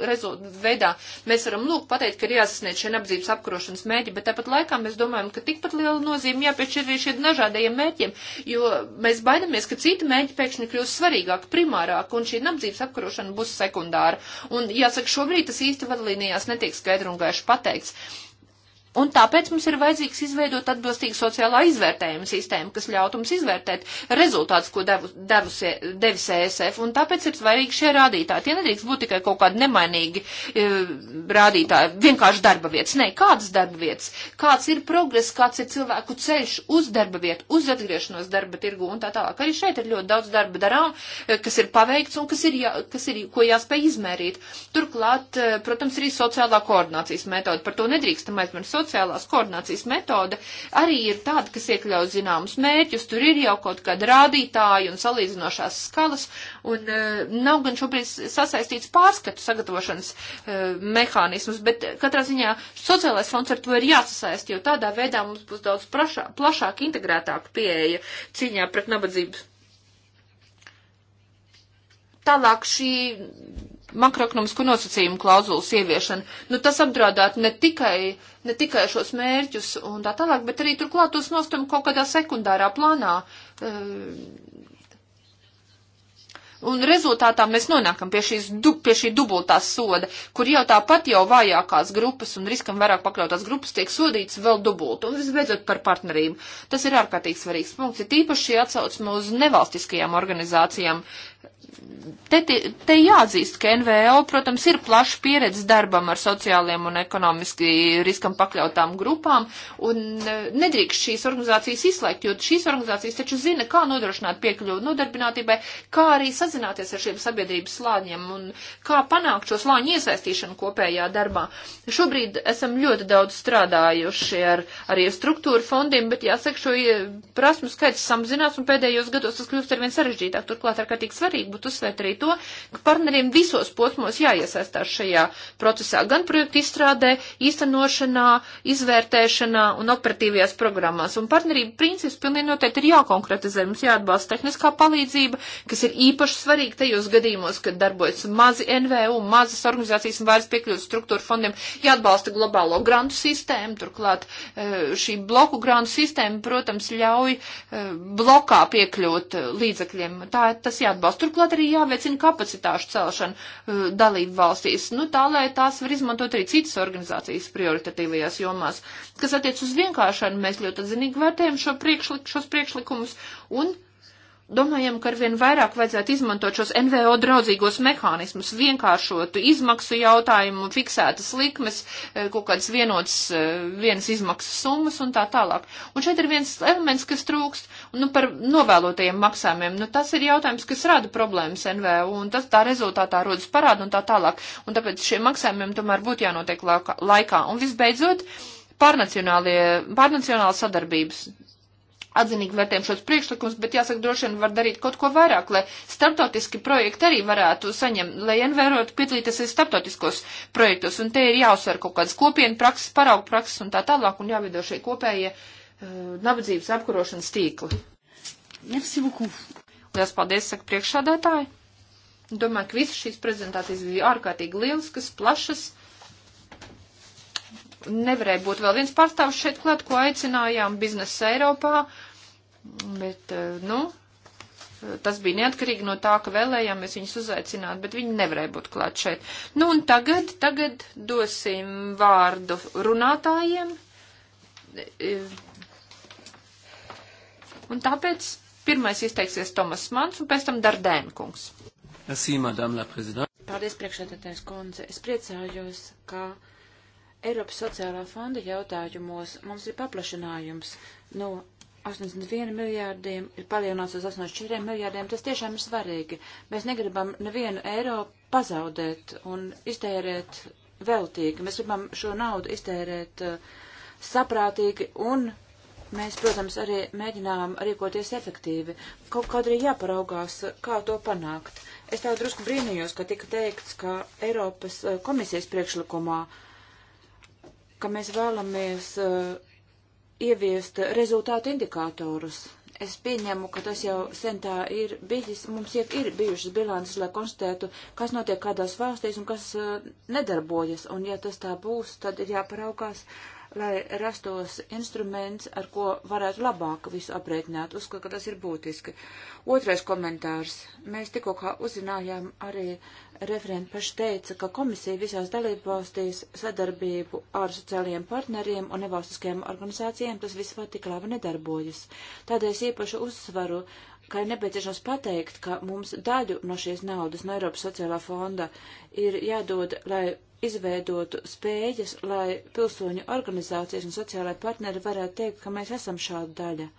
veidā mēs varam lūk nu, pateikt, ka ir jāsasniedz šie apdzības apkarošanas mērķi, bet tāpat laikā mēs domājam, ka tikpat liela nozīme jāpiešķir arī šiem dažādajiem mērķiem, jo mēs baidamies, ka citi mērķi pēkšņi kļūs svarīgāk, primārāk, un šī nabadzības apkarošana būs sekundāra. Un jāsaka, šobrīd tas īsti var līdz vadlīnijās netiek skaidri un gaiši pateikts, Un tāpēc mums ir vajadzīgs izveidot atbilstīgu sociālā izvērtējuma sistēmu, kas ļautu mums izvērtēt rezultātus, ko devu, devusie, devis ESF, un tāpēc ir svarīgi šie rādītāji. Tie nedrīkst būt tikai kaut kādi nemainīgi e, rādītāji, vienkārši darba vietas. Nē, kādas darba vietas, kāds ir progress, kāds ir cilvēku ceļš uz darba vietu, uz atgriešanos darba tirgu un tā tālāk. Arī šeit ir ļoti daudz darba darām, e, kas ir paveikts un kas ir, jā, kas ir ko jāspēj izmērīt. Turklāt, e, protams, arī sociālā koordinācijas metode. Par to nedrīkstam aizmirst sociālās koordinācijas metode arī ir tāda, kas iekļauj zināmus mērķus, tur ir jau kaut kāda rādītāja un salīdzinošās skalas, un uh, nav gan šobrīd sasaistīts pārskatu sagatavošanas uh, mehānismus, bet katrā ziņā sociālais fonds ar to ir jāsasaist, jo tādā veidā mums būs daudz plašā, plašāk integrētāka pieeja cīņā pret nabadzību. Tālāk šī makroekonomisko nosacījumu klauzulas ieviešana. Nu, tas apdraudētu ne tikai, ne tikai šos mērķus un tā tālāk, bet arī turklāt tos nostam kaut kādā sekundārā plānā. Eh, un rezultātā mēs nonākam pie, šīs, du, pie šī dubultā soda, kur jau tāpat jau vājākās grupas un riskam vairāk pakļautās grupas tiek sodīts vēl dubult. Un visbeidzot par partnerību. Tas ir ārkārtīgi svarīgs punkts, ir tīpaši atsaucam uz nevalstiskajām organizācijām, Te, te jāatzīst, ka NVO, protams, ir plaša pieredze darbam ar sociāliem un ekonomiski riskam pakļautām grupām, un e, nedrīkst šīs organizācijas izslēgt, jo šīs organizācijas taču zina, kā nodrošināt piekļuvu nodarbinātībai, kā arī sazināties ar šiem sabiedrības slāņiem un kā panākt šo slāņu iesaistīšanu kopējā darbā. Šobrīd esam ļoti daudz strādājuši ar arī struktūru fondiem, bet jāsaka, šo e, prasmu skaits samazinās, un pēdējos gados tas kļūst arvien sarežģītāk, turklāt ar kā tik svarīgi būtu gribētu uzsvērt arī to, ka partneriem visos posmos jāiesaistās šajā procesā, gan projektu izstrādē, īstenošanā, izvērtēšanā un operatīvajās programmās. Un partnerība princips pilnīgi noteikti ir jākonkretizē, mums jāatbalsta tehniskā palīdzība, kas ir īpaši svarīga tajos gadījumos, kad darbojas mazi NVU, mazas organizācijas un vairs piekļūst struktūra fondiem, jāatbalsta globālo grantu sistēmu, turklāt e, šī bloku grāmatu sistēma, protams, ļauj e, blokā piekļūt e, līdzekļiem. Tā tas jāatbalsta. Turklāt Tāpat arī jāveicina kapacitāšu celšana uh, dalību valstīs, nu tā, lai tās var izmantot arī citas organizācijas prioritatīvajās jomās. Kas attiec uz vienkāršanu, mēs ļoti atzinīgi vērtējam šo priekšlik, šos priekšlikumus un Domājam, ka arvien vairāk vajadzētu izmantot šos NVO draudzīgos mehānismus, vienkāršotu izmaksu jautājumu, fiksētas likmes, e, kaut kādas vienotas e, vienas izmaksas summas un tā tālāk. Un šeit ir viens elements, kas trūkst, nu, par novēlotajiem maksājumiem. Nu, tas ir jautājums, kas rada problēmas NVO, un tas tā rezultātā rodas parādu un tā tālāk. Un tāpēc šiem maksājumiem tomēr būtu jānotiek laikā. Un visbeidzot, pārnacionālie, pārnacionāla sadarbības atzinīgi vērtējam šos priekšlikumus, bet jāsaka, droši vien var darīt kaut ko vairāk, lai starptautiski projekti arī varētu saņemt, lai NVROT piedalīties arī starptautiskos projektos, un te ir jāuzsver kaut kādas kopienu prakses, paraugu prakses un tā tālāk, un jāvido šie kopējie uh, nabadzības apkarošanas tīkli. Merci beaucoup. Lielas paldies, saka priekšādātāji. Domāju, ka visas šīs prezentācijas bija ārkārtīgi lieliskas, plašas nevarēja būt vēl viens pārstāvs šeit klāt, ko aicinājām biznesa Eiropā, bet, eh, nu, tas bija neatkarīgi no tā, ka vēlējāmies viņus uzaicināt, bet viņi nevarēja būt klāt šeit. Nu, un tagad, tagad dosim vārdu runātājiem. Un tāpēc pirmais izteiksies Tomas Mans un pēc tam Dardēnkungs. Paldies, priekšsēdētājs kundze. Es priecājos, ka. Kā Eiropas sociālā fonda jautājumos mums ir paplašinājums no 81 miljārdiem, ir palielināts uz 84 miljārdiem. Tas tiešām ir svarīgi. Mēs negribam nevienu eiro pazaudēt un iztērēt veltīgi. Mēs gribam šo naudu iztērēt uh, saprātīgi un mēs, protams, arī mēģinām rīkoties efektīvi. Kaut kaut arī jāparaugās, kā to panākt. Es tā drusku brīnījos, ka tika teikts, ka Eiropas uh, komisijas priekšlikumā uh, ka mēs vēlamies uh, ieviest rezultātu indikātorus. Es pieņemu, ka tas jau sen tā ir bijis. Mums jau ir bijušas bilances, lai konstatētu, kas notiek kādās valstīs un kas uh, nedarbojas. Un ja tas tā būs, tad ir jāparaukās, uh, lai rastos instruments, ar ko varētu labāk visu aprēķināt. Uzskatu, ka tas ir būtiski. Otrais komentārs. Mēs tikko kā uzzinājām arī referenti paši teica, ka komisija visās dalībvalstīs sadarbību ar sociālajiem partneriem un nevalstiskajām organizācijām tas viss vēl tik labi nedarbojas. Tādēļ es īpaši uzsvaru, ka ir nepieciešams pateikt, ka mums daļu no šīs naudas no Eiropas sociālā fonda ir jādod, lai izveidotu spējas, lai pilsoņu organizācijas un sociālai partneri varētu teikt, ka mēs esam šāda daļa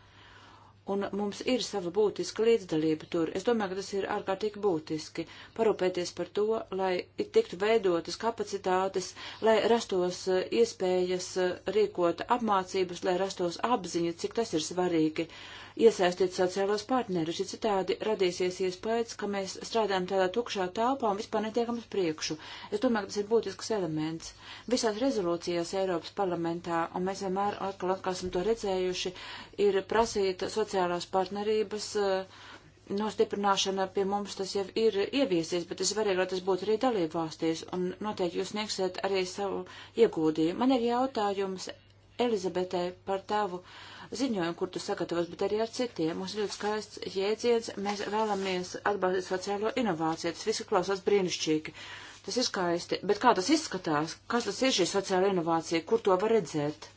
un mums ir sava būtiska līdzdalība tur. Es domāju, ka tas ir ārkārtīgi būtiski parūpēties par to, lai tiktu veidotas kapacitātes, lai rastos eh, iespējas eh, rīkot apmācības, lai rastos apziņa, cik tas ir svarīgi iesaistīt sociālos partnerus, ja citādi radīsies iespējas, ka mēs strādājam tādā tukšā telpā un vispār netiekam uz priekšu. Es domāju, ka tas ir būtisks elements. Visās rezolūcijās Eiropas parlamentā, un mēs vienmēr atkal atkal esam to redzējuši, ir prasīta sociālā sociālās partnerības eh, nostiprināšana pie mums tas jau ir ieviesies, bet es varēju, lai tas būtu arī dalību valstīs, un noteikti jūs sniegsiet arī savu ieguldījumu. Man ir jautājums Elizabetei par tavu ziņojumu, kur tu sagatavos, bet arī ar citiem. Mums ļoti skaists jēdziens, mēs vēlamies atbalstīt sociālo inovāciju, tas viss klausās brīnišķīgi. Tas ir skaisti, bet kā tas izskatās? Kas tas ir šī sociāla inovācija? Kur to var redzēt?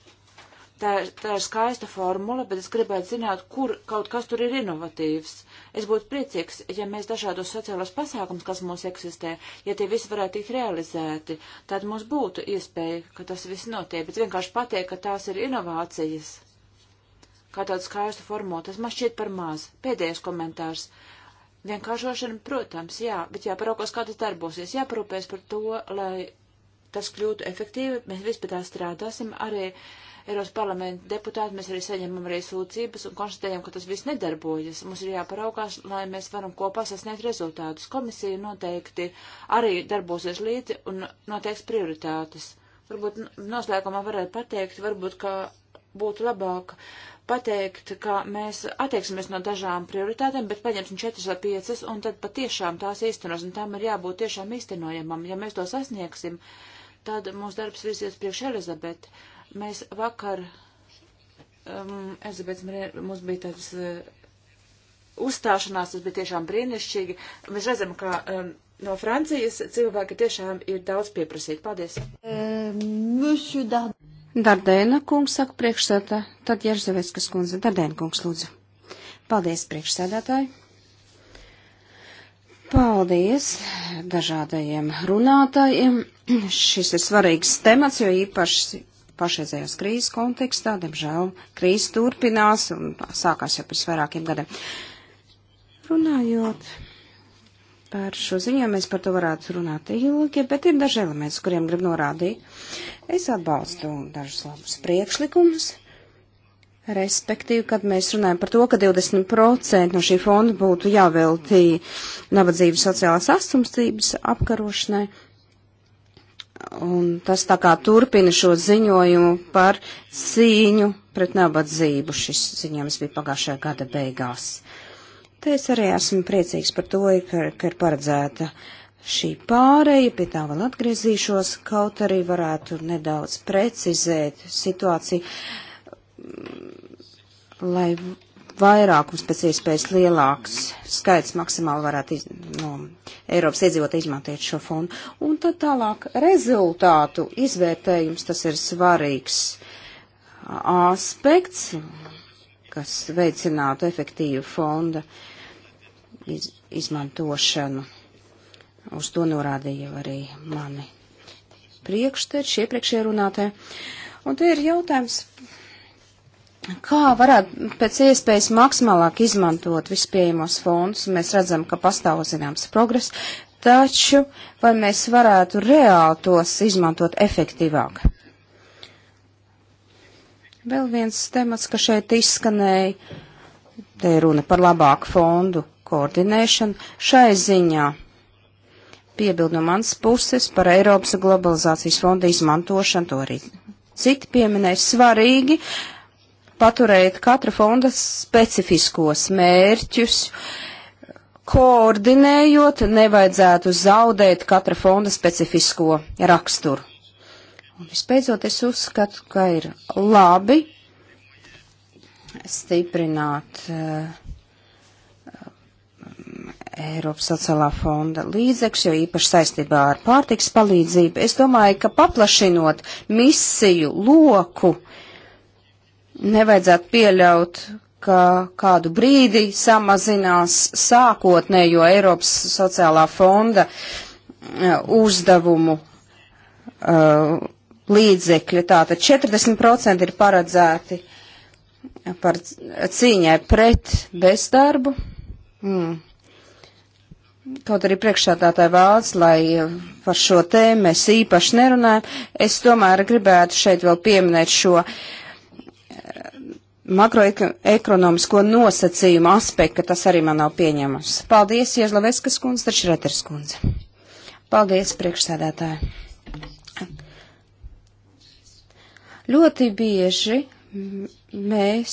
Tā, tā ir skaista formula, bet es gribētu zināt, kur kaut kas tur ir inovatīvs. Es būtu priecīgs, ja mēs dažādos sociālos pasākums, kas mums eksistē, ja tie visi varētu tikt realizēti, tad mums būtu iespēja, ka tas viss notiek, bet vienkārši pateikt, ka tās ir inovācijas, kā tādu skaistu formulu, tas man šķiet par maz. Pēdējais komentārs. Vienkāršošana, protams, jā, bet jāparaukos, kā tas darbosies, jāparūpēs par to, lai tas kļūtu efektīvi, mēs visi pie tā strādāsim, arī Eiropas parlamenta deputāti, mēs arī saņemam arī sūdzības un konstatējam, ka tas viss nedarbojas. Mums ir jāparaugās, lai mēs varam kopā sasniegt rezultātus. Komisija noteikti arī darbosies līdzi un noteiks prioritātes. Varbūt noslēgumā varētu pateikt, varbūt, ka būtu labāk pateikt, ka mēs attieksimies no dažām prioritātēm, bet paņemsim četras vai piecas, un tad patiešām tās īstenos, un tām ir jābūt tiešām īstenojamam. Ja mēs to sasniegsim, tad mūsu darbs virsies priekš Elizabeti. Mēs vakar, um, Elizabets, mums bija tāds uh, uzstāšanās, tas bija tiešām brīnišķīgi. Mēs redzam, ka um, no Francijas cilvēki tiešām ir daudz pieprasīti. Paldies. Uh, Dardēna kungs saka priekšsētā, tad Jerzavetskas kundze. Dardēna kungs lūdzu. Paldies priekšsēdētāji. Paldies dažādajiem runātājiem. Šis ir svarīgs temats, jo īpaši pašreizējās krīzes kontekstā, diemžēl krīze turpinās un sākās jau pirms vairākiem gadiem. Runājot par šo ziņojumu, mēs par to varētu runāt ilgi, bet ir daži elementi, kuriem grib norādīt. Es atbalstu dažus labus priekšlikumus. Respektīvi, kad mēs runājam par to, ka 20% no šī fonda būtu jāveltī nabadzības sociālās astumstības apkarošanai, un tas tā kā turpina šo ziņojumu par cīņu pret nabadzību. Šis ziņojums bija pagājušajā gada beigās. Te es arī esmu priecīgs par to, ka, ka ir paredzēta šī pāreja, pie tā vēl atgriezīšos, kaut arī varētu nedaudz precizēt situāciju, lai vairākums pēc iespējas lielāks skaits maksimāli varētu iz, no Eiropas iedzīvot izmantot šo fondu. Un tad tālāk rezultātu izvērtējums, tas ir svarīgs aspekts, kas veicinātu efektīvu fonda iz, izmantošanu. Uz to norādīja arī mani priekšteči, iepriekšējie runātāji. Un te ir jautājums Kā varētu pēc iespējas maksimālāk izmantot vispieejamos fondus? Mēs redzam, ka pastāv zināms progress, taču vai mēs varētu reāli tos izmantot efektīvāk? Vēl viens temats, ka šeit izskanēja, te ir runa par labāku fondu koordinēšanu. Šai ziņā piebildu no manas puses par Eiropas globalizācijas fonda izmantošanu, to arī citi pieminēja svarīgi. Uh, paturēt katra fonda specifiskos mērķus, koordinējot, nevajadzētu zaudēt katra fonda specifisko raksturu. Un visbeidzot, es uzskatu, ka ir labi stiprināt uh, Eiropas sociālā fonda līdzekļus, jo īpaši saistībā ar pārtiks palīdzību. Es domāju, ka paplašinot misiju loku, uh, nevajadzētu pieļaut, ka kādu brīdi samazinās sākotnējo Eiropas sociālā fonda eh, uzdevumu uh, līdzekļi. Tātad 40% ir paredzēti par cīņai pret bezdarbu. Mm. Kaut arī priekšsādātāja vārds, lai par šo tēmu mēs īpaši nerunājam, es tomēr gribētu šeit vēl pieminēt šo uh, makroekonomisko nosacījumu aspektu, ka tas arī man nav pieņemams. Paldies, Iezlaveskas kundze, taču Reters kundze. Paldies, priekšsēdētāji. Ļoti bieži mēs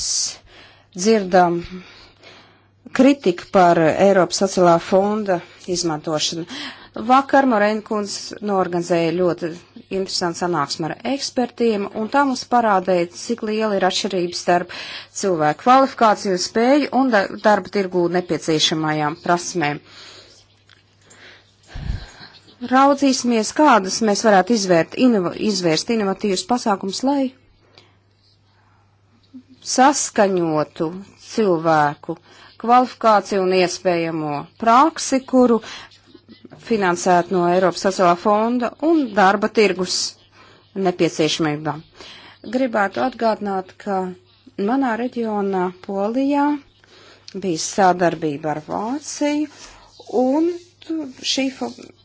dzirdam kritiku par Eiropas sociālā fonda izmantošanu. Uh, Vakar Morēna kundze norganizēja ļoti interesantu sanāksmu ar ekspertiem, un tā mums parādīja, cik liela ir atšķirība starp cilvēku kvalifikāciju, spēju un darba tirgū nepieciešamajām prasmēm. Raudzīsimies, kādas mēs varētu izvērt, inova, izvērst inovatīvas pasākums, lai saskaņotu cilvēku kvalifikāciju un iespējamo praksi, kuru finansēta no Eiropas sociālā fonda un darba tirgus nepieciešamībām. Gribētu atgādināt, ka manā reģionā Polijā bija sadarbība ar Vāciju un šī,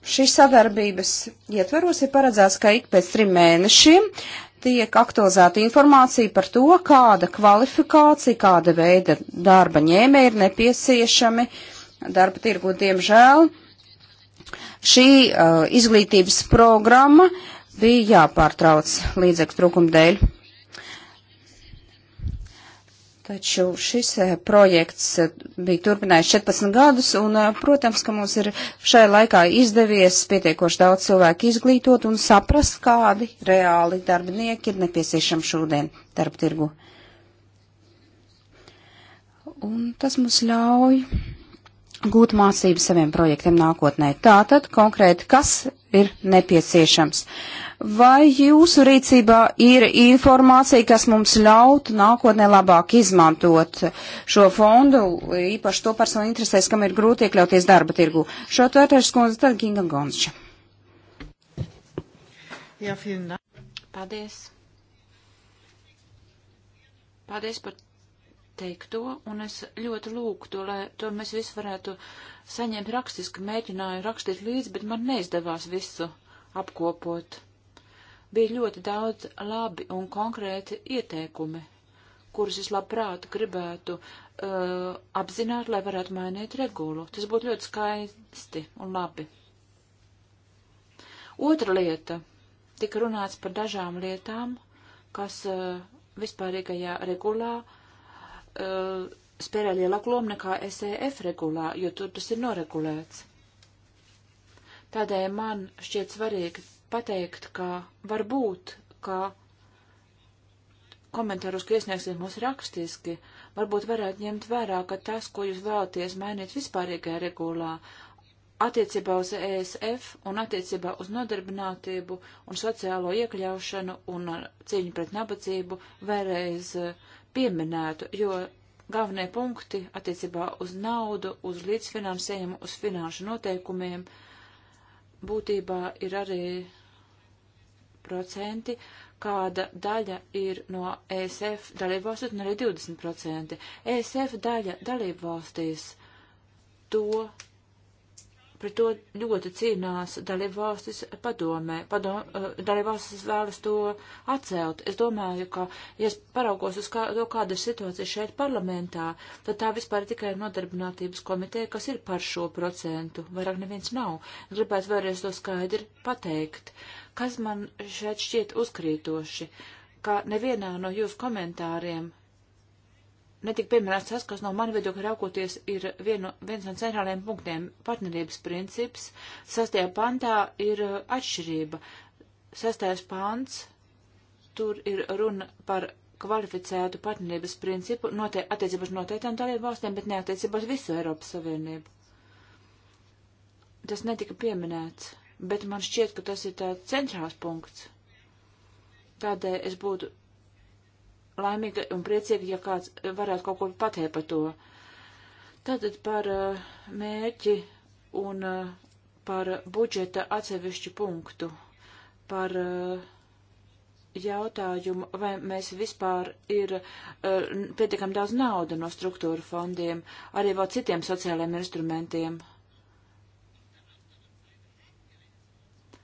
šī sadarbības ietveros ir paredzēts, ka ik pēc trim mēnešiem tiek aktualizēta informācija par to, kāda kvalifikācija, kāda veida darba ņēmē ir nepieciešami darba tirgu, diemžēl. Uh, Šī uh, izglītības programma bija jāpārtrauc līdzekļu trūkuma dēļ. Taču šis uh, projekts uh, bija turpinājis 14 gadus, un, uh, protams, ka mums ir šai laikā izdevies pietiekoši daudz cilvēku izglītot un saprast, kādi reāli darbinieki ir nepieciešami šodien darba tirgu. Un tas mums ļauj gūt mācības saviem projektiem nākotnē. Tātad konkrēti, kas ir nepieciešams? Vai jūsu rīcībā ir informācija, kas mums ļautu nākotnē labāk izmantot šo fondu, īpaši to personu interesēs, kam ir grūti iekļauties darba tirgu? Šo tvērtēšu skundzi tad Ginga Gonsča. Jā, Paldies. Paldies par teikto, un es ļoti lūgtu, lai to mēs visu varētu saņemt rakstiski, mēģināju rakstīt līdzi, bet man neizdevās visu apkopot. Bija ļoti daudz labi un konkrēti ieteikumi, kurus es labprāt gribētu uh, apzināt, lai varētu mainīt regulu. Tas būtu ļoti skaisti un labi. Otra lieta. Tika runāts par dažām lietām, kas uh, vispārīgajā regulā uh, uh, spēlē lielāku lomu nekā SEF regulā, jo tur tas ir noregulēts. Tādēļ man šķiet svarīgi pateikt, ka varbūt, ka komentārus, ko iesniegsiet mums rakstiski, varbūt varētu ņemt vērā, ka tas, ko jūs vēlaties mainīt vispārīgajā regulā, attiecībā uz ESF un attiecībā uz nodarbinātību un sociālo iekļaušanu un cīņu pret nabadzību vēlreiz uh, pieminētu, jo galvenie punkti attiecībā uz naudu, uz līdzfinansējumu, uz finanšu noteikumiem būtībā ir arī procenti, kāda daļa ir no ESF dalībvalstīs, un arī 20%. ESF daļa dalībvalstīs to Pret to ļoti cīnās dalībvalstis padomē. Padom, eh, dalībvalstis vēlas to atcelt. Es domāju, ka, ja es paraugos uz kā, to, kāda ir situācija šeit parlamentā, tad tā vispār tikai ir nodarbinātības komiteja, kas ir par šo procentu. Vairāk neviens nav. Gribētu vēlreiz to skaidri pateikt. Kas man šeit šķiet uzkrītoši? ka nevienā no jūsu komentāriem netika pieminēts tas, kas no mani viedokļa raukoties ir vienu, viens no centrālajiem punktiem - partnerības princips. Sastajā pantā ir uh, atšķirība. Sastais pants, tur ir runa par kvalificētu partnerības principu note, attiecībā uz noteiktām dalību valstīm, bet ne attiecībā uz visu Eiropas Savienību. Tas netika pieminēts, bet man šķiet, ka tas ir tāds centrāls punkts. Tādēļ es būtu laimīga un priecīga, ja kāds varētu kaut ko pateikt par to. Tātad par uh, mērķi un uh, par budžeta atsevišķu punktu, par uh, jautājumu, vai mēs vispār ir uh, pietiekami daudz nauda no struktūra fondiem, arī vēl citiem sociālajiem instrumentiem. Uh,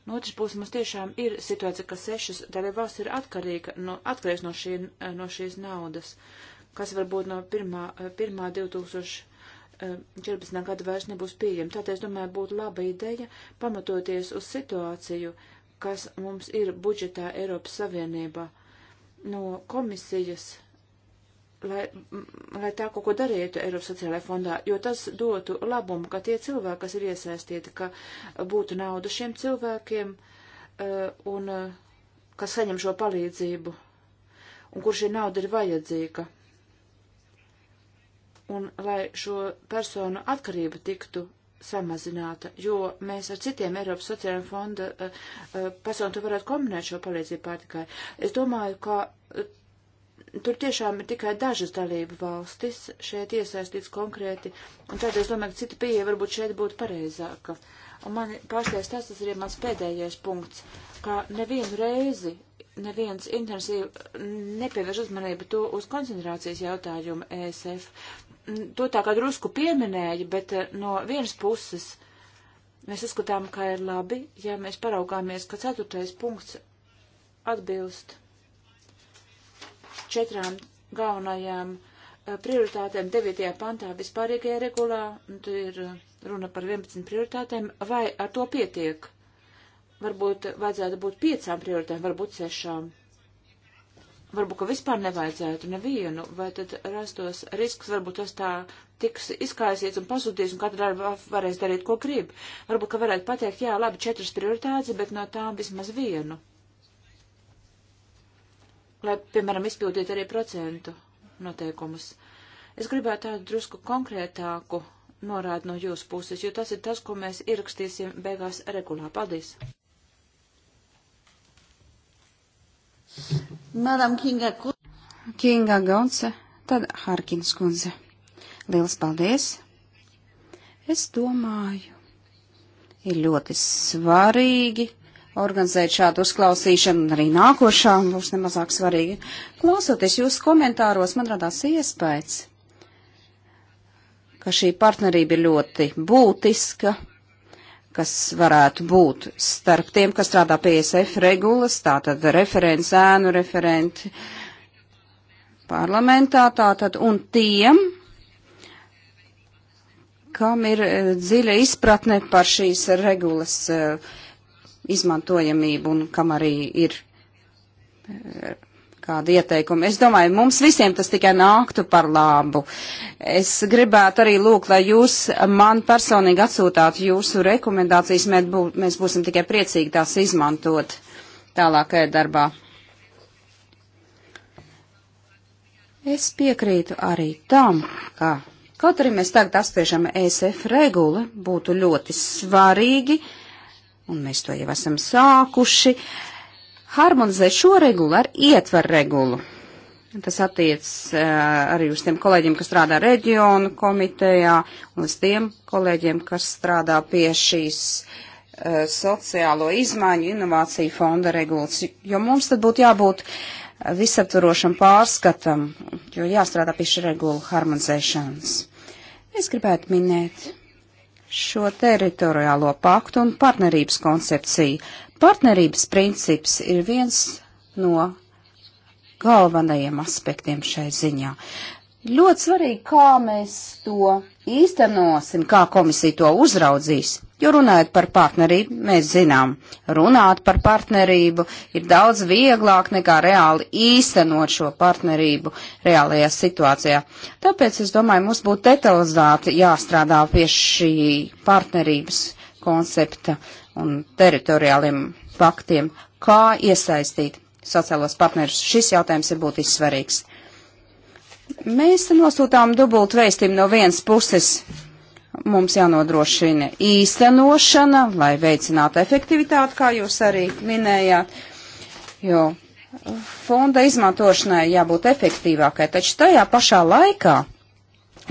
No otras puses, mums tiešām ir situācija, ka sešas dalībvalsts ir atkarīga, no, atkarīgs no, šī, no šīs naudas, kas varbūt no 1. 2014. gada vairs nebūs pieejama. Tātad, es domāju, būtu laba ideja pamatoties uz situāciju, kas mums ir budžetā Eiropas Savienībā. No komisijas lai, lai tā kaut ko darītu Eiropas sociālajā fondā, jo tas dotu labumu, ka tie cilvēki, kas ir iesaistīti, ka būtu nauda šiem cilvēkiem eh, un eh, kas saņem šo palīdzību un kur šī nauda ir vajadzīga. Un lai šo personu atkarība tiktu samazināta, jo mēs ar citiem Eiropas sociālajā fonda eh, personu varētu kombinēt šo palīdzību pārtikai. Es domāju, ka tur tiešām ir tikai dažas dalību valstis šeit iesaistīts konkrēti, un tādēļ es domāju, ka cita pieeja varbūt šeit būtu pareizāka. Un man pārsteidz tas, tas ir ja mans pēdējais punkts, ka nevienu reizi neviens intensīvi nepievērš uzmanību to uz koncentrācijas jautājumu ESF. To tā kā drusku pieminēja, bet eh, no vienas puses mēs uzskatām, ka ir labi, ja mēs paraugāmies, ka ceturtais punkts atbilst četrām galvenajām eh, prioritātēm 9. pantā vispārīgajā regulā, un tur ir eh, runa par 11 prioritātēm, vai ar to pietiek? Varbūt vajadzētu būt piecām prioritātēm, varbūt sešām. Varbūt, ka vispār nevajadzētu nevienu, vai tad rastos risks, varbūt tas tā tiks izkaisīts un pazudīs, un katra darba varēs darīt, ko grib. Varbūt, ka varētu pateikt, jā, labi, četras prioritātes, bet no tām vismaz vienu lai, piemēram, izpildītu arī procentu noteikumus. Es gribētu tādu drusku konkrētāku norādu no jūsu puses, jo tas ir tas, ko mēs ierakstīsim beigās regulā. Paldies! Madam Kinga, Kinga Gaunce, tad Harkins kundze. Liels paldies! Es domāju, ir ļoti svarīgi organizēt šādu uzklausīšanu, un arī nākošā būs nemazāk svarīga. Klausoties jūsu komentāros, man radās iespējas, ka šī partnerība ir ļoti būtiska, kas varētu būt starp tiem, kas strādā pie SF regulas, tātad referents, ēnu referenti parlamentā, tātad, un tiem, kam ir eh, dziļa izpratne par šīs regulas uh, izmantojamību un kam arī ir eh, kādi ieteikumi. Es domāju, mums visiem tas tikai nāktu par labu. Es gribētu arī lūgt, lai jūs man personīgi atsūtātu jūsu rekomendācijas, mēs būsim tikai priecīgi tās izmantot tālākajā darbā. Es piekrītu arī tam, ka kaut arī mēs tagad apspriežam ESF regulu, būtu ļoti svarīgi, uh, un mēs to jau esam sākuši, harmonizēt šo regulu ar ietvaru regulu. Tas attiec uh, arī uz tiem kolēģiem, kas strādā reģionu komitejā, un uz tiem kolēģiem, kas strādā pie šīs uh, sociālo izmaiņu inovāciju fonda regulas, jo mums tad būtu jābūt visaptvarošam pārskatam, jo jāstrādā pie šī regulu harmonizēšanas. Es gribētu minēt šo teritoriālo paktu un partnerības koncepciju. Partnerības princips ir viens no galvenajiem aspektiem šai ziņā. Ļoti svarīgi, kā mēs to īstenosim, kā komisija to uzraudzīs. Jo runājot par partnerību, mēs zinām, runāt par partnerību ir daudz vieglāk nekā reāli īstenot šo partnerību reālajā situācijā. Tāpēc, es domāju, mums būtu detalizēti jāstrādā pie šī partnerības koncepta un teritoriāliem faktiem, kā iesaistīt sociālos partnerus. Šis jautājums ir būtiski svarīgs. Mēs nosūtām dubultu vēstījumu no vienas puses Mums jānodrošina īstenošana, lai veicinātu efektivitāti, kā jūs arī minējāt, jo fonda izmantošanai jābūt efektīvākai, taču tajā pašā laikā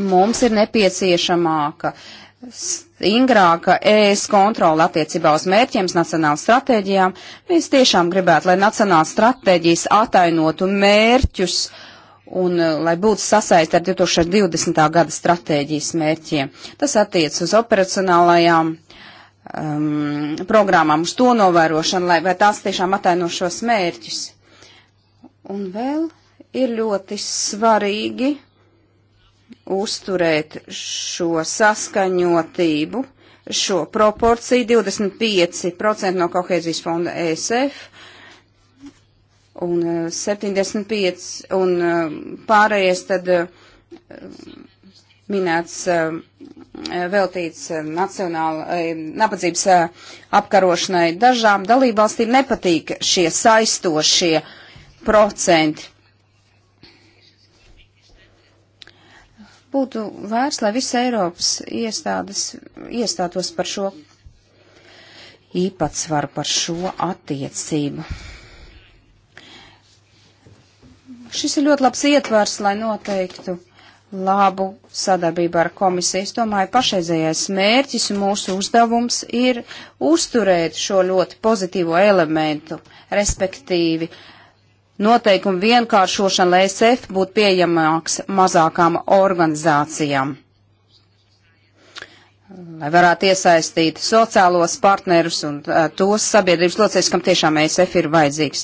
mums ir nepieciešamāka stingrāka ES kontrola attiecībā uz mērķiem, nacionālām stratēģijām. Mēs tiešām gribētu, lai nacionālās stratēģijas atainotu mērķus uh, un eh, lai būtu sasaist ar 2020. gada stratēģijas mērķiem. Tas attiec uz operacionālajām um, programmām, uz to novērošanu, lai vai tās tiešām ataino šos mērķus. Un vēl ir ļoti svarīgi uzturēt šo saskaņotību, šo proporciju 25% no kohēzijas fonda ESF un 75, eh, un eh, pārējais tad eh, minēts veltīts nacionālai nabadzības apkarošanai. Dažām dalībvalstīm nepatīk šie saistošie procenti. Būtu vērts, lai visas Eiropas iestādes iestātos par šo īpatsvaru, par šo attiecību. Šis ir ļoti labs ietvars, lai noteiktu labu sadarbību ar komisiju. Es domāju, pašreizējais mērķis un mūsu uzdevums ir uzturēt šo ļoti pozitīvo elementu, respektīvi noteikumu vienkāršošanu, lai SF būtu pieejamāks mazākām organizācijām lai varētu iesaistīt sociālos partnerus un uh, tos sabiedrības locekļus, kam tiešām ESF ir vajadzīgs.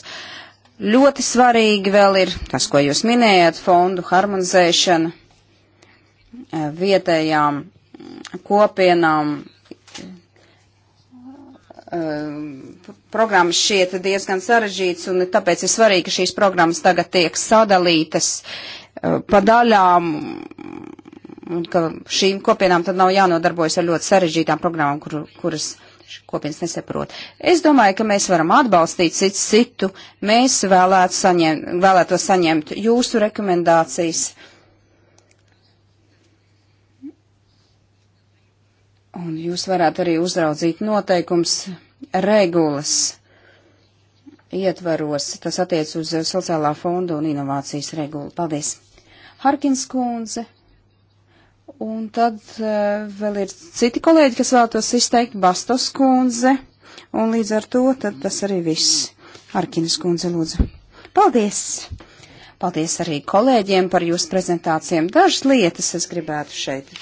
Ļoti svarīgi vēl ir tas, ko jūs minējat, fondu harmonizēšana eh, vietējām kopienām. Eh, programmas šiet diezgan sarežģīts, un tāpēc ir svarīgi, ka šīs programmas tagad tiek sadalītas eh, pa daļām, un ka šīm kopienām tad nav jānodarbojas ar ļoti sarežģītām programmām, kur, kuras kopienas nesaprot. Es domāju, ka mēs varam atbalstīt citu citu. Mēs vēlētu saņemt, vēlēto saņemt jūsu rekomendācijas. Un jūs varētu arī uzraudzīt noteikums regulas ietvaros. Tas attiec uz sociālā fonda un inovācijas regulu. Paldies! Harkins kundze Un tad uh, vēl ir citi kolēģi, kas vēlētos izteikt Bastos kundze, un līdz ar to tad tas arī viss. Arkinas kundze, lūdzu. Paldies! Paldies arī kolēģiem par jūsu prezentācijām. Dažas lietas es gribētu šeit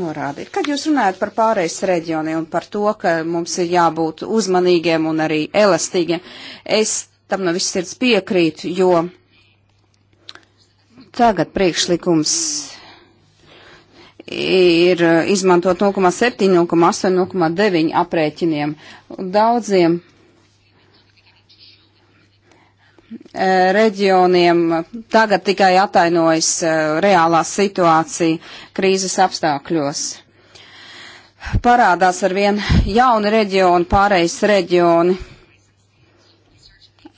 norādīt. Kad jūs runājat par pārējais reģioniem un par to, ka mums ir jābūt uzmanīgiem un arī elastīgiem, es tam no viss sirds piekrītu, jo tagad priekšlikums ir eh, izmantot 0,7, 0,8, 0,9 aprēķiniem. Daudziem eh, reģioniem tagad tikai atainojas eh, reālā situācija krīzes apstākļos. Parādās ar vien jauni reģioni, pārējais reģioni,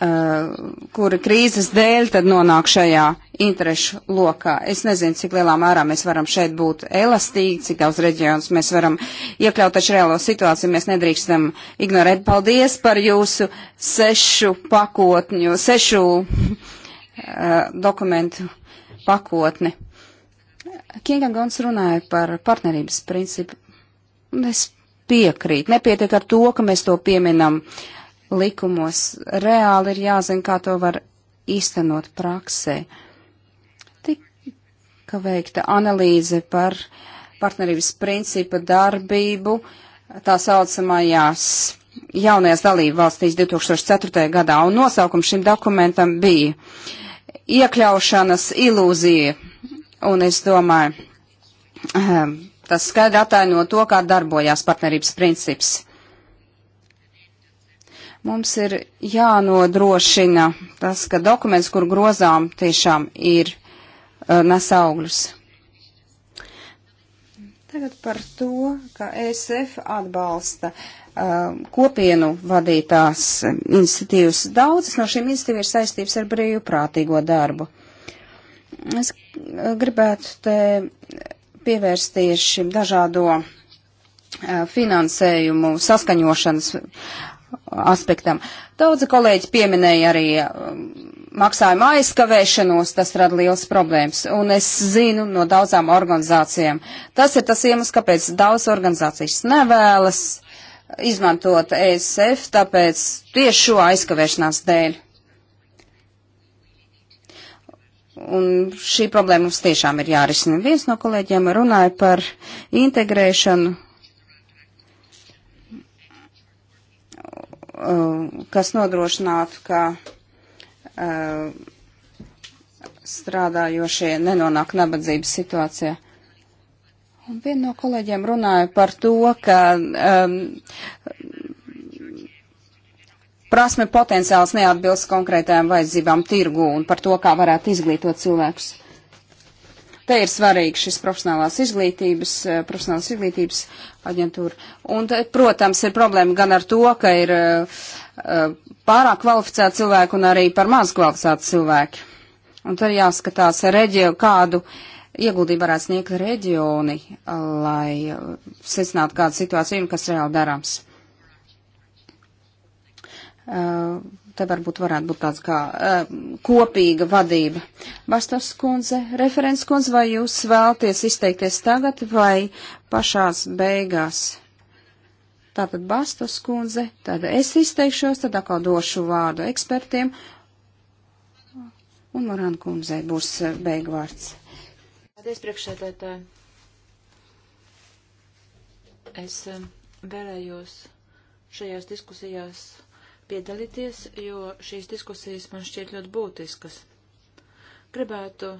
Uh, kuri krīzes dēļ tad nonāk šajā interešu lokā. Es nezinu, cik lielā mērā mēs varam šeit būt elastīgi, cik daudz reģionus mēs varam iekļaut, taču reālo situāciju mēs nedrīkstam ignorēt. Paldies par jūsu sešu pakotņu, sešu uh, dokumentu pakotni. Kinga Gons runāja par partnerības principu, un es piekrītu. Nepietiek ar to, ka mēs to pieminam. Uh, likumos. Reāli ir jāzina, kā to var īstenot praksē. Tika veikta analīze par partnerības principa darbību tā saucamajās jaunajās dalību valstīs 2004. gadā, un nosaukums šim dokumentam bija iekļaušanas ilūzija, un es domāju, ehm, tas skaidri ataino to, kā darbojās partnerības princips. Mums ir jānodrošina tas, ka dokuments, kur grozām, tiešām ir uh, nesaugļus. Tagad par to, ka ESF atbalsta uh, kopienu vadītās institīvas. Daudzas no šīm institīvas ir saistības ar brīvprātīgo darbu. Es uh, gribētu te pievērsties šim dažādo uh, finansējumu saskaņošanas aspektam. Daudzi kolēģi pieminēja arī um, maksājuma aizkavēšanos, tas rada liels problēmas. Un es zinu no daudzām organizācijām. Tas ir tas iemesls, kāpēc daudz organizācijas nevēlas izmantot ESF, tāpēc tieši šo aizkavēšanās dēļ. Un šī problēma mums tiešām ir jārisina. Viens no kolēģiem runāja par integrēšanu Uh, kas nodrošinātu, ka uh, strādājošie nenonāk nabadzības situācijā. Un viena no kolēģiem runāja par to, ka um, prasme potenciāls neatbilst konkrētajām vajadzībām tirgu un par to, kā varētu izglītot cilvēkus. Te ir svarīgi šis profesionālās izglītības, eh, profesionālās izglītības aģentūra. Un, eh, protams, ir problēma gan ar to, ka ir eh, pārāk kvalificēti cilvēki un arī par maz kvalificēti cilvēki. Un tad jāskatās reģionu, kādu ieguldību varētu sniegt reģioni, lai secinātu kādu situāciju un kas reāli darāms. Uh, te varbūt varētu būt tāds kā uh, kopīga vadība. Bastos kundze, referents kundze, vai jūs vēlties izteikties tagad vai pašās beigās? Tātad Bastos kundze, tad es izteikšos, tad atkal došu vārdu ekspertiem, un Morāna kundzei būs eh, beigvārds. Paldies, priekšsēdētāji. Es eh, vēlējos šajās diskusijās piedalīties, jo šīs diskusijas man šķiet ļoti būtiskas. Gribētu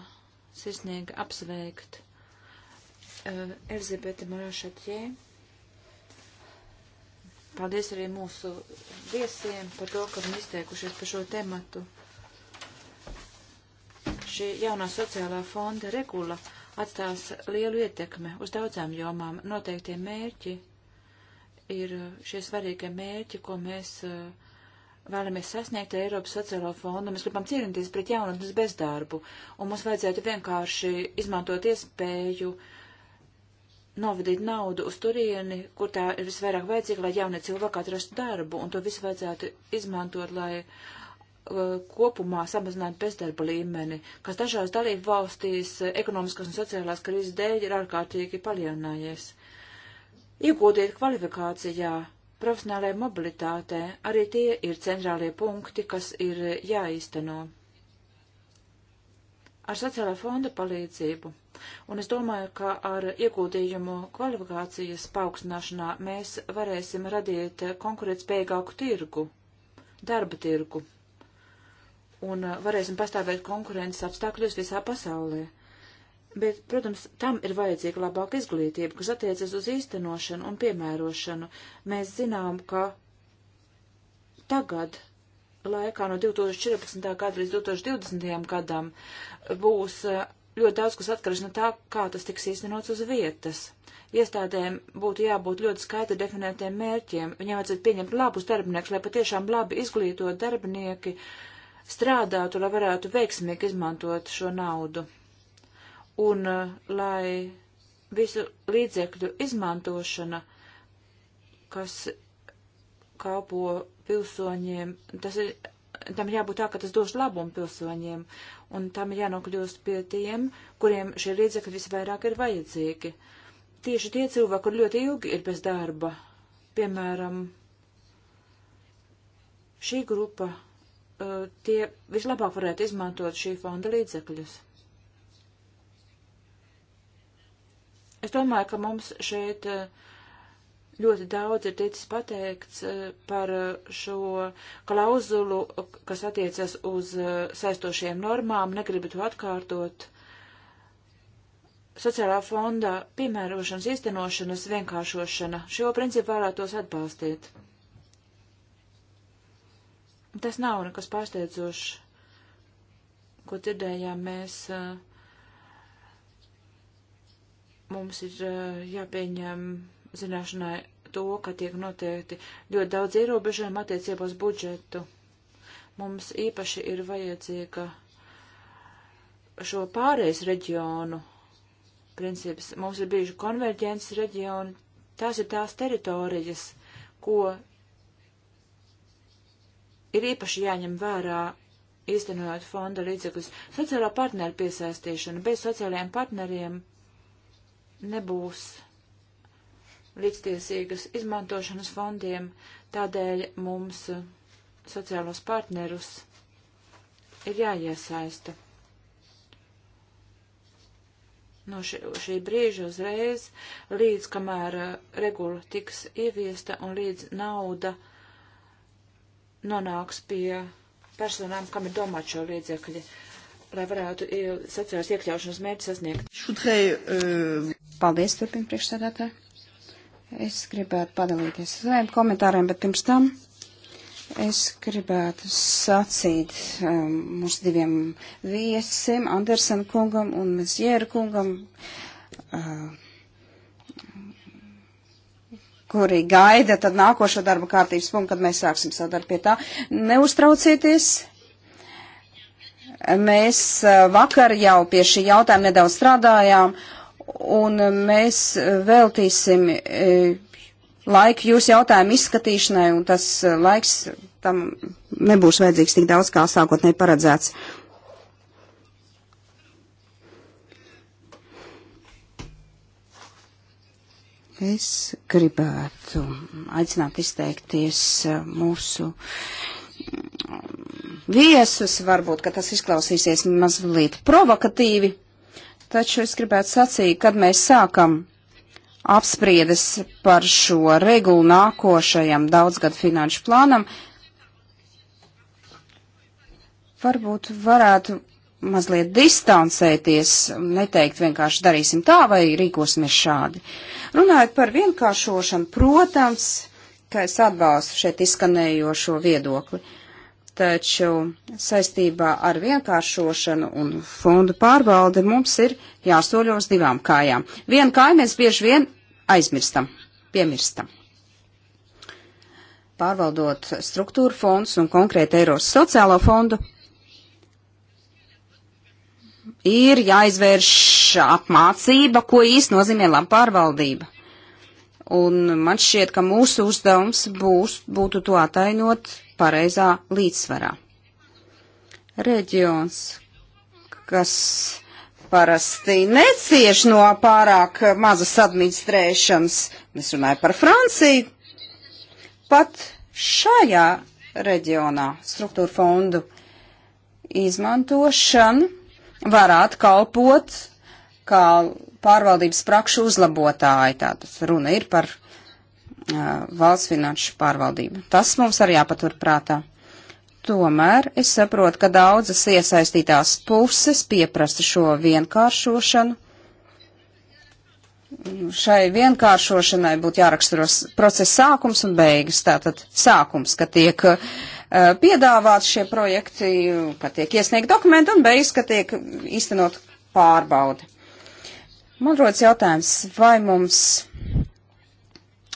sirsnīgi apsveikt uh, eh, Elzibeti Marašatjē. Paldies arī mūsu viesiem par to, ka viņi izteikušies par šo tematu. Šī jaunā sociālā fonda regula atstās lielu ietekmi uz daudzām jomām. Noteiktie mērķi ir šie svarīgie mērķi, ko mēs uh, vēlamies sasniegt Eiropas sociālo fondu, mēs gribam cīnīties pret jaunatnes bezdarbu, un mums vajadzētu vienkārši izmantot iespēju novadīt naudu uz turieni, kur tā ir visvairāk vajadzīga, lai jaunie cilvēki atrastu darbu, un to visu vajadzētu izmantot, lai uh, kopumā samazinātu bezdarba līmeni, kas dažās dalību valstīs uh, ekonomiskās un sociālās krīzes dēļ ir ārkārtīgi palielinājies. Iegūtiet kvalifikācijā profesionālajai mobilitātē, arī tie ir centrālie punkti, kas ir jāīsteno ar sociālā fonda palīdzību. Un es domāju, ka ar iegūtījumu kvalifikācijas paaugstināšanā mēs varēsim radīt konkurētspējīgāku tirgu, darba tirgu, un varēsim pastāvēt konkurences apstākļos visā pasaulē. Bet, protams, tam ir vajadzīga labāka izglītība, kas attiecas uz īstenošanu un piemērošanu. Mēs zinām, ka tagad, laikā no 2014. gada līdz 2020. gadam, būs eh, ļoti daudz, kas atkarīgs no tā, kā tas tiks īstenots uz vietas. Iestādēm būtu jābūt ļoti skaidri definētiem mērķiem. Viņiem vajadzētu pieņemt labus darbiniekus, lai patiešām labi izglītot darbinieki strādātu, lai varētu veiksmīgi izmantot šo naudu un eh, lai visu līdzekļu izmantošana, kas kalpo pilsoņiem, tas ir, tam jābūt tā, ka tas dos labumu pilsoņiem, un tam ir jānokļūst pie tiem, kuriem šie līdzekļi visvairāk ir vajadzīgi. Tieši tie cilvēki, kur ļoti ilgi ir bez darba, piemēram, šī grupa, eh, tie vislabāk varētu izmantot šī fonda līdzekļus. Es domāju, ka mums šeit eh, ļoti daudz ir ticis pateikts eh, par eh, šo klauzulu, kas attiecas uz saistošiem normām, negribu to atkārtot. Sociālā fonda piemērošanas īstenošanas vienkāršošana. Šo principu vēlētos atbalstīt. Tas nav nekas pārsteidzošs, ko dzirdējām mēs uh, mums ir eh, jāpieņem zināšanai to, ka tiek noteikti ļoti daudz ierobežojumu attiecībos budžetu. Mums īpaši ir vajadzīga šo pārējais reģionu princips. Mums ir bijuši konverģences reģioni, tās ir tās teritorijas, ko ir īpaši jāņem vērā, īstenojot fonda līdzekļus. Sociālā partneru piesaistīšana. Bez sociālajiem partneriem nebūs līdztiesīgas izmantošanas fondiem, tādēļ mums eh, sociālos partnerus ir jāiesaista. No šī, šī brīža uzreiz, līdz kamēr eh, regula tiks ieviesta un līdz nauda nonāks pie personām, kam ir domāti šo līdzekļi, lai varētu sociālās iekļaušanas mērķi sasniegt. Šutrei, uh... Paldies, turpina priekšsēdētāji. Es gribētu padalīties ar saviem komentāriem, bet pirms tam es gribētu sacīt um, mūsu diviem viesim, Andersen kungam un Mezjēra kungam, uh, kuri gaida tad nākošo darba kārtības punktu, kad mēs sāksim savu darbu pie tā. Neuztraucieties! Mēs uh, vakar jau pie šī jautājuma nedaudz strādājām, un eh, mēs eh, veltīsim eh, laiku jūsu jautājumu izskatīšanai, un tas laiks tam nebūs vajadzīgs tik daudz, kā sākotnēji paredzēts. Es gribētu aicināt izteikties mūsu viesus, varbūt, ka tas izklausīsies mazliet provokatīvi. Taču es gribētu sacīt, kad mēs sākam apspriedes par šo regulu nākošajam daudzgadu finanšu plānam, varbūt varētu mazliet distancēties, neteikt vienkārši darīsim tā vai rīkosimies šādi. Runājot par vienkāršošanu, protams, ka es atbalstu šeit izskanējošo viedokli. Uh, Taču saistībā ar vienkāršošanu un fondu pārvaldi mums ir jāsoļo uz divām kājām. Vienu kāju mēs bieži vien aizmirstam, piemirstam. Pārvaldot struktūra fondus un konkrēti Eiros sociālo fondu, ir jāizvērš apmācība, ko īsti nozīmē laba pārvaldība. Un man šķiet, ka mūsu uzdevums būs, būtu to atainot pareizā līdzsvarā. Reģions, kas parasti necieš no pārāk mazas administrēšanas, mēs runājam par Franciju, pat šajā reģionā struktūra fondu izmantošana varētu kalpot kā pārvaldības prakšu uzlabotāji. Tātad runa ir par valsts finanšu pārvaldību. Tas mums arī jāpatur prātā. Tomēr es saprotu, ka daudzas iesaistītās puses pieprasa šo vienkāršošanu. Šai vienkāršošanai būtu jāraksturos procesa sākums un beigas. Tātad sākums, ka tiek uh, piedāvāti šie projekti, ka tiek iesniegt dokumenti un beigas, ka tiek īstenot pārbaudi. Man rodas jautājums, vai mums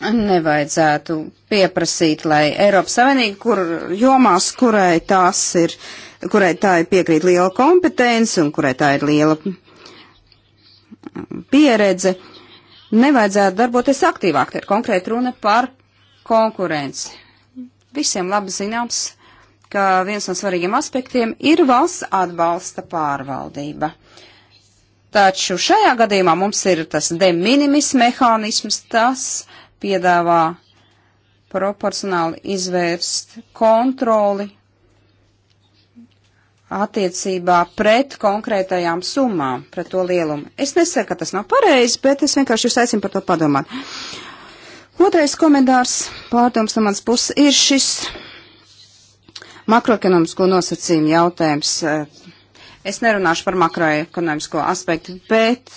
nevajadzētu pieprasīt, lai Eiropas Savienība, kur jomās, kurai tās ir, kurai tā ir piekrīt liela kompetence un kurai tā ir liela pieredze, nevajadzētu darboties aktīvāk. Te ir konkrēti runa par konkurenci. Visiem labi zināms, ka viens no svarīgiem aspektiem ir valsts atbalsta pārvaldība. Taču šajā gadījumā mums ir tas de minimis mehānisms, tas, uh, piedāvā proporcionāli izvērst kontroli attiecībā pret konkrētajām summām, pret to lielumu. Es nesaku, ka tas nav pareizi, bet es vienkārši jūs aicinu par to padomāt. Otrais komentārs pārdoms no manas puses ir šis makroekonomisko nosacījumu jautājums. Es nerunāšu par makroekonomisko aspektu, bet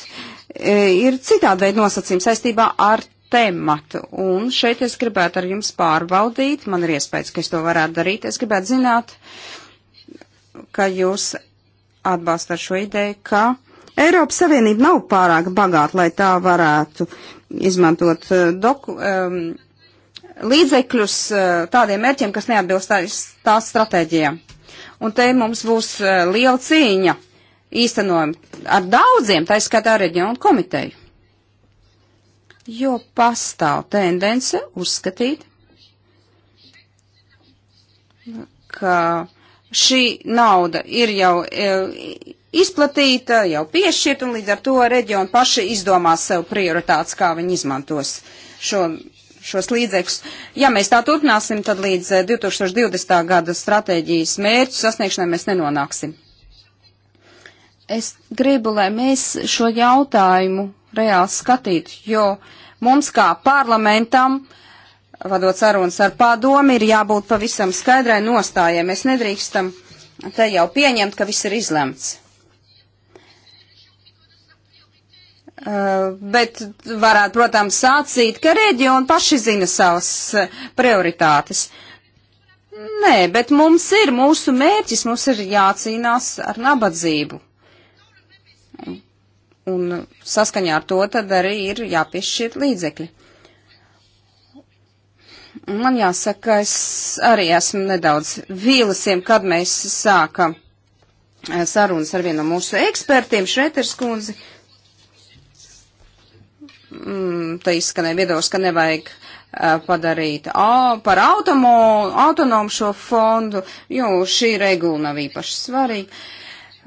e, ir citādi veidi nosacījumi saistībā ar tematu. Un šeit es gribētu ar jums pārbaudīt, man ir iespējas, ka es to varētu darīt. Es gribētu zināt, ka jūs atbalstāt šo ideju, ka Eiropas Savienība nav pārāk bagāta, lai tā varētu izmantot eh, doku, um, līdzekļus eh, tādiem mērķiem, kas neatbilst tās stratēģijām. Un te mums būs eh, liela cīņa īstenojumi ar daudziem, tā izskatā reģionu komiteju jo pastāv tendence uzskatīt, ka šī nauda ir jau e, izplatīta, jau piešķirta, un līdz ar to reģioni paši izdomā sev prioritātes, kā viņi izmantos šo, šos līdzekļus. Ja mēs tā turpināsim, tad līdz 2020. E, gada stratēģijas mērķu sasniegšanai mēs nenonāksim. Es gribu, lai mēs šo jautājumu reāli skatītu, jo mums kā parlamentam, vadot sarunas ar padomi, ir jābūt pavisam skaidrai nostājai. Mēs nedrīkstam te jau pieņemt, ka viss ir izlemts. Uh, bet varētu, protams, sācīt, ka reģioni paši zina savas uh, prioritātes. Nē, bet mums ir mūsu mērķis, mums ir jācīnās ar nabadzību un saskaņā ar to tad arī ir jāpiešķir līdzekļi. Man jāsaka, ka es arī esmu nedaudz vīlasiem, kad mēs sākam eh, sarunas ar vienu no mūsu ekspertiem, Šreters kundzi. Mm, Tā izskanēja viedos, ka nevajag eh, padarīt par automo, autonomu šo fondu, jo šī regula nav īpaši svarīga.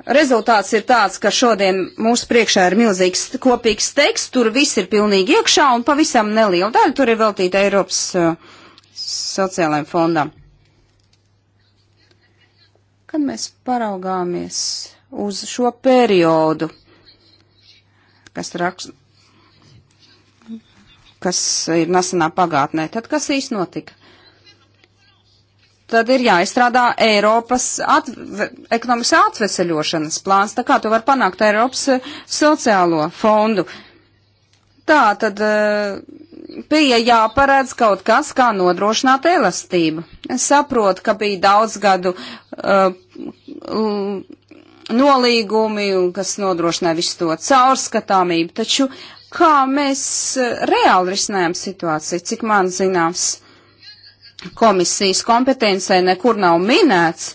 Rezultāts ir tāds, ka šodien mūsu priekšā ir milzīgs kopīgs teksts, tur viss ir pilnīgi iekšā un pavisam neliela daļa tur ir veltīta Eiropas uh, sociālajiem fondam. Kad mēs paraugāmies uz šo periodu, kas rakst, kas ir nesenā pagātnē, tad kas īsti notika? tad ir jāizstrādā Eiropas atve, ekonomikas atveseļošanas plāns, tā kā to var panākt Eiropas eh, sociālo fondu. Tā tad bija eh, jāparedz kaut kas, kā nodrošināt elastību. Es saprotu, ka bija daudz gadu uh, nolīgumi, kas nodrošināja visu to caurskatāmību, taču kā mēs reāli risinājām situāciju, cik man zināms komisijas kompetencē nekur nav minēts,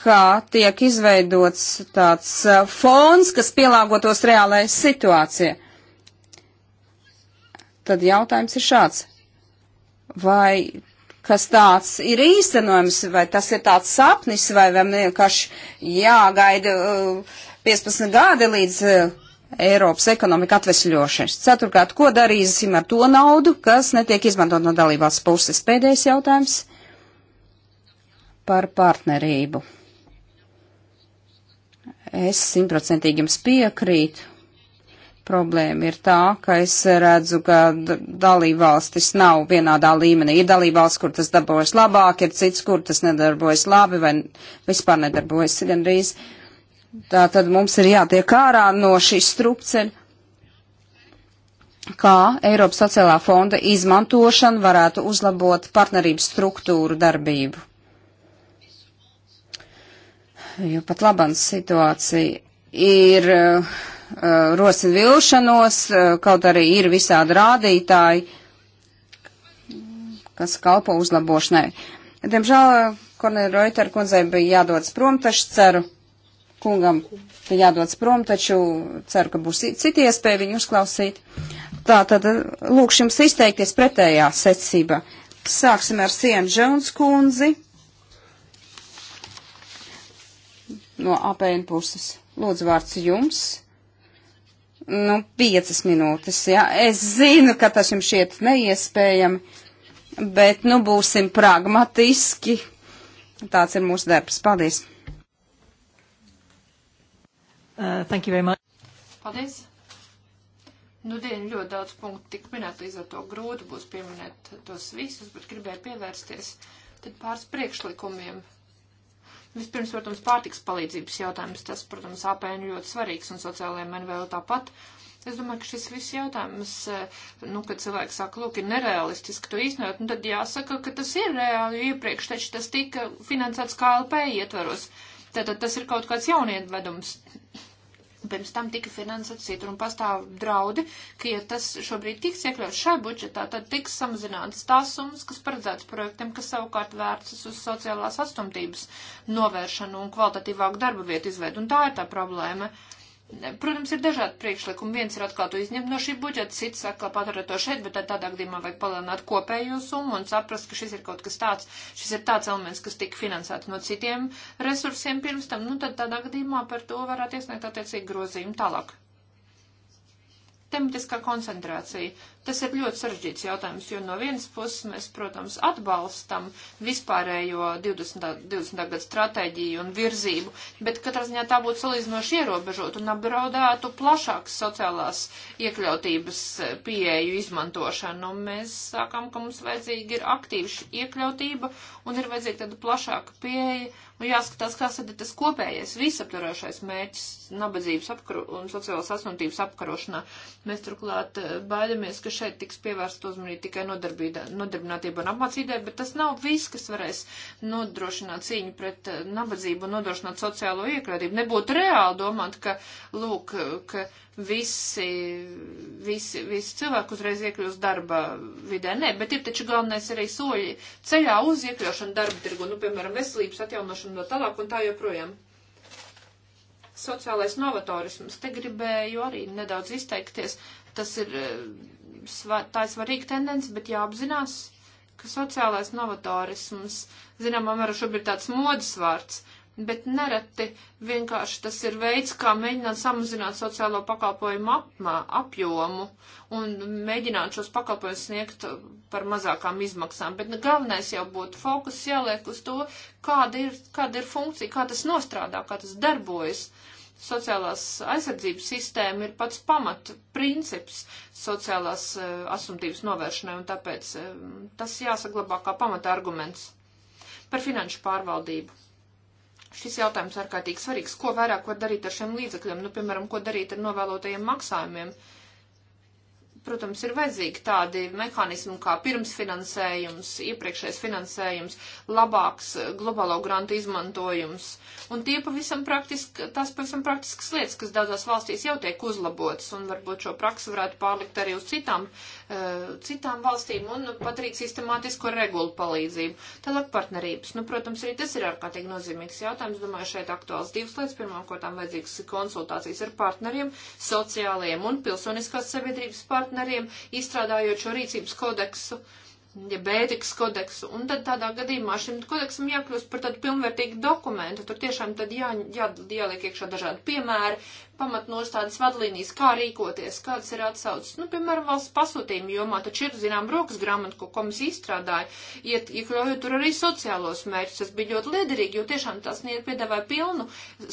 kā tiek izveidots tāds uh, fons, kas pielāgotos reālajai situācijai. Tad jautājums ir šāds. Vai kas tāds ir īstenojams, vai tas ir tāds sapnis, vai vienkārši jāgaida 15 uh, gadi līdz uh, Eiropas ekonomika atvesļošanas. Ceturkārt, ko darīsim ar to naudu, kas netiek izmantot no dalībās puses? Pēdējais jautājums par partnerību. Es simtprocentīgi jums piekrītu. Problēma ir tā, ka es redzu, ka dalībvalstis nav vienādā līmenī. Ir dalībvalsts, kur tas darbojas labāk, ir cits, kur tas nedarbojas labi vai vispār nedarbojas gan rīz. Uh, Tā tad mums ir jātiek ārā no šīs strupceļa, kā Eiropas sociālā fonda izmantošana varētu uzlabot partnerības struktūru darbību. Jo pat labans situācija ir uh, rosina vilšanos, uh, kaut arī ir visādi rādītāji, kas kalpo uzlabošanai. Diemžēl eh, Kornelija Reuter kundzei bija jādodas prom, taču ceru, kungam jādodas prom, taču ceru, ka būs citi iespēja viņu uzklausīt. Tā tad lūkšu jums izteikties pretējā secībā. Sāksim ar Sienu Džons kundzi no apēnu puses. Lūdzu, vārds jums. Nu, piecas minūtes, jā. Es zinu, ka tas jums šķiet neiespējami, bet, nu, būsim pragmatiski. Tāds ir mūsu darbs. Paldies! Uh, thank you very much. Paldies. Nu, dien ļoti daudz punktu tik minēt, līdz ar to grūti būs pieminēt tos visus, bet gribēju pievērsties tad pāris priekšlikumiem. Vispirms, protams, pārtiks palīdzības jautājums, tas, protams, APN ļoti svarīgs un sociālajiem NVO tāpat. Es domāju, ka šis viss jautājums, eh, nu, kad cilvēks saka, lūk, ir nerealistiski to īstenot, nu, tad jāsaka, ka tas ir reāli, jo iepriekš taču tas tika finansēts KLP ietveros. Uh, Tātad tas ir kaut kāds jauniedvedums. Pirms tam tika finansēts citur un pastāv draudi, ka, ja tas šobrīd tiks iekļauts šai budžetā, tad tiks samazinātas tās summas, kas paredzētas projektiem, kas savukārt vērtas uz sociālās astumtības novēršanu un kvalitatīvāku darba vietu izveidu. Un tā ir tā problēma. Uh, Protams, ir dažādi priekšlikumi. Viens ir atkal to izņemt no šī budžeta, cits saka, paturēt to šeit, bet tad tādā gadījumā vajag palielināt kopējo summu un saprast, ka šis ir kaut kas tāds, šis ir tāds elements, kas tika finansēts no citiem resursiem pirms tam. Nu, tad tādā gadījumā par to varētu iesniegt attiecīgi grozījumu tālāk tematiskā koncentrācija. Tas ir ļoti sarežģīts jautājums, jo no vienas puses mēs, protams, atbalstam vispārējo 20. 20. gadu stratēģiju un virzību, bet katrā ziņā tā būtu salīdzinoši ierobežot un apdraudētu plašākas sociālās iekļautības eh, pieeju izmantošanu. Un mēs sākam, ka mums vajadzīga ir aktīva iekļautība un ir vajadzīga tāda plašāka pieeja un jāskatās, kas tad ir tas kopējais visaptvarošais mērķis nabadzības apkaro un sociālās asnotības apkarošanā. Mēs turklāt eh, baidamies, ka šeit tiks pievērst uzmanību tikai nodarbinātību un apmācībai, bet tas nav viss, kas varēs nodrošināt cīņu pret eh, nabadzību un nodrošināt sociālo iekļautību. Nebūtu reāli domāt, ka, lūk, ka visi, visi, visi cilvēki uzreiz iekļūst darba vidē. Nē, bet ir taču galvenais arī soļi ceļā uz iekļaušanu darba tirgu, nu, piemēram, veselības atjaunošanu no tālāk un tā joprojām sociālais novatorisms. Te gribēju arī nedaudz izteikties Tas ir, eh, tā ir svarīga tendence, bet jāapzinās, ka sociālais novatorisms, zinām, amēra šobrīd tāds modas vārds, bet nereti vienkārši tas ir veids, kā mēģināt samazināt sociālo pakalpojumu apmā, apjomu un mēģināt šos pakalpojumus sniegt par mazākām izmaksām. Bet galvenais jau būtu fokus jāliek uz to, kāda ir, kāda ir funkcija, kā tas nostrādā, kā tas darbojas. Uh, Sociālās aizsardzības sistēma ir pats pamat princips sociālās uh, asumtības novēršanai, un tāpēc uh, tas jāsaglabā kā pamata arguments par finanšu pārvaldību. Šis jautājums ārkārtīgi svarīgs. Ko vairāk var darīt ar šiem līdzekļiem? Nu, piemēram, ko darīt ar novēlotajiem maksājumiem? Uh, protams, ir vajadzīgi tādi mehānismi kā pirmsfinansējums, iepriekšējais finansējums, labāks eh, globālo grantu izmantojums. Un tie pavisam praktiski, tās pavisam praktiskas lietas, kas daudzās valstīs jau tiek uzlabotas, un varbūt šo praksi varētu pārlikt arī uz citām Eh, citām valstīm un padarīt sistemātisko regulu palīdzību. Tālāk partnerības. Nu, protams, arī tas ir ārkārtīgi nozīmīgs jautājums. Domāju, šeit aktuāls divas lietas. Pirmkārtām vajadzīgs konsultācijas ar partneriem, sociālajiem un pilsoniskās sabiedrības partneriem, izstrādājot šo rīcības kodeksu ja bētiks kodeksu, un tad tādā gadījumā šim kodeksam jākļūst par tādu pilnvērtīgu dokumentu. Tur tiešām tad jā, jā, jāliek iekšā dažādi piemēri, pamatnostādes vadlīnijas, kā rīkoties, kādas ir atsaucas. Nu, piemēram, valsts pasūtījuma jomā, taču ir, zinām, rokas grāmata, ko komisija izstrādāja, iet, iekļaujot tur arī sociālos mērķus. Tas bija ļoti liederīgi, jo tiešām tas piedāvāja pilnu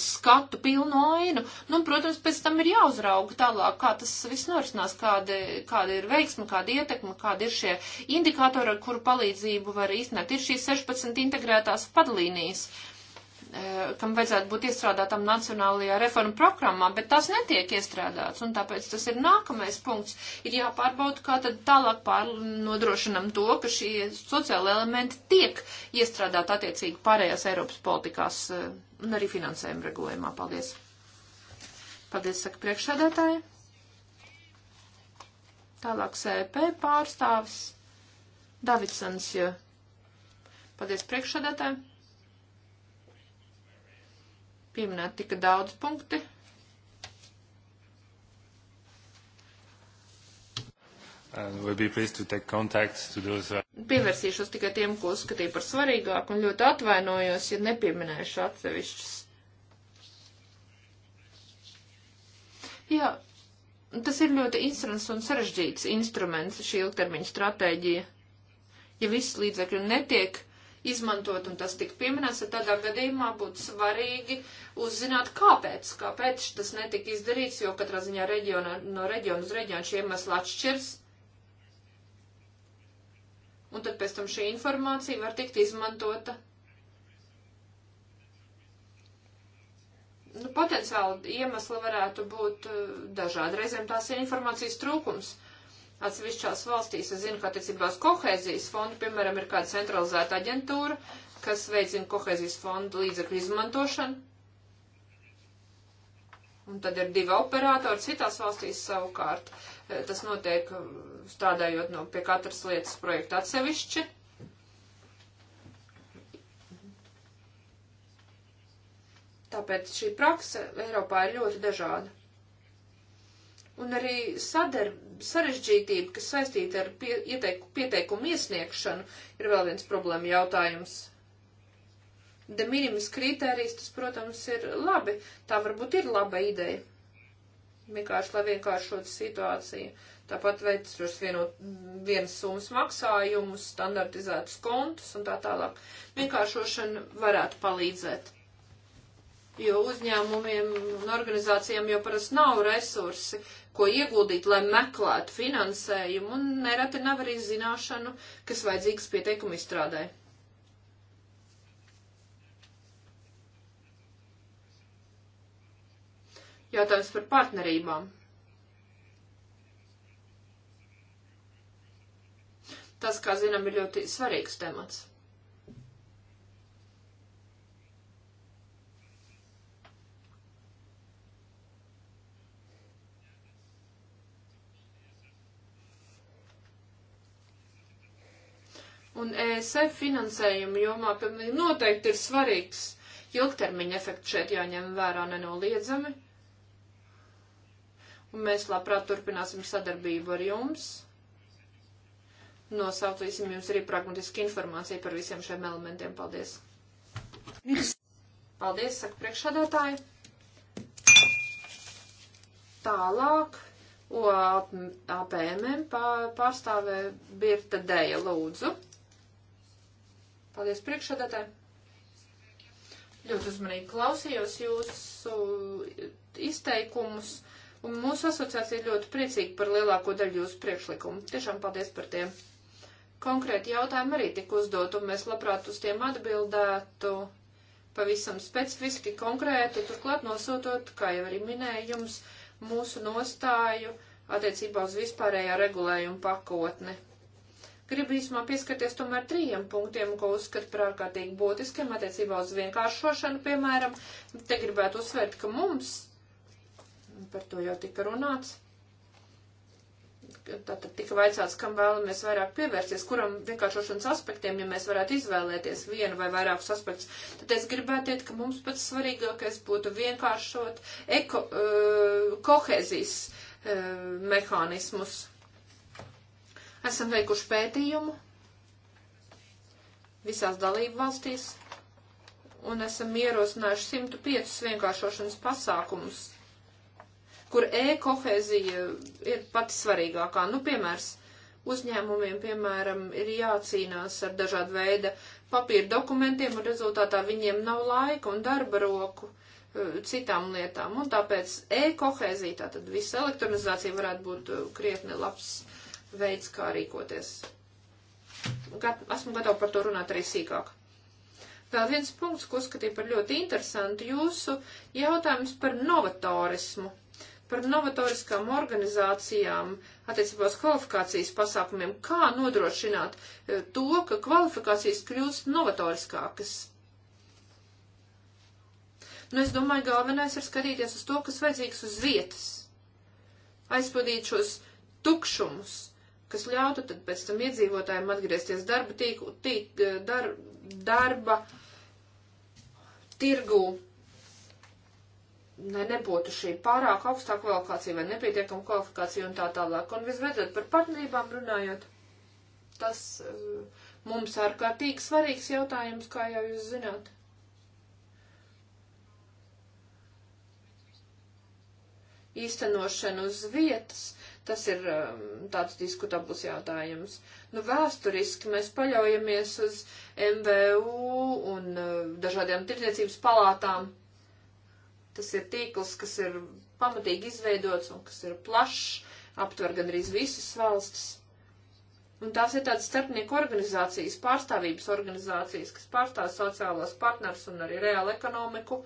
skatu, pilnu ainu. Nu, protams, pēc tam ir jāuzrauga tālāk, kā tas viss norisinās, kāda, kāda ir veiksma, kāda ietekma, kāda ir šie indikātori, ar kuru palīdzību var īstenot. Ir šīs 16 integrētās padlīnijas. Uh, E, kam vajadzētu būt iestrādātam nacionālajā reforma programmā, bet tās netiek iestrādāts, un tāpēc tas ir nākamais punkts. Ir jāpārbauda, kā tad tālāk pār, nodrošinam to, ka šie sociāli elementi tiek iestrādāti attiecīgi pārējās Eiropas politikās e, un arī finansējuma regulējumā. Paldies! Paldies, saka priekšsādātāja. Tālāk CP e pārstāvis Davidsons. Paldies priekšsādātājai. Pieminēt tika daudz punkti. We'll those... Pievērsīšos tikai tiem, ko uzskatīju par svarīgāku, un ļoti atvainojos, ja nepieminēšu atsevišķus. Jā, tas ir ļoti instruments un sarežģīts instruments, šī ilgtermiņa stratēģija. Ja viss līdzekļu netiek izmantot, un tas tika pieminēts, tad tādā gadījumā būtu svarīgi uzzināt, kāpēc, kāpēc tas netika izdarīts, jo katrā ziņā reģiona, no reģiona uz reģionu šie iemesli atšķirs. Un tad pēc tam šī informācija var tikt izmantota. Nu, potenciāli iemesli varētu būt eh, dažādi. Reizēm tās ir informācijas trūkums. Uh, Atsevišķās valstīs es zinu, ka attiecībā uz kohēzijas fondu, piemēram, ir kāda centralizēta aģentūra, kas veicina kohēzijas fondu līdzekļu izmantošanu. Un tad ir divi operatori citās valstīs savukārt. E, tas notiek um, strādājot no pie katras lietas projekta atsevišķi. Tāpēc šī prakse Eiropā ir ļoti dažāda un arī sadar, sarežģītība, kas saistīta ar pie, ieteik, pieteikumu iesniegšanu, ir vēl viens problēma jautājums. De minimis kritērijs, tas, protams, ir labi. Tā varbūt ir laba ideja. Vienkārši, lai vienkāršotu situāciju. Tāpat veicros vienot, vienas summas maksājumus, standartizētus kontus un tā tālāk. Vienkāršošana varētu palīdzēt. Jo uzņēmumiem un organizācijām jau parasti nav resursi, uh, ko ieguldīt, lai meklētu finansējumu, un nereti nav arī zināšanu, kas vajadzīgas pieteikumu izstrādē. Jautājums par partnerībām. Tas, kā zinām, ir ļoti svarīgs temats. un ESF finansējuma jomā pilnīgi noteikti ir svarīgs. Ilgtermiņa efekts šeit jāņem vērā nenoliedzami. Un mēs labprāt turpināsim sadarbību ar jums. Nosaucīsim jums arī pragmatiski informāciju par visiem šiem elementiem. Paldies! Paldies, saka priekšsādātāji. Tālāk. O APMM pārstāvē Birta Dēja lūdzu. Paldies priekšsādātājiem! Ļoti uzmanīgi klausījos jūsu izteikumus, un mūsu asociācija ļoti priecīga par lielāko daļu jūsu priekšlikumu. Tiešām paldies par tiem! Konkrēti jautājumi arī tika uzdot, un mēs labprāt uz tiem atbildētu pavisam specifiski, konkrēti, turklāt nosūtot, kā jau arī minējums, mūsu nostāju attiecībā uz vispārējā regulējuma pakotni. Gribu īsumā pieskarties tomēr trījiem punktiem, ko uzskatu par ārkārtīgi būtiskiem attiecībā uz vienkāršošanu, piemēram. Te gribētu uzsvērt, ka mums, par to jau tika runāts, tātad tika vaicāts, kam vēlamies vairāk pievērsties, kuram vienkāršošanas aspektiem, ja mēs varētu izvēlēties vienu vai vairākus aspektus, tad es gribētu teikt, ka mums pats svarīgākais būtu vienkāršot eko, uh, eh, kohezijas uh, eh, mehānismus Esam veikuši pētījumu visās dalību valstīs un esam ierosinājuši 105 vienkāršošanas pasākumus, kur e-kohēzija ir pati svarīgākā. Nu, piemērs, uzņēmumiem, piemēram, ir jācīnās ar dažādu veidu papīra dokumentiem, un rezultātā viņiem nav laika un darba roku eh, citām lietām. Un tāpēc e-kohēzija, tātad visa elektronizācija varētu būt eh, krietni labs veids, kā rīkoties. Gat, esmu gatava par to runāt arī sīkāk. Vēl viens punkts, ko uzskatīju par ļoti interesantu, jūsu jautājums par novatorismu, par novatoriskām organizācijām attiecībā uz kvalifikācijas pasākumiem. Kā nodrošināt eh, to, ka kvalifikācijas kļūst novatoriskākas? Nu, es domāju, galvenais ir skatīties uz to, kas vajadzīgs uz vietas. Aizpildīt šos tukšumus, kas ļautu tad pēc tam iedzīvotājiem atgriezties darba tīku, tīk, eh, dar, darba tirgū, lai nebūtu šī pārāk augstā kvalifikācija vai nepietiekama kvalifikācija un tā tālāk. Un visbeidzot par partnerībām runājot, tas eh, mums ārkārtīgi svarīgs jautājums, kā jau jūs zināt. Īstenošana uz vietas Tas ir um, tāds diskutabls jautājums. Nu, vēsturiski mēs paļaujamies uz MVU un uh, dažādiem tirdzniecības palātām. Tas ir tīkls, kas ir pamatīgi izveidots un kas ir plašs, aptver gan arī visas valstis. Un tās ir tādas starpnieku organizācijas, pārstāvības organizācijas, kas pārstāv sociālos partners un arī reālu ekonomiku.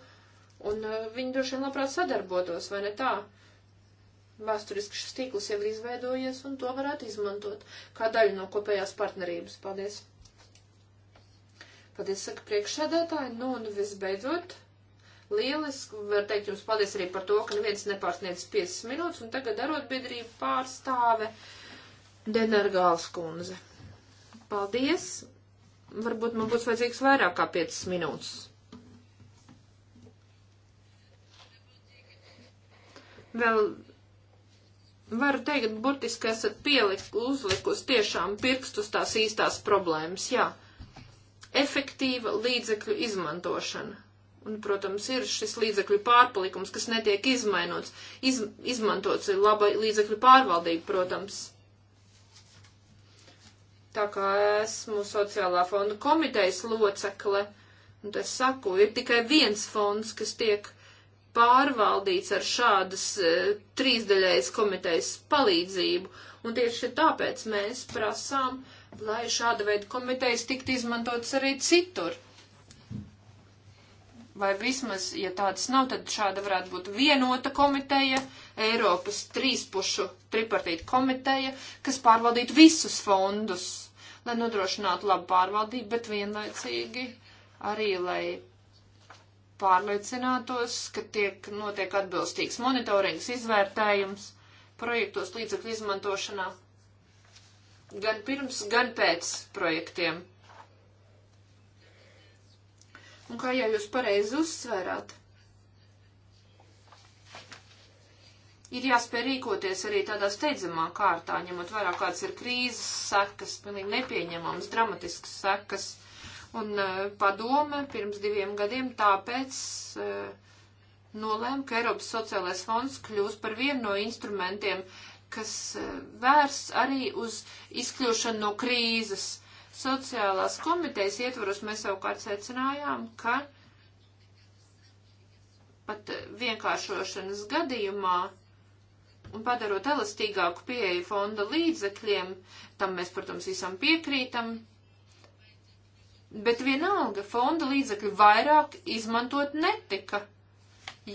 Un uh, viņi droši vien labprāt sadarbotos, vai ne tā? Uh, Vēsturiski šis tīkls jau ir izveidojies un to varētu izmantot kā daļu no kopējās partnerības. Paldies! Paldies, saka priekšsēdētāji. Nu un visbeidzot, lieliski, var teikt jums paldies arī par to, ka neviens nepārsniedz 5 minūtes un tagad arotbiedrība pārstāve Denergāls kundze. Paldies! Varbūt man būs vajadzīgs vairāk kā 5 minūtes. Vēl varu teikt, burtiski esat pielikt, uzlikus tiešām pirkstus tās īstās problēmas, jā. Efektīva līdzekļu izmantošana. Un, protams, ir šis līdzekļu pārpalikums, kas netiek izmainots, iz, izmantots ir laba līdzekļu pārvaldība, protams. Tā kā esmu sociālā fonda komitejas locekle, un es saku, ir tikai viens fonds, kas tiek uh, pārvaldīts ar šādas e, trīsdaļais komitejas palīdzību, un tieši tāpēc mēs prasām, lai šāda veida komitejas tiktu izmantotas arī citur. Vai vismaz, ja tādas nav, tad šāda varētu būt vienota komiteja, Eiropas trīspušu tripartīta komiteja, kas pārvaldītu visus fondus, lai nodrošinātu labu pārvaldību, bet vienlaicīgi arī, lai pārliecinātos, ka tiek notiek atbilstīgs monitorings, izvērtējums projektos līdzekļu izmantošanā gan pirms, gan pēc projektiem. Un kā jau jūs pareizi uzsverāt, ir jāspēj rīkoties arī tādā steidzamā kārtā, ņemot vērā, kāds ir krīzes sekas, pilnīgi nepieņemams, dramatisks sekas. Un e, padome pirms diviem gadiem tāpēc e, nolēma, ka Eiropas sociālais fonds kļūs par vienu no instrumentiem, kas e, vērs arī uz izkļūšanu no krīzes. Sociālās komitejas ietvaros mēs savukārt secinājām, ka pat vienkāršošanas gadījumā un padarot elastīgāku pieeju fonda līdzekļiem, tam mēs, protams, visam piekrītam, Bet vienalga fonda līdzekļi vairāk izmantot netika,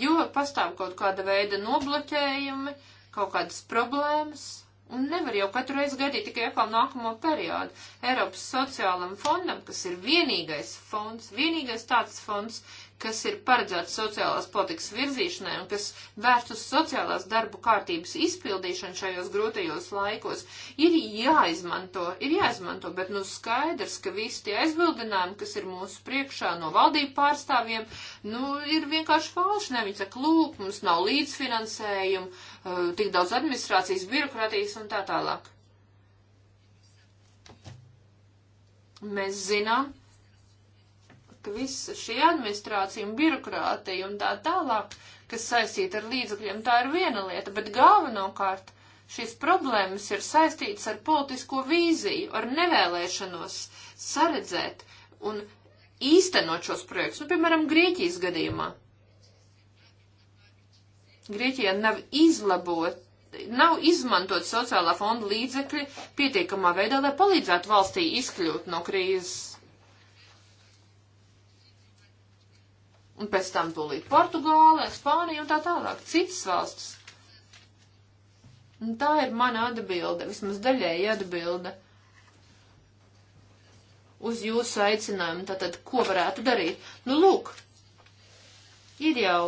jo pastāv kaut kāda veida nobloķējumi, kaut kādas problēmas, un nevar jau katru reizi gaidīt tikai atkal nākamo periodu. Eiropas sociālam fondam, kas ir vienīgais fonds, vienīgais tāds fonds, kas ir paredzēts sociālās politikas virzīšanai un kas vērst uz sociālās darbu kārtības izpildīšanu šajos grūtajos laikos, ir jāizmanto, ir jāizmanto, bet nu skaidrs, ka visi tie aizbildinājumi, kas ir mūsu priekšā no valdību pārstāvjiem, nu ir vienkārši falši, ne viņi saka, lūk, mums nav līdzfinansējumu, eh, tik daudz administrācijas, birokrātijas un tā tālāk. Mēs zinām, ka visa šī administrācija un birokrātija un tā tālāk, kas saistīta ar līdzakļiem, tā ir viena lieta, bet galvenokārt šīs problēmas ir saistītas ar politisko vīziju, ar nevēlēšanos saredzēt un īstenot šos projektus, nu, piemēram, Grieķijas gadījumā. Grieķijā nav izlabot nav izmantot sociālā fonda līdzekļi pietiekamā veidā, lai palīdzētu valstī izkļūt no krīzes. un pēc tam tūlīt Portugāle, Spānija un tā tālāk, citas valstis. Un tā ir mana atbilde, vismaz daļēji atbilde uz jūsu aicinājumu, tātad, ko varētu darīt. Nu, lūk, ir jau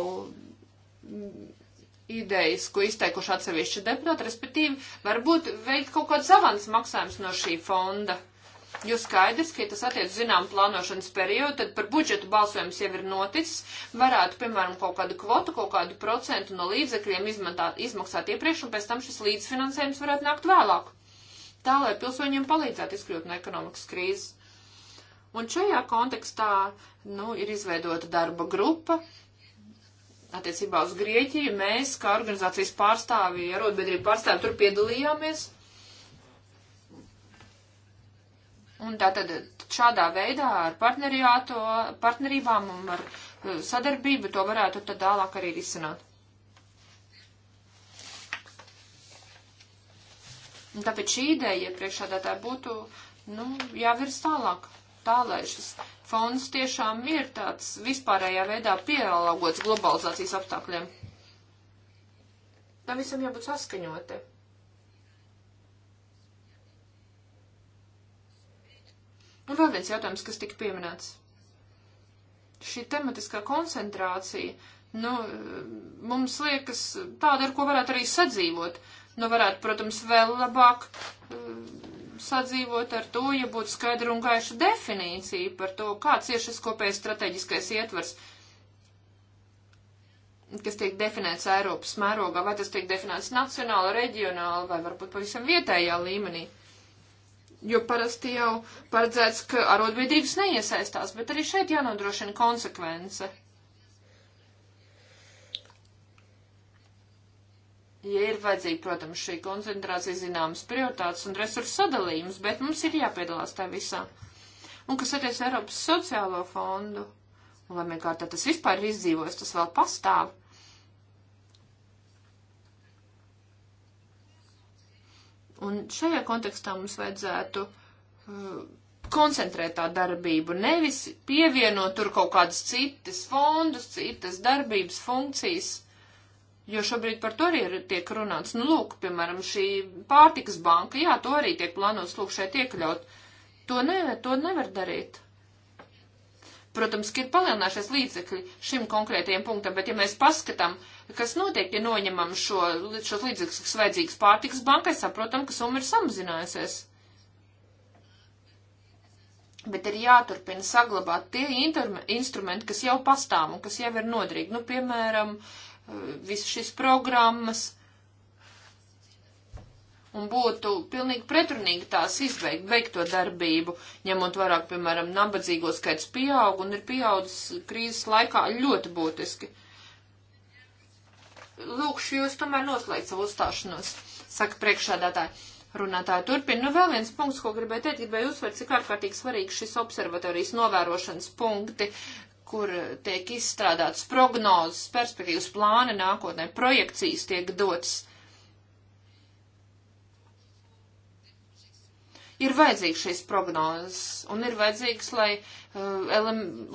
idejas, ko izteikuši atsevišķi deputāti, respektīvi, varbūt veikt kaut kāds avans maksājums no šī fonda. Jo skaidrs, ka, ja tas attiec zinām plānošanas periodu, tad par budžetu balsojums jau ir noticis, varētu, piemēram, kaut kādu kvotu, kaut kādu procentu no līdzekļiem izmantāt, izmaksāt iepriekš, un pēc tam šis līdzfinansējums varētu nākt vēlāk. Tā, lai pilsoņiem palīdzētu izkļūt no ekonomikas krīzes. Un šajā kontekstā, nu, ir izveidota darba grupa, attiecībā uz Grieķiju. Mēs, kā organizācijas pārstāvji, arotbiedrību pārstāvji, tur piedalījāmies. Un tātad šādā veidā ar partnerībām un ar uh, sadarbību to varētu tad tālāk arī risināt. Un tāpēc šī ideja priekšādātāja būtu, nu, jāvirs tālāk. Tā, lai šis fonds tiešām ir tāds vispārējā veidā pielāgots globalizācijas apstākļiem. Tam visam jābūt saskaņotam. Un vēl viens jautājums, kas tika pieminēts. Šī tematiskā koncentrācija, nu, mums liekas tāda, ar ko varētu arī sadzīvot. Nu, varētu, protams, vēl labāk eh, sadzīvot ar to, ja būtu skaidra un gaiša definīcija par to, kāds ir šis kopējais strateģiskais ietvers, kas tiek definēts Eiropas mērogā, vai tas tiek definēts nacionāli, reģionāli, vai varbūt pavisam vietējā līmenī. Uh, jo parasti jau paredzēts, ka arotbiedrības neiesaistās, bet arī šeit jānodrošina konsekvence. Ja ir vajadzīga, protams, šī koncentrācija zināmas prioritātes un resursu sadalījums, bet mums ir jāpiedalās tā visā. Un kas attiec Eiropas sociālo fondu, un lai vienkārt tas vispār ir izdzīvojis, tas vēl pastāv. Un šajā kontekstā mums vajadzētu uh, koncentrēt tā darbību, nevis pievienot tur kaut kādas citas fondus, citas darbības funkcijas, jo šobrīd par to arī tiek runāts. Nu, lūk, piemēram, šī pārtikas banka, jā, to arī tiek plānots, lūk, šeit iekļaut. To nevar, to nevar darīt. Protams, ka ir palielinājušies līdzekļi šim konkrētajam punktam, bet ja mēs paskatām, uh, kas notiek, ja noņemam šo, šos līdzekļus, kas vajadzīgs pārtiks bankai, saprotam, ka summa ir samazinājusies. Bet ir jāturpina saglabāt tie instrumenti, kas jau pastāv un kas jau ir noderīgi. Nu, piemēram, eh, visas šīs programmas. Un būtu pilnīgi pretrunīgi tās izveikt, veikt to darbību, ņemot vairāk, piemēram, nabadzīgo skaits pieaug un ir pieaudzis krīzes laikā ļoti būtiski. Uh, lūkšu jūs tomēr noslēgt savu uzstāšanos, saka priekšādātāji. Runātāji turpina. Nu, vēl viens punkts, ko gribēju teikt, gribēju uzsvērt, cik ārkārtīgi svarīgi šis observatorijas novērošanas punkti, kur tiek izstrādāts prognozes, perspektīvas plāni nākotnē, projekcijas tiek dotas. ir vajadzīgs šīs prognozes un ir vajadzīgs, lai uh,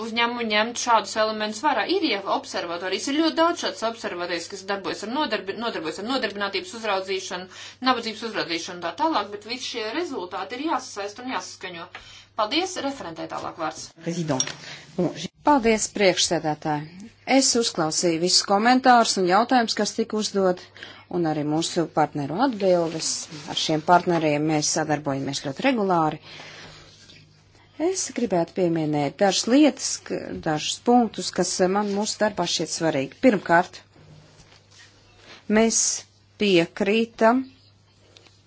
uzņēmumu ņemt šādus elementus vērā. Ir jau observatorijas, ir ļoti daudz šāds observatorijas, kas darbojas ar, nodarbi, nodarbojas ar nodarbinātības uzraudzīšanu, nabadzības uzraudzīšanu un tā tālāk, bet visi šie rezultāti ir jāsasaist un jāsaskaņo. Paldies, referentē tālāk vārds. Paldies, priekšsēdētāji. Es uzklausīju visus komentārus un jautājumus, kas tika uzdot un arī mūsu partneru atbildes. Ar šiem partneriem mēs sadarbojamies ļoti regulāri. Es gribētu pieminēt dažas lietas, dažus punktus, kas man mūsu darbā šķiet svarīgi. Pirmkārt, mēs piekrītam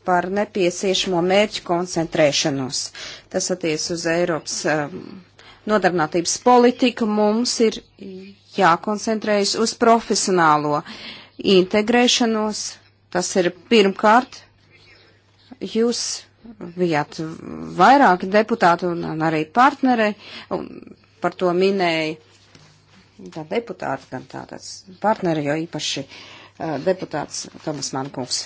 par nepieciešamo mērķu koncentrēšanos. Tas attiec uz Eiropas um, nodarbinātības politiku. Mums ir jākoncentrējas uz profesionālo uh, integrēšanos. Tas ir pirmkārt, jūs bijāt vairāki deputāti un, un arī partneri, un par to minēja gan deputāti, gan tāds partneri, jo īpaši uh, deputāts Tomas Mankungs.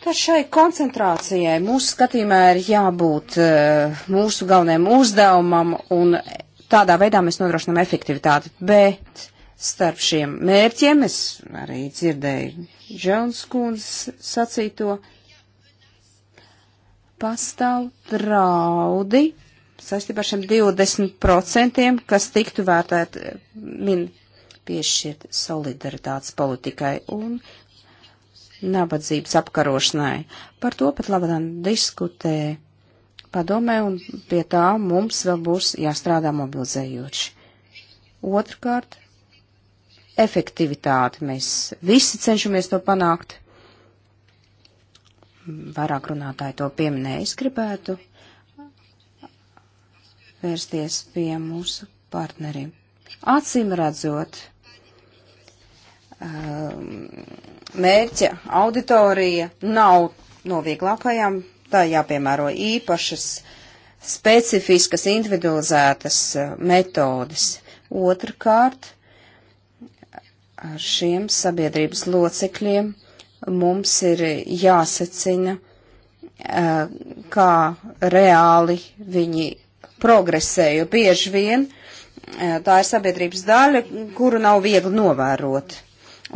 Tad šai koncentrācijai mūsu skatījumā ir jābūt uh, mūsu galvenajam uzdevumam, un tādā veidā mēs nodrošinām efektivitāti, bet starp šiem mērķiem. Es arī dzirdēju Džons kundzes sacīto. Pastāv draudi saistībā ar šiem 20%, kas tiktu vērtēt min piešķirt solidaritātes politikai un nabadzības apkarošanai. Par to pat labadien diskutē padomē un pie tā mums vēl būs jāstrādā mobilizējoši. Otrkārt, efektivitāti. Mēs visi cenšamies to panākt. Vairāk runātāji to pieminēja. Es gribētu vērsties pie mūsu partneriem. Acīm redzot, um, mērķa auditorija nav no vieglākajām, tā jāpiemēro īpašas, specifiskas, individualizētas uh, metodes. Otrkārt, ar šiem sabiedrības locekļiem mums ir jāsecina, eh, kā reāli viņi progresē, jo bieži vien eh, tā ir sabiedrības daļa, kuru nav viegli novērot.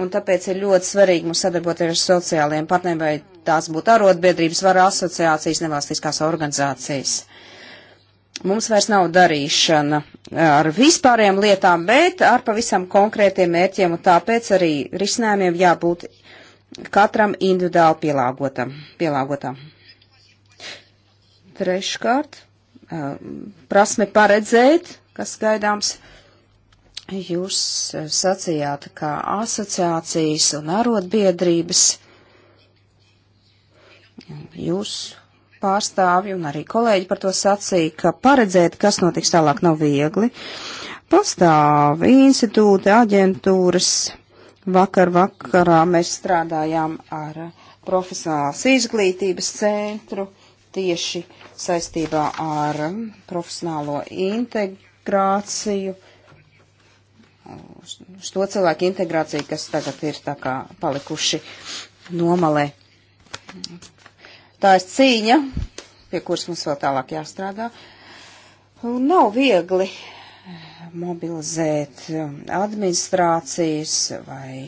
Un tāpēc ir ļoti svarīgi mums sadarboties ar sociālajiem partneriem, vai tās būtu arotbiedrības, var asociācijas, nevalstiskās organizācijas mums vairs nav darīšana ar vispārējām lietām, bet ar pavisam konkrētiem mērķiem, un tāpēc arī risinājumiem jābūt katram individuāli pielāgotam. pielāgotam. Treškārt, prasme paredzēt, kas gaidāms. Jūs sacījāt, ka asociācijas un arotbiedrības jūs pārstāvi un arī kolēģi par to sacīja, ka paredzēt, kas notiks tālāk, nav viegli. Pastāv institūti, aģentūras. Vakar vakarā mēs strādājām ar profesionālās izglītības centru tieši saistībā ar profesionālo integrāciju, uz to cilvēku integrāciju, kas tagad ir tā kā palikuši nomalē Tā ir cīņa, pie kuras mums vēl tālāk jāstrādā. Un nav viegli mobilizēt um, administrācijas vai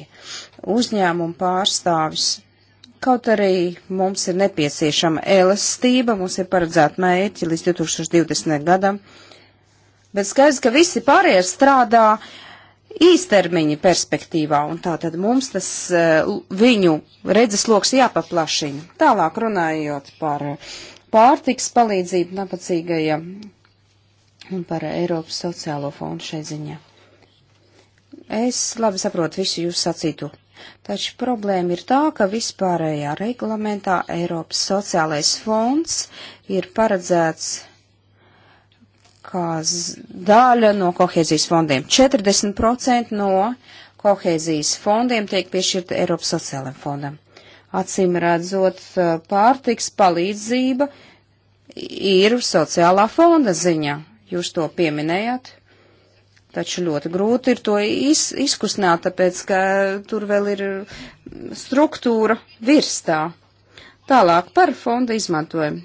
uzņēmumu pārstāvis. Kaut arī mums ir nepieciešama elastība, mums ir paredzēta mērķi līdz 2020. gadam. Bet skaidrs, ka visi pārējie strādā īstermiņa perspektīvā, un tā tad mums tas eh, viņu redzesloks jāpaplašina. Tālāk runājot par pārtiks palīdzību nabadzīgajiem un par Eiropas sociālo fondu šai ziņā. Es labi saprotu visu jūs sacītu, taču problēma ir tā, ka vispārējā reglamentā Eiropas sociālais fonds ir paredzēts kā daļa no kohēzijas fondiem. 40% no kohēzijas fondiem tiek piešķirta Eiropas sociālajiem fondam. Acīm redzot, pārtiks palīdzība ir sociālā fonda ziņa. Jūs to pieminējāt, taču ļoti grūti ir to iz, izkustināt, tāpēc, ka tur vēl ir struktūra virstā. Tālāk par fonda izmantojumu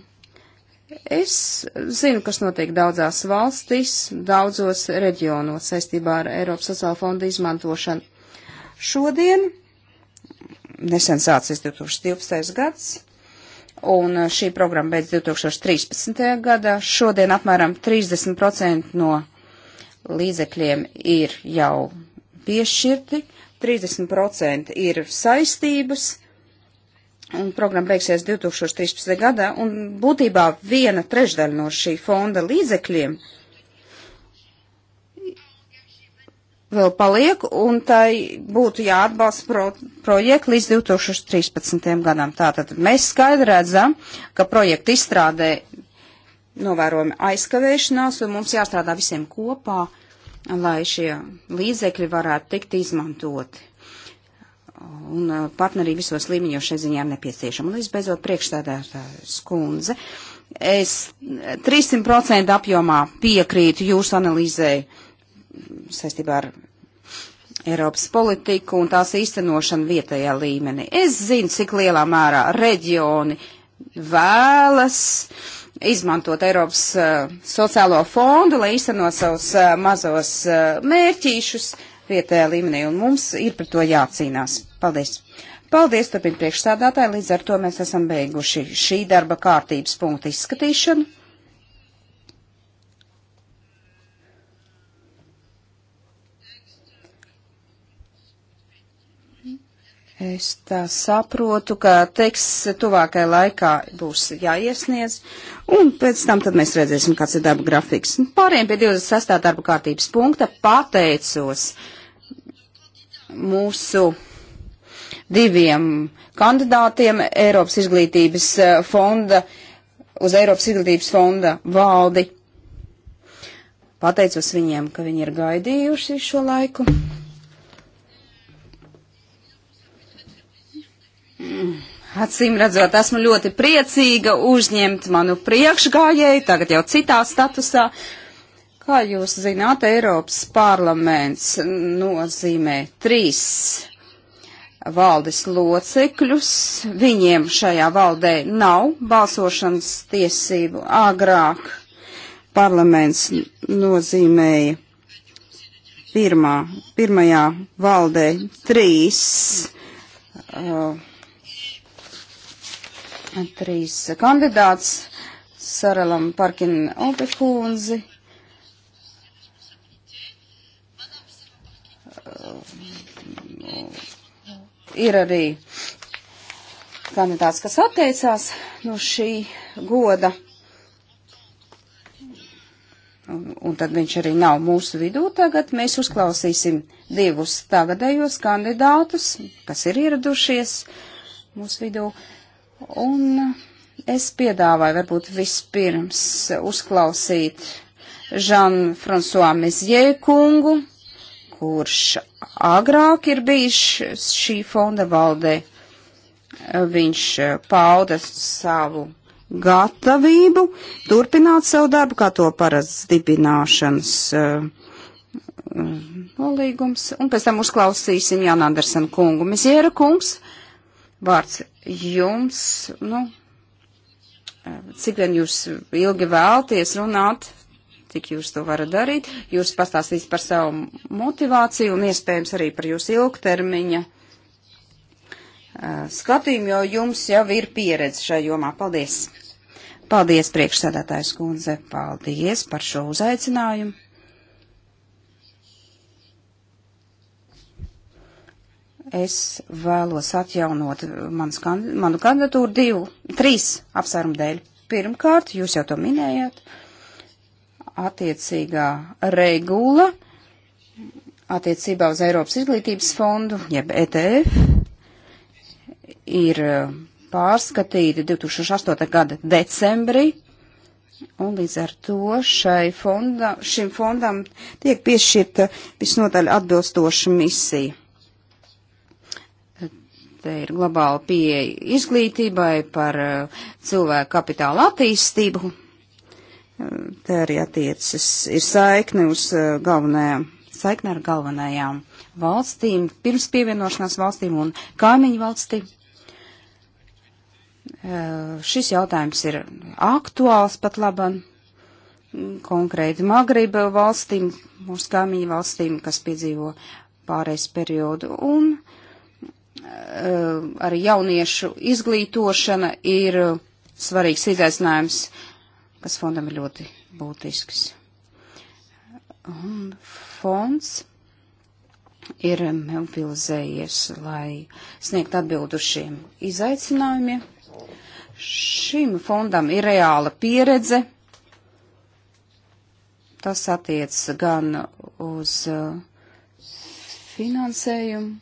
Es zinu, kas notiek daudzās valstīs, daudzos reģionos saistībā ar Eiropas sociāla fonda izmantošanu. Šodien, nesen sācies 2012. gads, un šī programma beidz 2013. gadā, šodien apmēram 30% no līdzekļiem ir jau piešķirti, 30% ir saistības, un programma beigsies 2013. gadā, un būtībā viena trešdaļa no šī fonda līdzekļiem vēl paliek, un tai būtu jāatbalsta pro, projekti līdz 2013. gadam. Tātad mēs skaidri redzam, ka projekta izstrādē novērojami aizkavēšanās, un mums jāstrādā visiem kopā, lai šie līdzekļi varētu tikt izmantoti un partneri visos līmeņos šai ziņā ir nepieciešama. Līdz beidzot priekšstādātājas kundze, es 300% apjomā piekrītu jūsu analīzē saistībā ar Eiropas politiku un tās īstenošanu vietējā līmenī. Es zinu, cik lielā mērā reģioni vēlas izmantot Eiropas uh, sociālo fondu, lai īstenot savus uh, mazos uh, mērķīšus vietējā līmenī, un mums ir par to jācīnās. Paldies! Paldies, turpin priekšsādātāji, līdz ar to mēs esam beiguši šī darba kārtības punktu izskatīšanu. Es tā saprotu, ka teksts tuvākai laikā būs jāiesniedz, un pēc tam tad mēs redzēsim, kāds ir darba grafiks. Pāriem pie 26. darba kārtības punkta pateicos mūsu diviem kandidātiem Eiropas izglītības eh, fonda, uz Eiropas izglītības fonda valdi. Pateicos viņiem, ka viņi ir gaidījuši šo laiku. Acīm redzot, esmu ļoti priecīga uzņemt manu priekšgājēju, tagad jau citā statusā. Kā jūs zināt, Eiropas parlaments nozīmē trīs valdes locekļus. Viņiem šajā valdē nav balsošanas tiesību. Agrāk parlaments nozīmēja pirmā, pirmajā valdē trīs. Uh, Trīs kandidāts Saralam Parkin Opekūnzi, uh, ir arī kandidāts, kas atteicās no šī goda. Un, un tad viņš arī nav mūsu vidū tagad. Mēs uzklausīsim divus tagadējos kandidātus, kas ir ieradušies mūsu vidū. Un es piedāvāju varbūt vispirms uzklausīt Žan François Mezjē kungu, kurš agrāk ir bijis šī fonda valdē, viņš pauda savu gatavību turpināt savu darbu, kā to paredz dibināšanas eh, nolīgums. Un pēc tam uzklausīsim Jānu Andersenu kungu. Miziera kungs, vārds jums, nu, eh, cik vien jūs ilgi vēlties runāt tik jūs to varat darīt. Jūs pastāstīs par savu motivāciju un iespējams arī par jūsu ilgtermiņa skatījumu, jo jums jau ir pieredze šajā jomā. Paldies! Paldies, priekšsēdētājs kundze! Paldies par šo uzaicinājumu! Es vēlos atjaunot manu kandidatūru divu, trīs apsvērumu dēļ. Pirmkārt, jūs jau to minējāt, uh, attiecīgā regula attiecībā uz Eiropas izglītības fondu, jeb ETF, ir uh, pārskatīta 2008. gada decembrī, un līdz ar to šai fonda, šim fondam tiek piešķirta visnotaļ atbilstoša misija. Te ir globāla pieeja izglītībai par uh, cilvēku kapitāla attīstību, Te arī attiecas, ir saikne uz eh, galvenajām, saikne ar galvenajām valstīm, pirms pievienošanās valstīm un kaimiņu valstīm. Eh, šis jautājums ir aktuāls pat laban konkrēti Magriba valstīm, mūsu kaimiņu valstīm, kas piedzīvo pārējais periodu. Un uh, arī jauniešu izglītošana ir svarīgs izaicinājums kas fondam ir ļoti būtisks. Un fonds ir mobilizējies, lai sniegt atbildušiem izaicinājumiem. Šim fondam ir reāla pieredze. Tas attiec gan uz uh, finansējumu,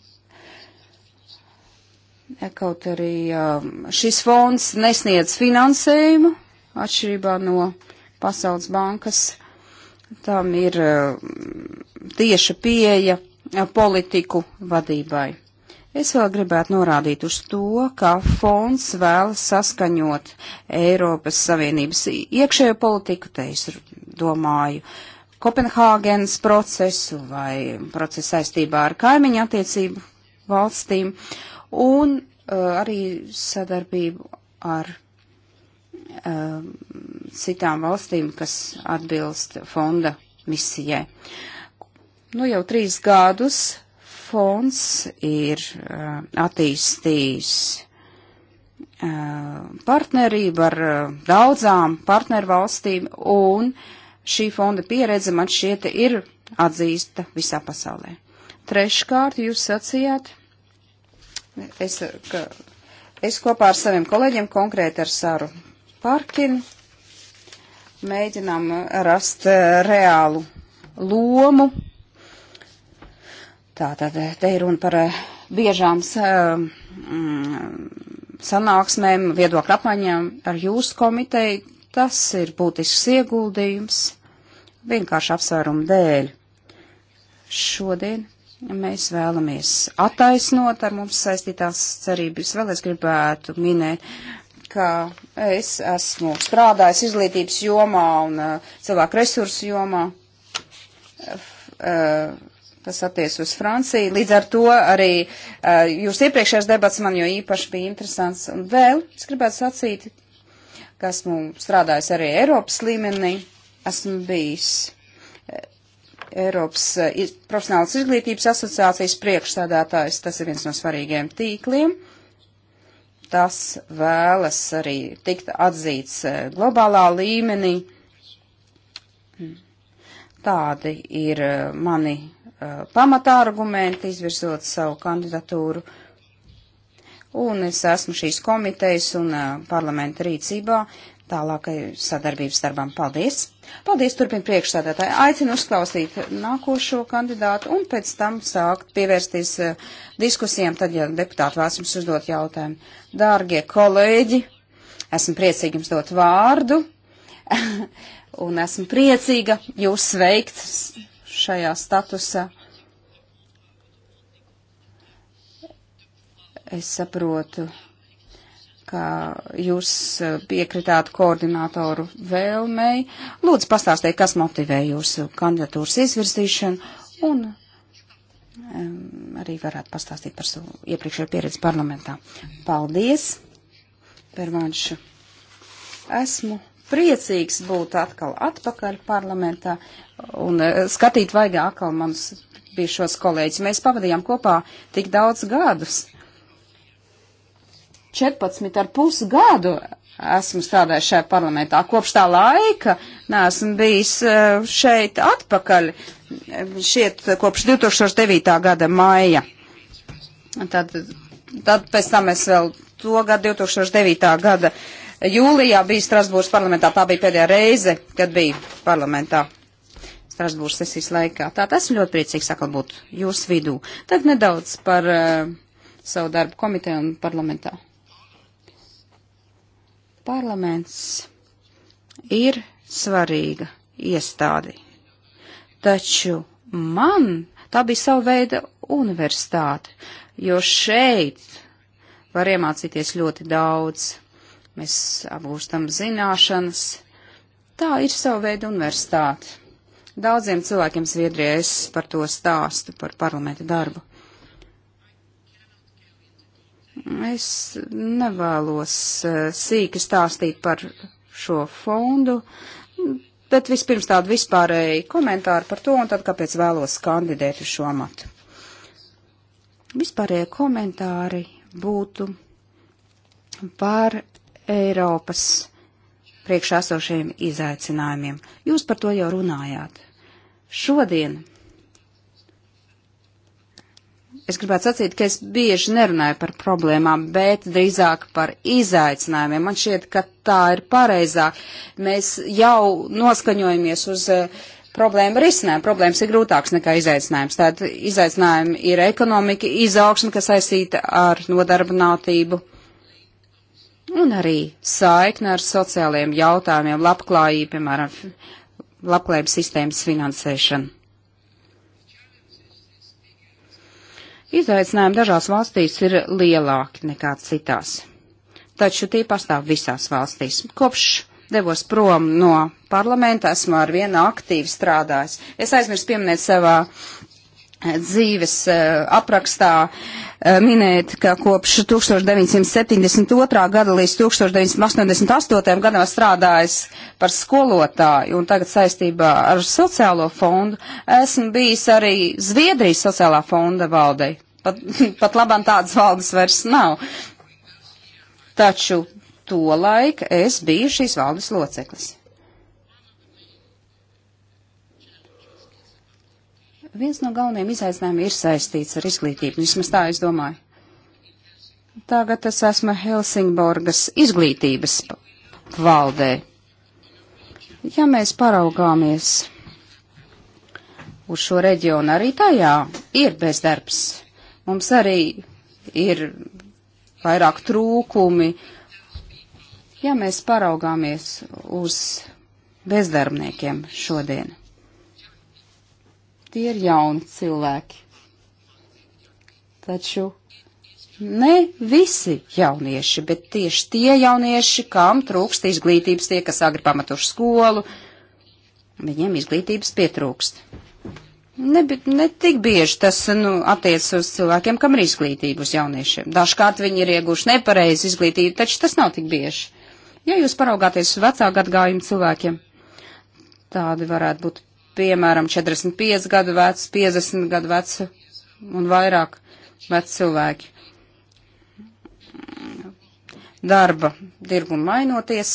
kaut arī uh, šis fonds nesniedz finansējumu atšķirībā no Pasaules bankas. Tam ir eh, tieša pieeja eh, politiku vadībai. Es vēl gribētu norādīt uz to, ka fonds vēlas saskaņot Eiropas Savienības iekšējo politiku, te es domāju, Kopenhāgenes procesu vai procesu saistībā ar kaimiņu attiecību valstīm un uh, arī sadarbību ar Um, citām valstīm, kas atbilst fonda misijai. Nu, jau trīs gadus fonds ir uh, attīstījis uh, partnerību ar uh, daudzām partnervalstīm, un šī fonda pieredze man šķiet ir atzīsta visā pasaulē. Treškārt, jūs sacījāt, es, ka, es kopā ar saviem kolēģiem, konkrēti ar Saru Parkin mēģinām uh, rast uh, reālu lomu. Tātad uh, te ir runa par biežām mm, sanāksmēm, viedokļu apmaiņām ar jūsu komiteju. Tas ir būtisks ieguldījums vienkārši apsvērumu dēļ. Šodien mēs vēlamies attaisnot ar mums saistītās cerības. Vēl es gribētu minēt ka es esmu strādājis izglītības jomā un uh, cilvēku resursu jomā, uh, kas attiec uz Franciju. Līdz ar to arī uh, jūs iepriekšējais debats man jau īpaši bija interesants. Un vēl es gribētu sacīt, ka esmu strādājis arī Eiropas līmenī, esmu bijis. Uh, Eiropas uh, profesionālas izglītības asociācijas priekšsādātājs. Tas ir viens no svarīgiem tīkliem tas vēlas arī tikt atzīts e, globālā līmenī. Tādi ir e, mani e, pamatā argumenti, izvirzot savu kandidatūru. Un es esmu šīs komitejas un parlamenta rīcībā tālākai sadarbības darbam. Paldies! Paldies, turpin priekšstādātāji. Aicinu uzklausīt nākošo kandidātu un pēc tam sākt pievērsties uh, diskusijām, tad, ja deputāti vēlas jums uzdot jautājumu. Dārgie kolēģi, esmu priecīgi jums dot vārdu un esmu priecīga jūs sveikt šajā statusā. Es saprotu ka jūs eh, piekritāt koordinātoru vēlmei. Lūdzu, pastāstiet, kas motivē jūsu kandidatūras izvirzīšanu un um, arī varētu pastāstīt par savu iepriekšējo pieredzi parlamentā. Paldies, Pervanšu. Esmu priecīgs būt atkal atpakaļ parlamentā un eh, skatīt vaigā atkal manus bijušos kolēģus. Mēs pavadījām kopā tik daudz gadus 14 ar pus gadu esmu strādājis šajā parlamentā. Kopš tā laika neesmu bijis e, šeit atpakaļ, šiet kopš 2009. gada maija. Tad, tad pēc tam es vēl to gadu 2009. gada jūlijā biju Strasbūras parlamentā. Tā bija pēdējā reize, kad biju parlamentā. Strasbūras sesijas laikā. Tātad esmu ļoti priecīgs atkal būt jūsu vidū. Tad nedaudz par uh, savu darbu komiteju un parlamentā. Parlaments ir svarīga iestādi, taču man tā bija sava veida universitāte, jo šeit var iemācīties ļoti daudz. Mēs apgūstam zināšanas. Tā ir sava veida universitāte. Daudziem cilvēkiem Zviedrijā es par to stāstu, par parlamenta darbu. Es nevēlos eh, sīki stāstīt par šo fondu, bet vispirms tādu vispārēju komentāru par to un tad, kāpēc vēlos kandidēt uz šo amatu. Vispārējie komentāri būtu par Eiropas priekšā esošajiem izaicinājumiem. Jūs par to jau runājāt. Šodien Es gribētu sacīt, ka es bieži nerunāju par problēmām, bet drīzāk par izaicinājumiem. Man šķiet, ka tā ir pareizāk. Mēs jau noskaņojamies uz eh, problēmu risinājumu. Problēmas ir grūtāks nekā izaicinājums. Tātad izaicinājumi ir ekonomika, izaugsme, kas saistīta ar nodarbinātību un arī saikne ar sociālajiem jautājumiem, labklājību, piemēram, labklājības sistēmas finansēšanu. Izaicinājumi dažās valstīs ir lielāki nekā citās, taču tie pastāv visās valstīs. Kopš devos prom no parlamenta, esmu ar vienu aktīvi strādājis. Es aizmirsu pieminēt savā uh, dzīves eh, aprakstā eh, minēt, ka kopš 1972. gada līdz 1988. gadam strādājis par skolotāju un tagad saistībā ar sociālo fondu esmu bijis arī Zviedrijas sociālā fonda valdei. Pat, pat labam tādas valdes vairs nav. Taču to laika es biju šīs valdes loceklis. Viens no galvenajiem izaicinājumiem ir saistīts ar izglītību, vismaz tā es domāju. Tagad es esmu Helsingborgas izglītības valdē. Ja mēs paraugāmies uz šo reģionu, arī tajā ir bezdarbs. Mums arī ir vairāk trūkumi. Ja mēs paraugāmies uz bezdarbniekiem šodien, Tie ir jauni cilvēki. Taču ne visi jaunieši, bet tieši tie jaunieši, kam trūkst izglītības, tie, kas agri pamatuši skolu, viņiem izglītības pietrūkst. Ne, ne tik bieži tas nu, attiecas uz cilvēkiem, kam ir izglītība, uz jauniešiem. Dažkārt viņi ir ieguvuši nepareizi izglītību, taču tas nav tik bieži. Ja jūs paraugāties uz vecāku atgājumu cilvēkiem, tādi varētu būt piemēram, 45 gadu vecs, 50 gadu vecs un vairāk veci cilvēki. Darba dirguma mainoties,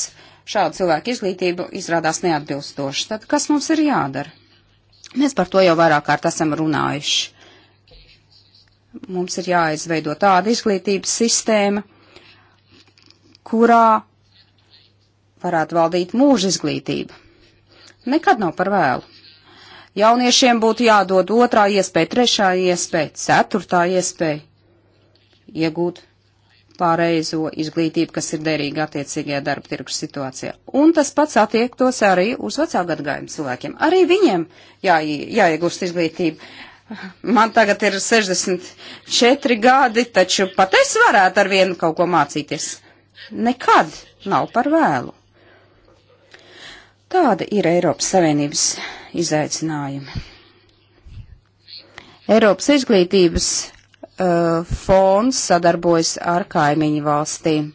šāda cilvēka izglītība izrādās neatbilstoša. Tad kas mums ir jādara? Mēs par to jau vairāk kārt esam runājuši. Mums ir jāizveido tāda izglītības sistēma, kurā varētu valdīt mūža izglītība. Nekad nav par vēlu. Jauniešiem būtu jādod otrā iespēja, trešā iespēja, ceturtā iespēja iegūt pāreizo izglītību, kas ir derīga attiecīgajā darba tirgus situācijā. Un tas pats attiektos arī uz vecāku atgājumu cilvēkiem. Arī viņiem jā, jāiegūst izglītību. Man tagad ir 64 gadi, taču pat es varētu ar vienu kaut ko mācīties. Nekad nav par vēlu. Tāda ir Eiropas Savienības izaicinājumi. Eiropas izglītības uh, fonds sadarbojas ar kaimiņu valstīm.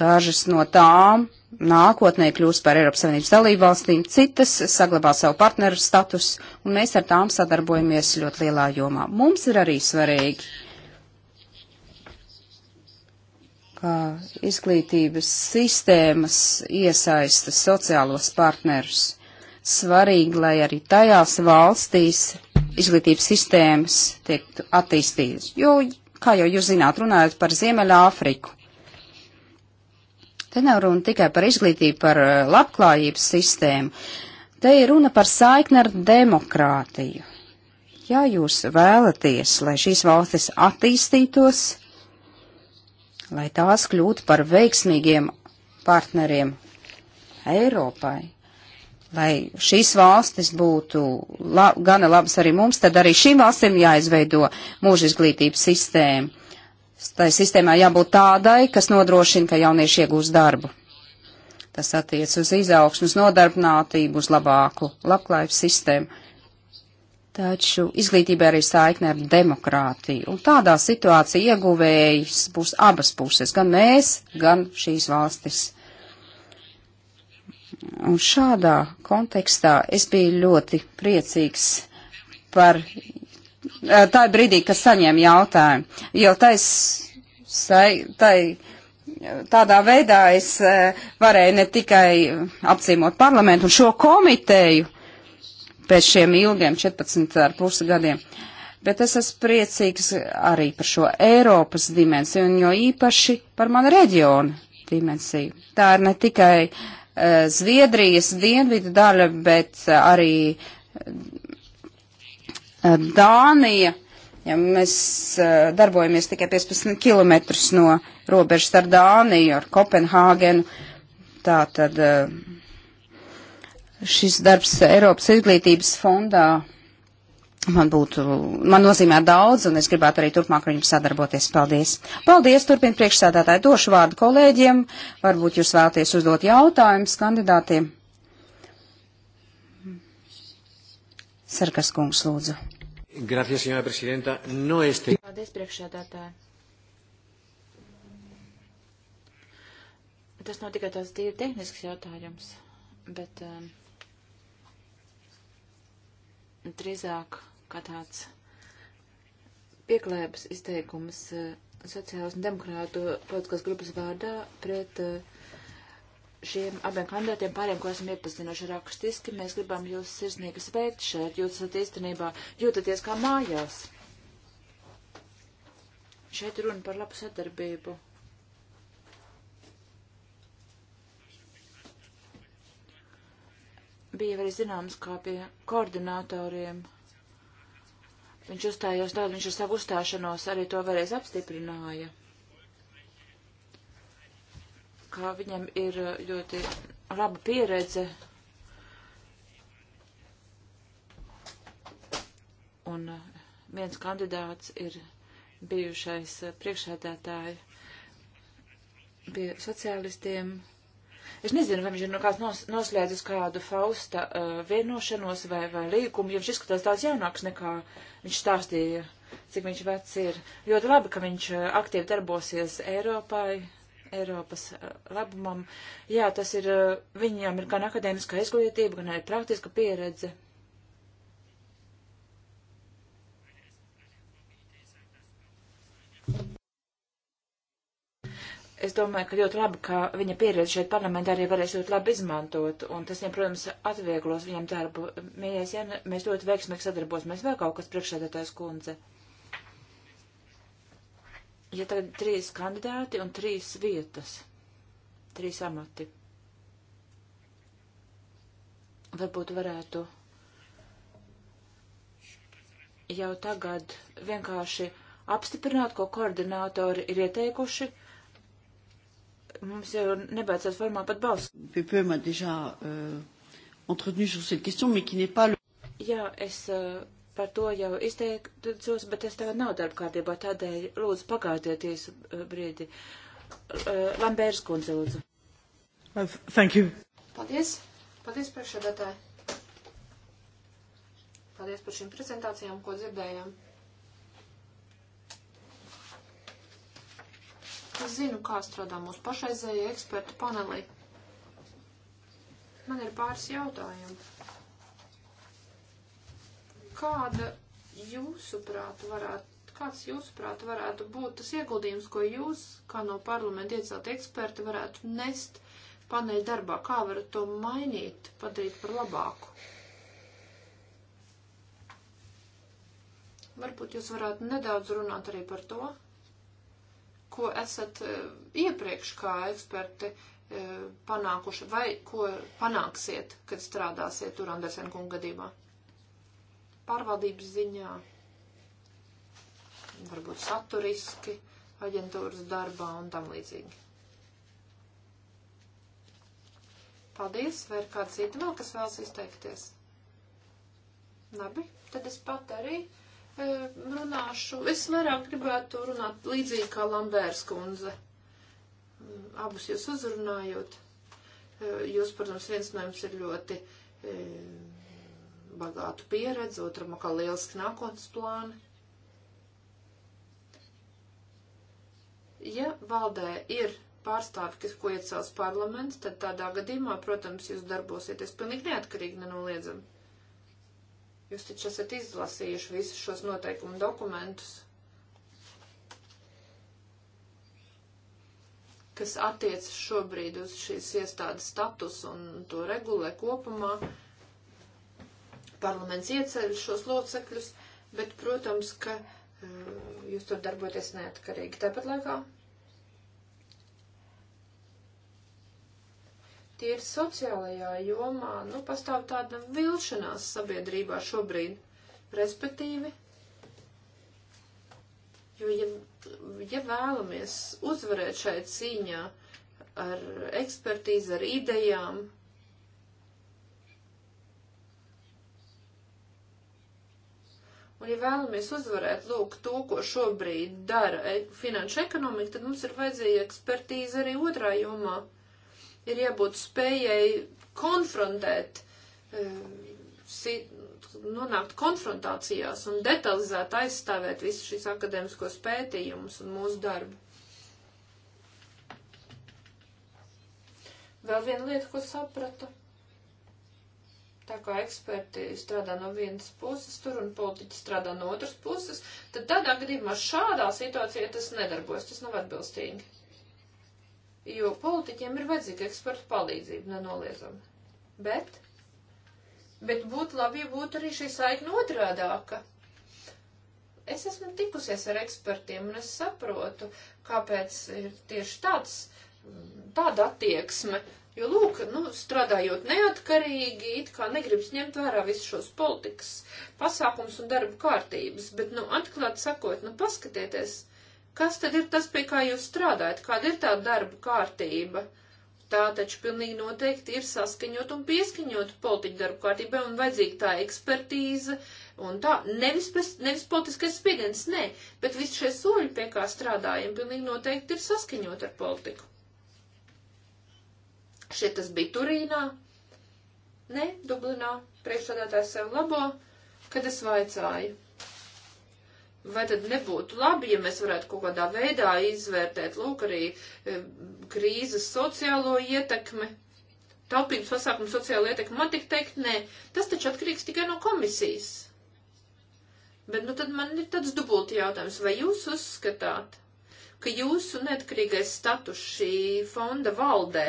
Dažas no tām nākotnē kļūs par Eiropas Savienības dalību valstīm, citas saglabā savu partneru status, un mēs ar tām sadarbojamies ļoti lielā jomā. Mums ir arī svarīgi, ka izglītības sistēmas iesaista sociālos partnerus svarīgi, lai arī tajās valstīs izglītības sistēmas tiektu attīstītas. Jo, kā jau jūs zināt, runājot par Ziemeļa Āfriku, te nav runa tikai par izglītību, par eh, labklājības sistēmu. Te ir runa par saikni ar demokrātiju. Ja jūs vēlaties, lai šīs valstis attīstītos, lai tās kļūtu par veiksmīgiem partneriem Eiropai, lai šīs valstis būtu la, gana labas arī mums, tad arī šīm valstīm jāizveido mūža izglītības sistēma. Tai sistēmā jābūt tādai, kas nodrošina, ka jaunieši iegūs darbu. Tas attiec uz izaugsmu, uz nodarbinātību, uz labāku labklājības sistēmu. Taču izglītība arī saikne ar demokrātiju, un tādā situācija ieguvējas būs abas puses, gan mēs, gan šīs valstis. Un šādā kontekstā es biju ļoti priecīgs par tā brīdī, kad saņēmu jautājumu. Jo tais, sai, tai, tādā veidā es varēju ne tikai apcīmot parlamentu un šo komiteju pēc šiem ilgiem 14,5 gadiem, bet es esmu priecīgs arī par šo Eiropas dimensiju un jo īpaši par manu reģionu dimensiju. Tā ir ne tikai uh, Eh, Zviedrijas dienvidu daļa, bet eh, arī eh, Dānija. Ja mēs darbojamies tikai 15 km no robežas ar Dāniju, ar Kopenhāgenu. Tā tad šis darbs Eiropas izglītības fondā man būtu, man nozīmē daudz, un es gribētu arī turpmāk ar jums sadarboties. Paldies! Paldies! Turpin priekšsēdētāji došu vārdu kolēģiem. Varbūt jūs vēlaties uzdot jautājumus kandidātiem. Sarkas kungs, lūdzu. Gracias, señora presidenta. No este. Paldies, priekšsēdētāji. Tas nav tikai tāds divi tehnisks jautājums, bet um, drīzāk kā tāds pieklēpes izteikums eh, sociālas un demokrātu politiskās grupas vārdā pret eh, šiem abiem kandidātiem, pāriem, ko esam iepazinuši rakstiski. Mēs gribam jūs sirsnīgi sveikt šeit. Jūs esat īstenībā jūtaties kā mājās. Šeit runa par labu sadarbību. Bija arī zināms, kā pie koordinātoriem Viņš uzstājās daudz, viņš ar savu uzstāšanos arī to vēlreiz apstiprināja, kā viņam ir uh, ļoti laba pieredze un uh, viens kandidāts ir bijušais uh, priekšsēdētāji pie sociālistiem Es nezinu, vai viņš ir no kāds nos, noslēdzis kādu Fausta uh, vienošanos vai, vai līkumu, jo viņš izskatās daudz jaunāks nekā viņš stāstīja, cik viņš vecs ir. Ļoti labi, ka viņš uh, aktīvi darbosies Eiropai, Eiropas uh, labumam. Jā, tas ir, uh, viņiem ir gan akadēmiskā izglītība, gan arī praktiska pieredze. Es domāju, ka ļoti labi, ka viņa pieredze šeit parlamentā arī varēs ļoti labi izmantot, un tas, viņam, protams, atvieglos viņam darbu. Mīļais, ja nu, mēs ļoti veiksmīgi sadarbosimies, vēl kaut kas priekšsēdētājs kundze. Ja tagad trīs kandidāti un trīs vietas, trīs amati, varbūt varētu jau tagad vienkārši apstiprināt, ko koordinātori ir ieteikuši mums jau nebeidzot formā pat balsts. PP m'a déjà euh, entretenu sur cette question, mais qui n'est pas le. Jā, es uh, par to jau izteiktos, bet es tagad nav darba kārtībā, tādēļ lūdzu pagādieties uh, brīdi. Uh, Lambērs kundze, lūdzu. Uh, thank you. Paldies. Paldies, priekšsēdētāji. Paldies par šīm prezentācijām, ko dzirdējām. Es zinu, kā strādā mūsu pašreizējie ekspertu panelī. Man ir pāris jautājumu. Kāda jūsuprāt varētu kāds jūsuprāt varētu būt tas ieguldījums, ko jūs, kā no parlamenta iecelt eksperti, varētu nest paneļa darbā? Kā varat to mainīt, padarīt par labāku? Varbūt jūs varētu nedaudz runāt arī par to, ko esat e, iepriekš kā eksperti e, panākuši vai ko panāksiet, kad strādāsiet tur Andersena kunga gadījumā? Pārvaldības ziņā, varbūt saturiski, aģentūras darbā un tam līdzīgi. Paldies, vai ir kāds cits vēl, kas vēlas izteikties? Labi, tad es pat arī runāšu. Es vairāk gribētu runāt līdzīgi kā Lambērs kundze. Abus jūs uzrunājot. Jūs, protams, viens no jums ir ļoti bagātu pieredzi, otram kā lieliski nākotnes plāni. Ja valdē ir pārstāvi, kas ko iecels parlaments, tad tādā gadījumā, protams, jūs darbosieties pilnīgi neatkarīgi nenoliedzami. Jūs taču esat izlasījuši visus šos noteikumu dokumentus, kas attiecas šobrīd uz šīs iestādes statusu un to regulē kopumā. Parlaments ieceļ šos locekļus, bet, protams, ka eh, jūs tur darboties neatkarīgi. Tāpat laikā tīri sociālajā jomā, nu, pastāv tāda vilšanās sabiedrībā šobrīd, respektīvi, jo, ja, ja vēlamies uzvarēt šai cīņā ar ekspertīzi, ar idejām, Un, ja vēlamies uzvarēt, lūk, to, ko šobrīd dara e, finanšu ekonomika, tad mums ir vajadzīga ekspertīze arī otrā jomā. Jo ir jābūt spējai konfrontēt, eh, nonākt konfrontācijās un detalizēt aizstāvēt visus šīs akadēmiskos pētījumus un mūsu darbu. Vēl viena lieta, ko sapratu. Tā kā eksperti strādā no vienas puses tur un politiķi strādā no otras puses, tad tādā gadījumā šādā situācijā tas nedarbojas, tas nav atbilstīgi jo politiķiem ir vajadzīga eksperta palīdzība, nenoliedzami. Bet, bet būtu labi, ja būtu arī šī saikna otrādāka. Es esmu tikusies ar ekspertiem, un es saprotu, kāpēc ir tieši tāds, tāda attieksme. Jo, lūk, nu, strādājot neatkarīgi, it kā negribas ņemt vērā visus šos politikas pasākums un darbu kārtības, bet, nu, atklāt sakot, nu, paskatieties, Kas tad ir tas, pie kā jūs strādājat? Kāda ir tā darba kārtība? Tā taču pilnīgi noteikti ir saskaņot un pieskaņot politiķu darbu kārtībai un vajadzīga tā ekspertīze un tā. Nevis, pēc, nevis politiskais spiediens, nē, bet visi šie soļi, pie kā strādājam, pilnīgi noteikti ir saskaņot ar politiku. Šie tas bija Turīnā, ne Dublinā, priekšsādātājs sev labo, kad es vaicāju. Vai tad nebūtu labi, ja mēs varētu kaut kādā veidā izvērtēt, lūk, arī eh, krīzes sociālo ietekmi, taupības pasākumu sociālo ietekmi? Man tik teikt, nē, tas taču atkarīgs tikai no komisijas. Bet, nu, tad man ir tāds dubulti jautājums, vai jūs uzskatāt, ka jūsu neatkarīgais status šī fonda valdē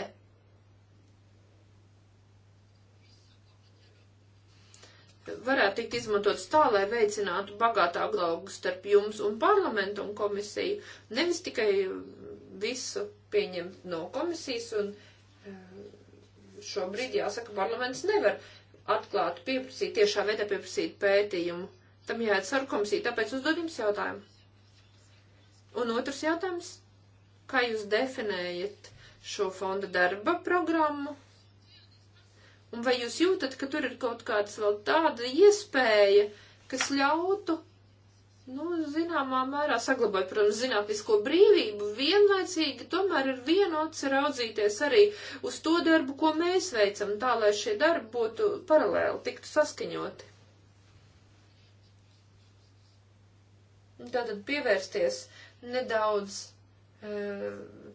varētu tikt izmantots tā, lai veicinātu bagātā glaugu starp jums un parlamentu un komisiju, nevis tikai visu pieņemt no komisijas, un eh, šobrīd, jāsaka, parlaments nevar atklāt, pieprasīt, tiešā veidā pieprasīt pētījumu. Tam jāiet sarkomisija, tāpēc uzdod jums jautājumu. Un otrs jautājums, kā jūs definējat šo fonda darba programmu? Vai jūs jūtat, ka tur ir kaut kāds vēl tāda iespēja, kas ļautu, nu, zināmā mērā saglabāt, protams, zinātnisko brīvību, vienlaicīgi tomēr ir vienots raudzīties arī uz to darbu, ko mēs veicam, tā lai šie darbi būtu paralēli, tiktu saskaņoti. Tātad pievērsties nedaudz eh,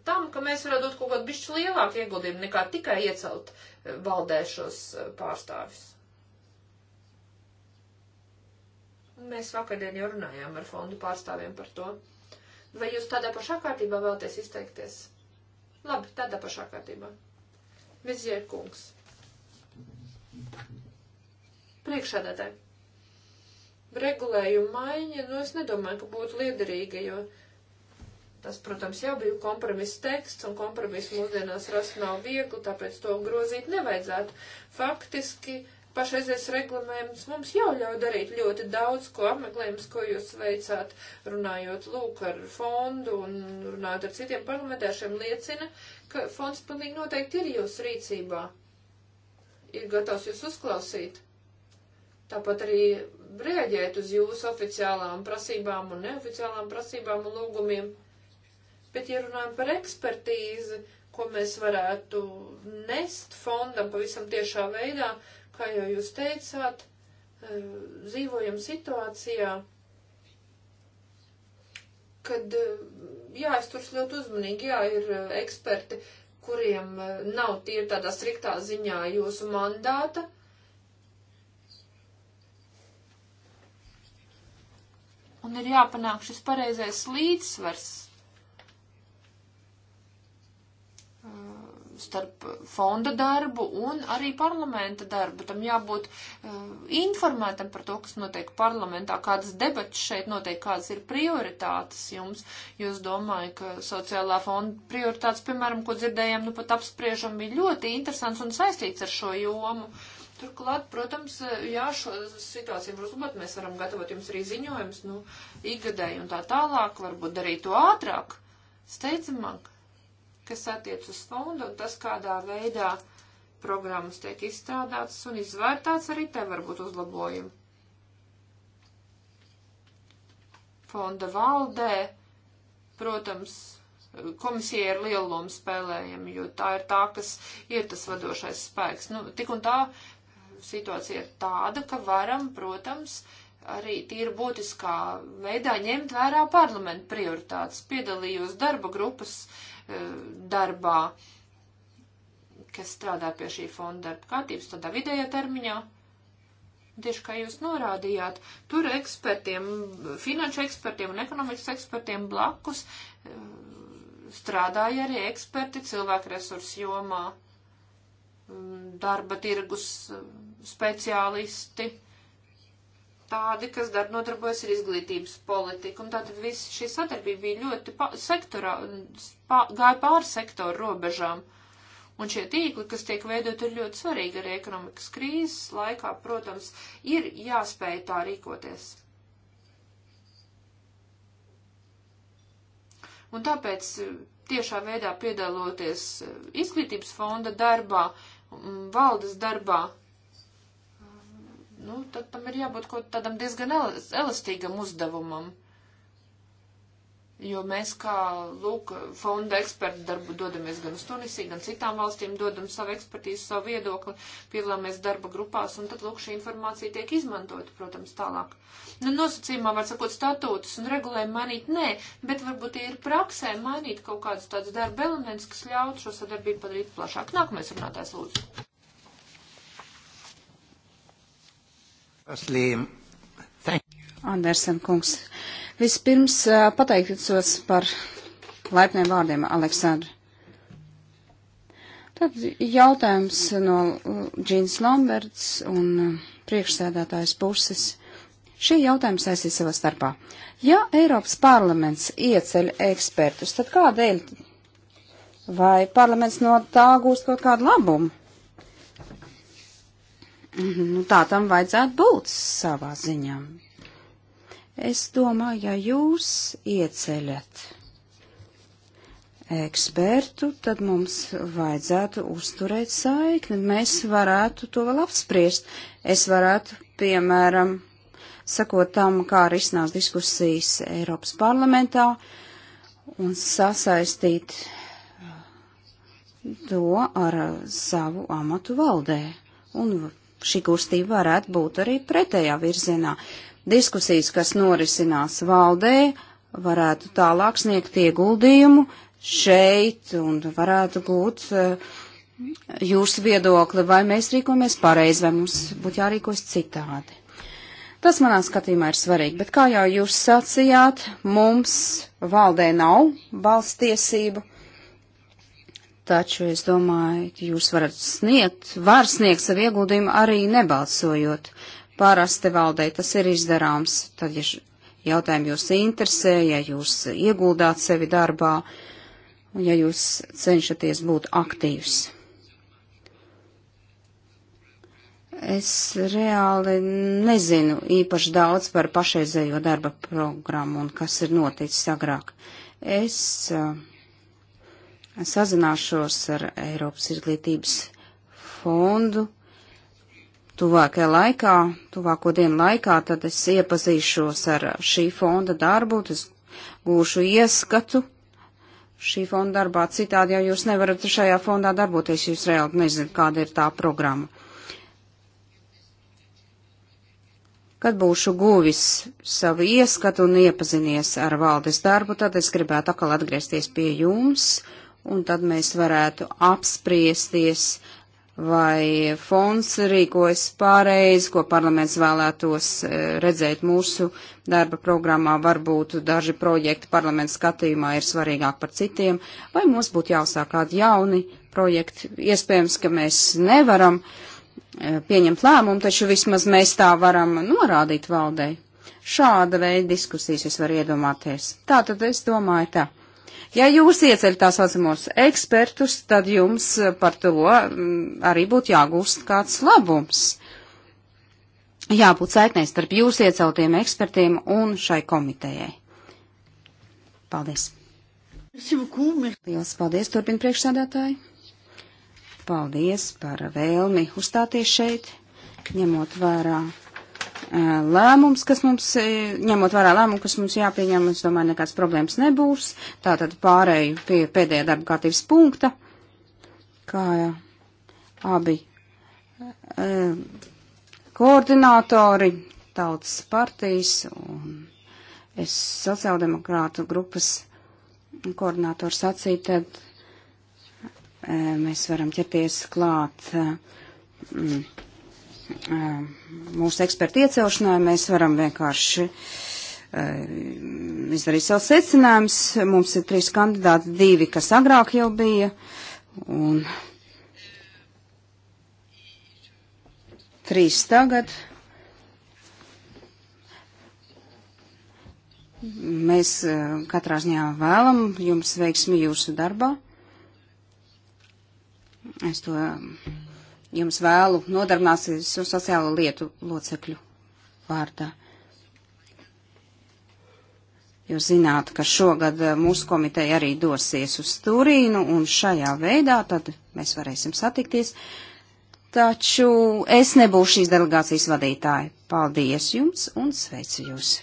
tam, ka mēs varētu dot kaut kādu bišķi lielāku ieguldījumu nekā tikai iecelt valdēšos eh, pārstāvis. Mēs vakardien jau runājām ar fondu pārstāvjiem par to. Vai jūs tādā pašā kārtībā vēlaties izteikties? Labi, tādā pašā kārtībā. Mizier kungs. Priekšādātāji. Regulējumu maiņa, nu es nedomāju, ka būtu liederīga, jo Tas, protams, jau bija kompromisa teksts, un kompromisu mūsdienās rast nav viegli, tāpēc to grozīt nevajadzētu. Faktiski pašreizies regulējums mums jau ļauj darīt ļoti daudz, ko apmeklējums, ko jūs veicāt, runājot lūk ar fondu un runājot ar citiem parlamentāšiem, liecina, ka fonds pilnīgi noteikti ir jūsu rīcībā. Ir gatavs jūs uzklausīt. Tāpat arī reaģēt uz jūsu oficiālām prasībām un neoficiālām prasībām un lūgumiem. Bet, ja runājam par ekspertīzi, ko mēs varētu nest fondam pavisam tiešā veidā, kā jau jūs teicāt, eh, dzīvojam situācijā, kad eh, jāizturas ļoti uzmanīgi, jā, ir eh, eksperti, kuriem nav tie tādā striktā ziņā jūsu mandāta. Un ir jāpanāk šis pareizais līdzsvars starp fonda darbu un arī parlamenta darbu. Tam jābūt uh, informētam par to, kas notiek parlamentā, kādas debatas šeit notiek, kādas ir prioritātes jums. Jūs domāju, ka sociālā fonda prioritātes, piemēram, ko dzirdējām, nu pat apspriežam, bija ļoti interesants un saistīts ar šo jomu. Turklāt, protams, jā, šo situāciju var uzlabot, mēs varam gatavot jums arī ziņojums, nu, ikgadēji un tā tālāk, varbūt darīt to ātrāk, steidzamāk kas attiec uz fondu un tas, kādā veidā programmas tiek izstrādātas un izvērtāts, arī te var būt uzlabojumi. Fonda valdē, protams, komisija ir liela loma spēlējama, jo tā ir tā, kas ir tas vadošais spēks. Nu, tik un tā situācija ir tāda, ka varam, protams, arī tīri būtiskā veidā ņemt vērā parlamentu prioritātes. Piedalījos darba grupas uh, darbā, kas strādā pie šī fonda darba kārtības tādā vidējā termiņā. Tieši kā jūs norādījāt, tur ekspertiem, finanšu ekspertiem un ekonomikas ekspertiem blakus eh, strādāja arī eksperti cilvēku resursu jomā, mm, darba tirgus eh, speciālisti tādi, kas dar nodarbojas ar izglītības politiku. Un tātad viss šī sadarbība bija ļoti pa, sektorā, pa, gāja pāri sektoru robežām. Un šie tīkli, kas tiek veidot, ir ļoti svarīgi arī ekonomikas krīzes laikā, protams, ir jāspēj tā rīkoties. Un tāpēc tiešā veidā piedaloties eh, izglītības fonda darbā, valdes darbā, nu, tad tam ir jābūt kaut tādam diezgan elastīgam uzdevumam. Jo mēs, kā lūk, fonda eksperti darbu dodamies gan uz Tunisiju, gan citām valstīm, dodam savu ekspertīzu, savu viedokli, piedalāmies darba grupās, un tad, lūk, šī informācija tiek izmantota, protams, tālāk. Nu, nosacījumā var sakot statūtus un regulējumu mainīt, nē, bet varbūt tie ir praksē mainīt kaut kādus tādus darba elementus, kas ļautu šo sadarbību padarīt plašāk. Nākamais runātājs lūdzu. Andersen kungs, vispirms pateikticos par laipniem vārdiem, Aleksandra. Tad jautājums no Džīnas Lamberts un priekšsēdētājas puses. Šie jautājumi saistīt savā starpā. Ja Eiropas parlaments ieceļ ekspertus, tad kādēļ? Vai parlaments no tā gūst kaut kādu labumu? Mhm, nu, tā tam vajadzētu būt savā ziņā. Es domāju, ja jūs ieceļat ekspertu, tad mums vajadzētu uzturēt saikni. Mēs varētu to vēl apspriest. Es varētu, piemēram, sakot tam, kā arī iznās diskusijas Eiropas parlamentā un sasaistīt to ar savu amatu valdē un šī kustība varētu būt arī pretējā virzienā. Diskusijas, kas norisinās valdē, varētu tālāk sniegt ieguldījumu šeit un varētu gūt eh, jūsu viedokli, vai mēs rīkojamies pareizi, vai mums būtu jārīkojas citādi. Tas manā skatījumā ir svarīgi, bet kā jau jūs sacījāt, mums valdē nav balstiesība Taču es domāju, jūs varat sniegt, var sniegt savu ieguldījumu arī nebalsojot. Parasti valdei tas ir izdarāms. Tad, ja jautājumi jūs interesē, ja jūs ieguldāt sevi darbā, un ja jūs cenšaties būt aktīvs. Es reāli nezinu īpaši daudz par pašreizējo darba programmu un kas ir noticis agrāk. Es uh, sazināšos ar Eiropas izglītības fondu tuvākajā laikā, tuvāko dienu laikā, tad es iepazīšos ar šī fonda darbu, tas gūšu ieskatu šī fonda darbā. Citādi jau jūs nevarat šajā fondā darboties, jūs reāli nezināt, kāda ir tā programma. Kad būšu guvis savu ieskatu un iepazinies ar valdes darbu, tad es gribētu atkal atgriezties pie jums un tad mēs varētu apspriesties, vai fonds rīkojas pareizi, ko parlaments vēlētos eh, redzēt mūsu darba programmā. Varbūt daži projekti parlaments skatījumā ir svarīgāk par citiem, vai mums būtu jāuzsāk kādi jauni projekti. Iespējams, ka mēs nevaram eh, pieņemt lēmumu, taču vismaz mēs tā varam norādīt valdei. Šāda veida diskusijas es varu iedomāties. Tā tad es domāju tā. Ja jūs ieceļ tā saucamos ekspertus, tad jums eh, par to mm, arī būtu jāgūst kāds labums. Jābūt saiknē starp jūs ieceltiem ekspertiem un šai komitejai. Paldies! Lielas paldies, turpina priekšsādātāji! Paldies par vēlmi uzstāties šeit, ņemot vērā lēmums, kas mums, ņemot vērā lēmumu, kas mums jāpieņem, es domāju, nekāds problēmas nebūs. Tātad pārēju pie pēdējā darba kārtības punkta, kā jā, abi e, koordinātori, tautas partijas un es sociāldemokrātu grupas koordinātoru sacīju, tad e, mēs varam ķerties klāt. E, mm, Uh, mūsu ekspertu iecelšanai, mēs varam vienkārši uh, izdarīt savu secinājumus. Mums ir trīs kandidāti, divi, kas agrāk jau bija, un trīs tagad. Mēs uh, katrā ziņā vēlam jums veiksmi jūsu darbā. Es to um, jums vēlu nodarbināsies uz sociālo lietu locekļu vārdā. Jūs zināt, ka šogad eh, mūsu komiteja arī dosies uz Turīnu, un šajā veidā tad mēs varēsim satikties. Taču es nebūšu šīs delegācijas vadītāja. Paldies jums un sveicu jūs!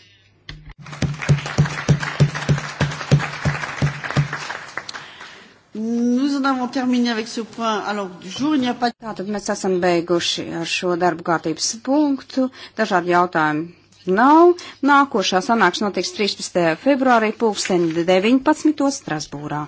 Nous en avons terminé avec ce point. Alors, du jour, il n'y a pas... Tātad mēs esam beiguši ar šo darbu kārtības punktu. Dažādi jautājumi nav. Nākošā sanāks notiks 13. februārī pulksteni 19. Strasbūrā.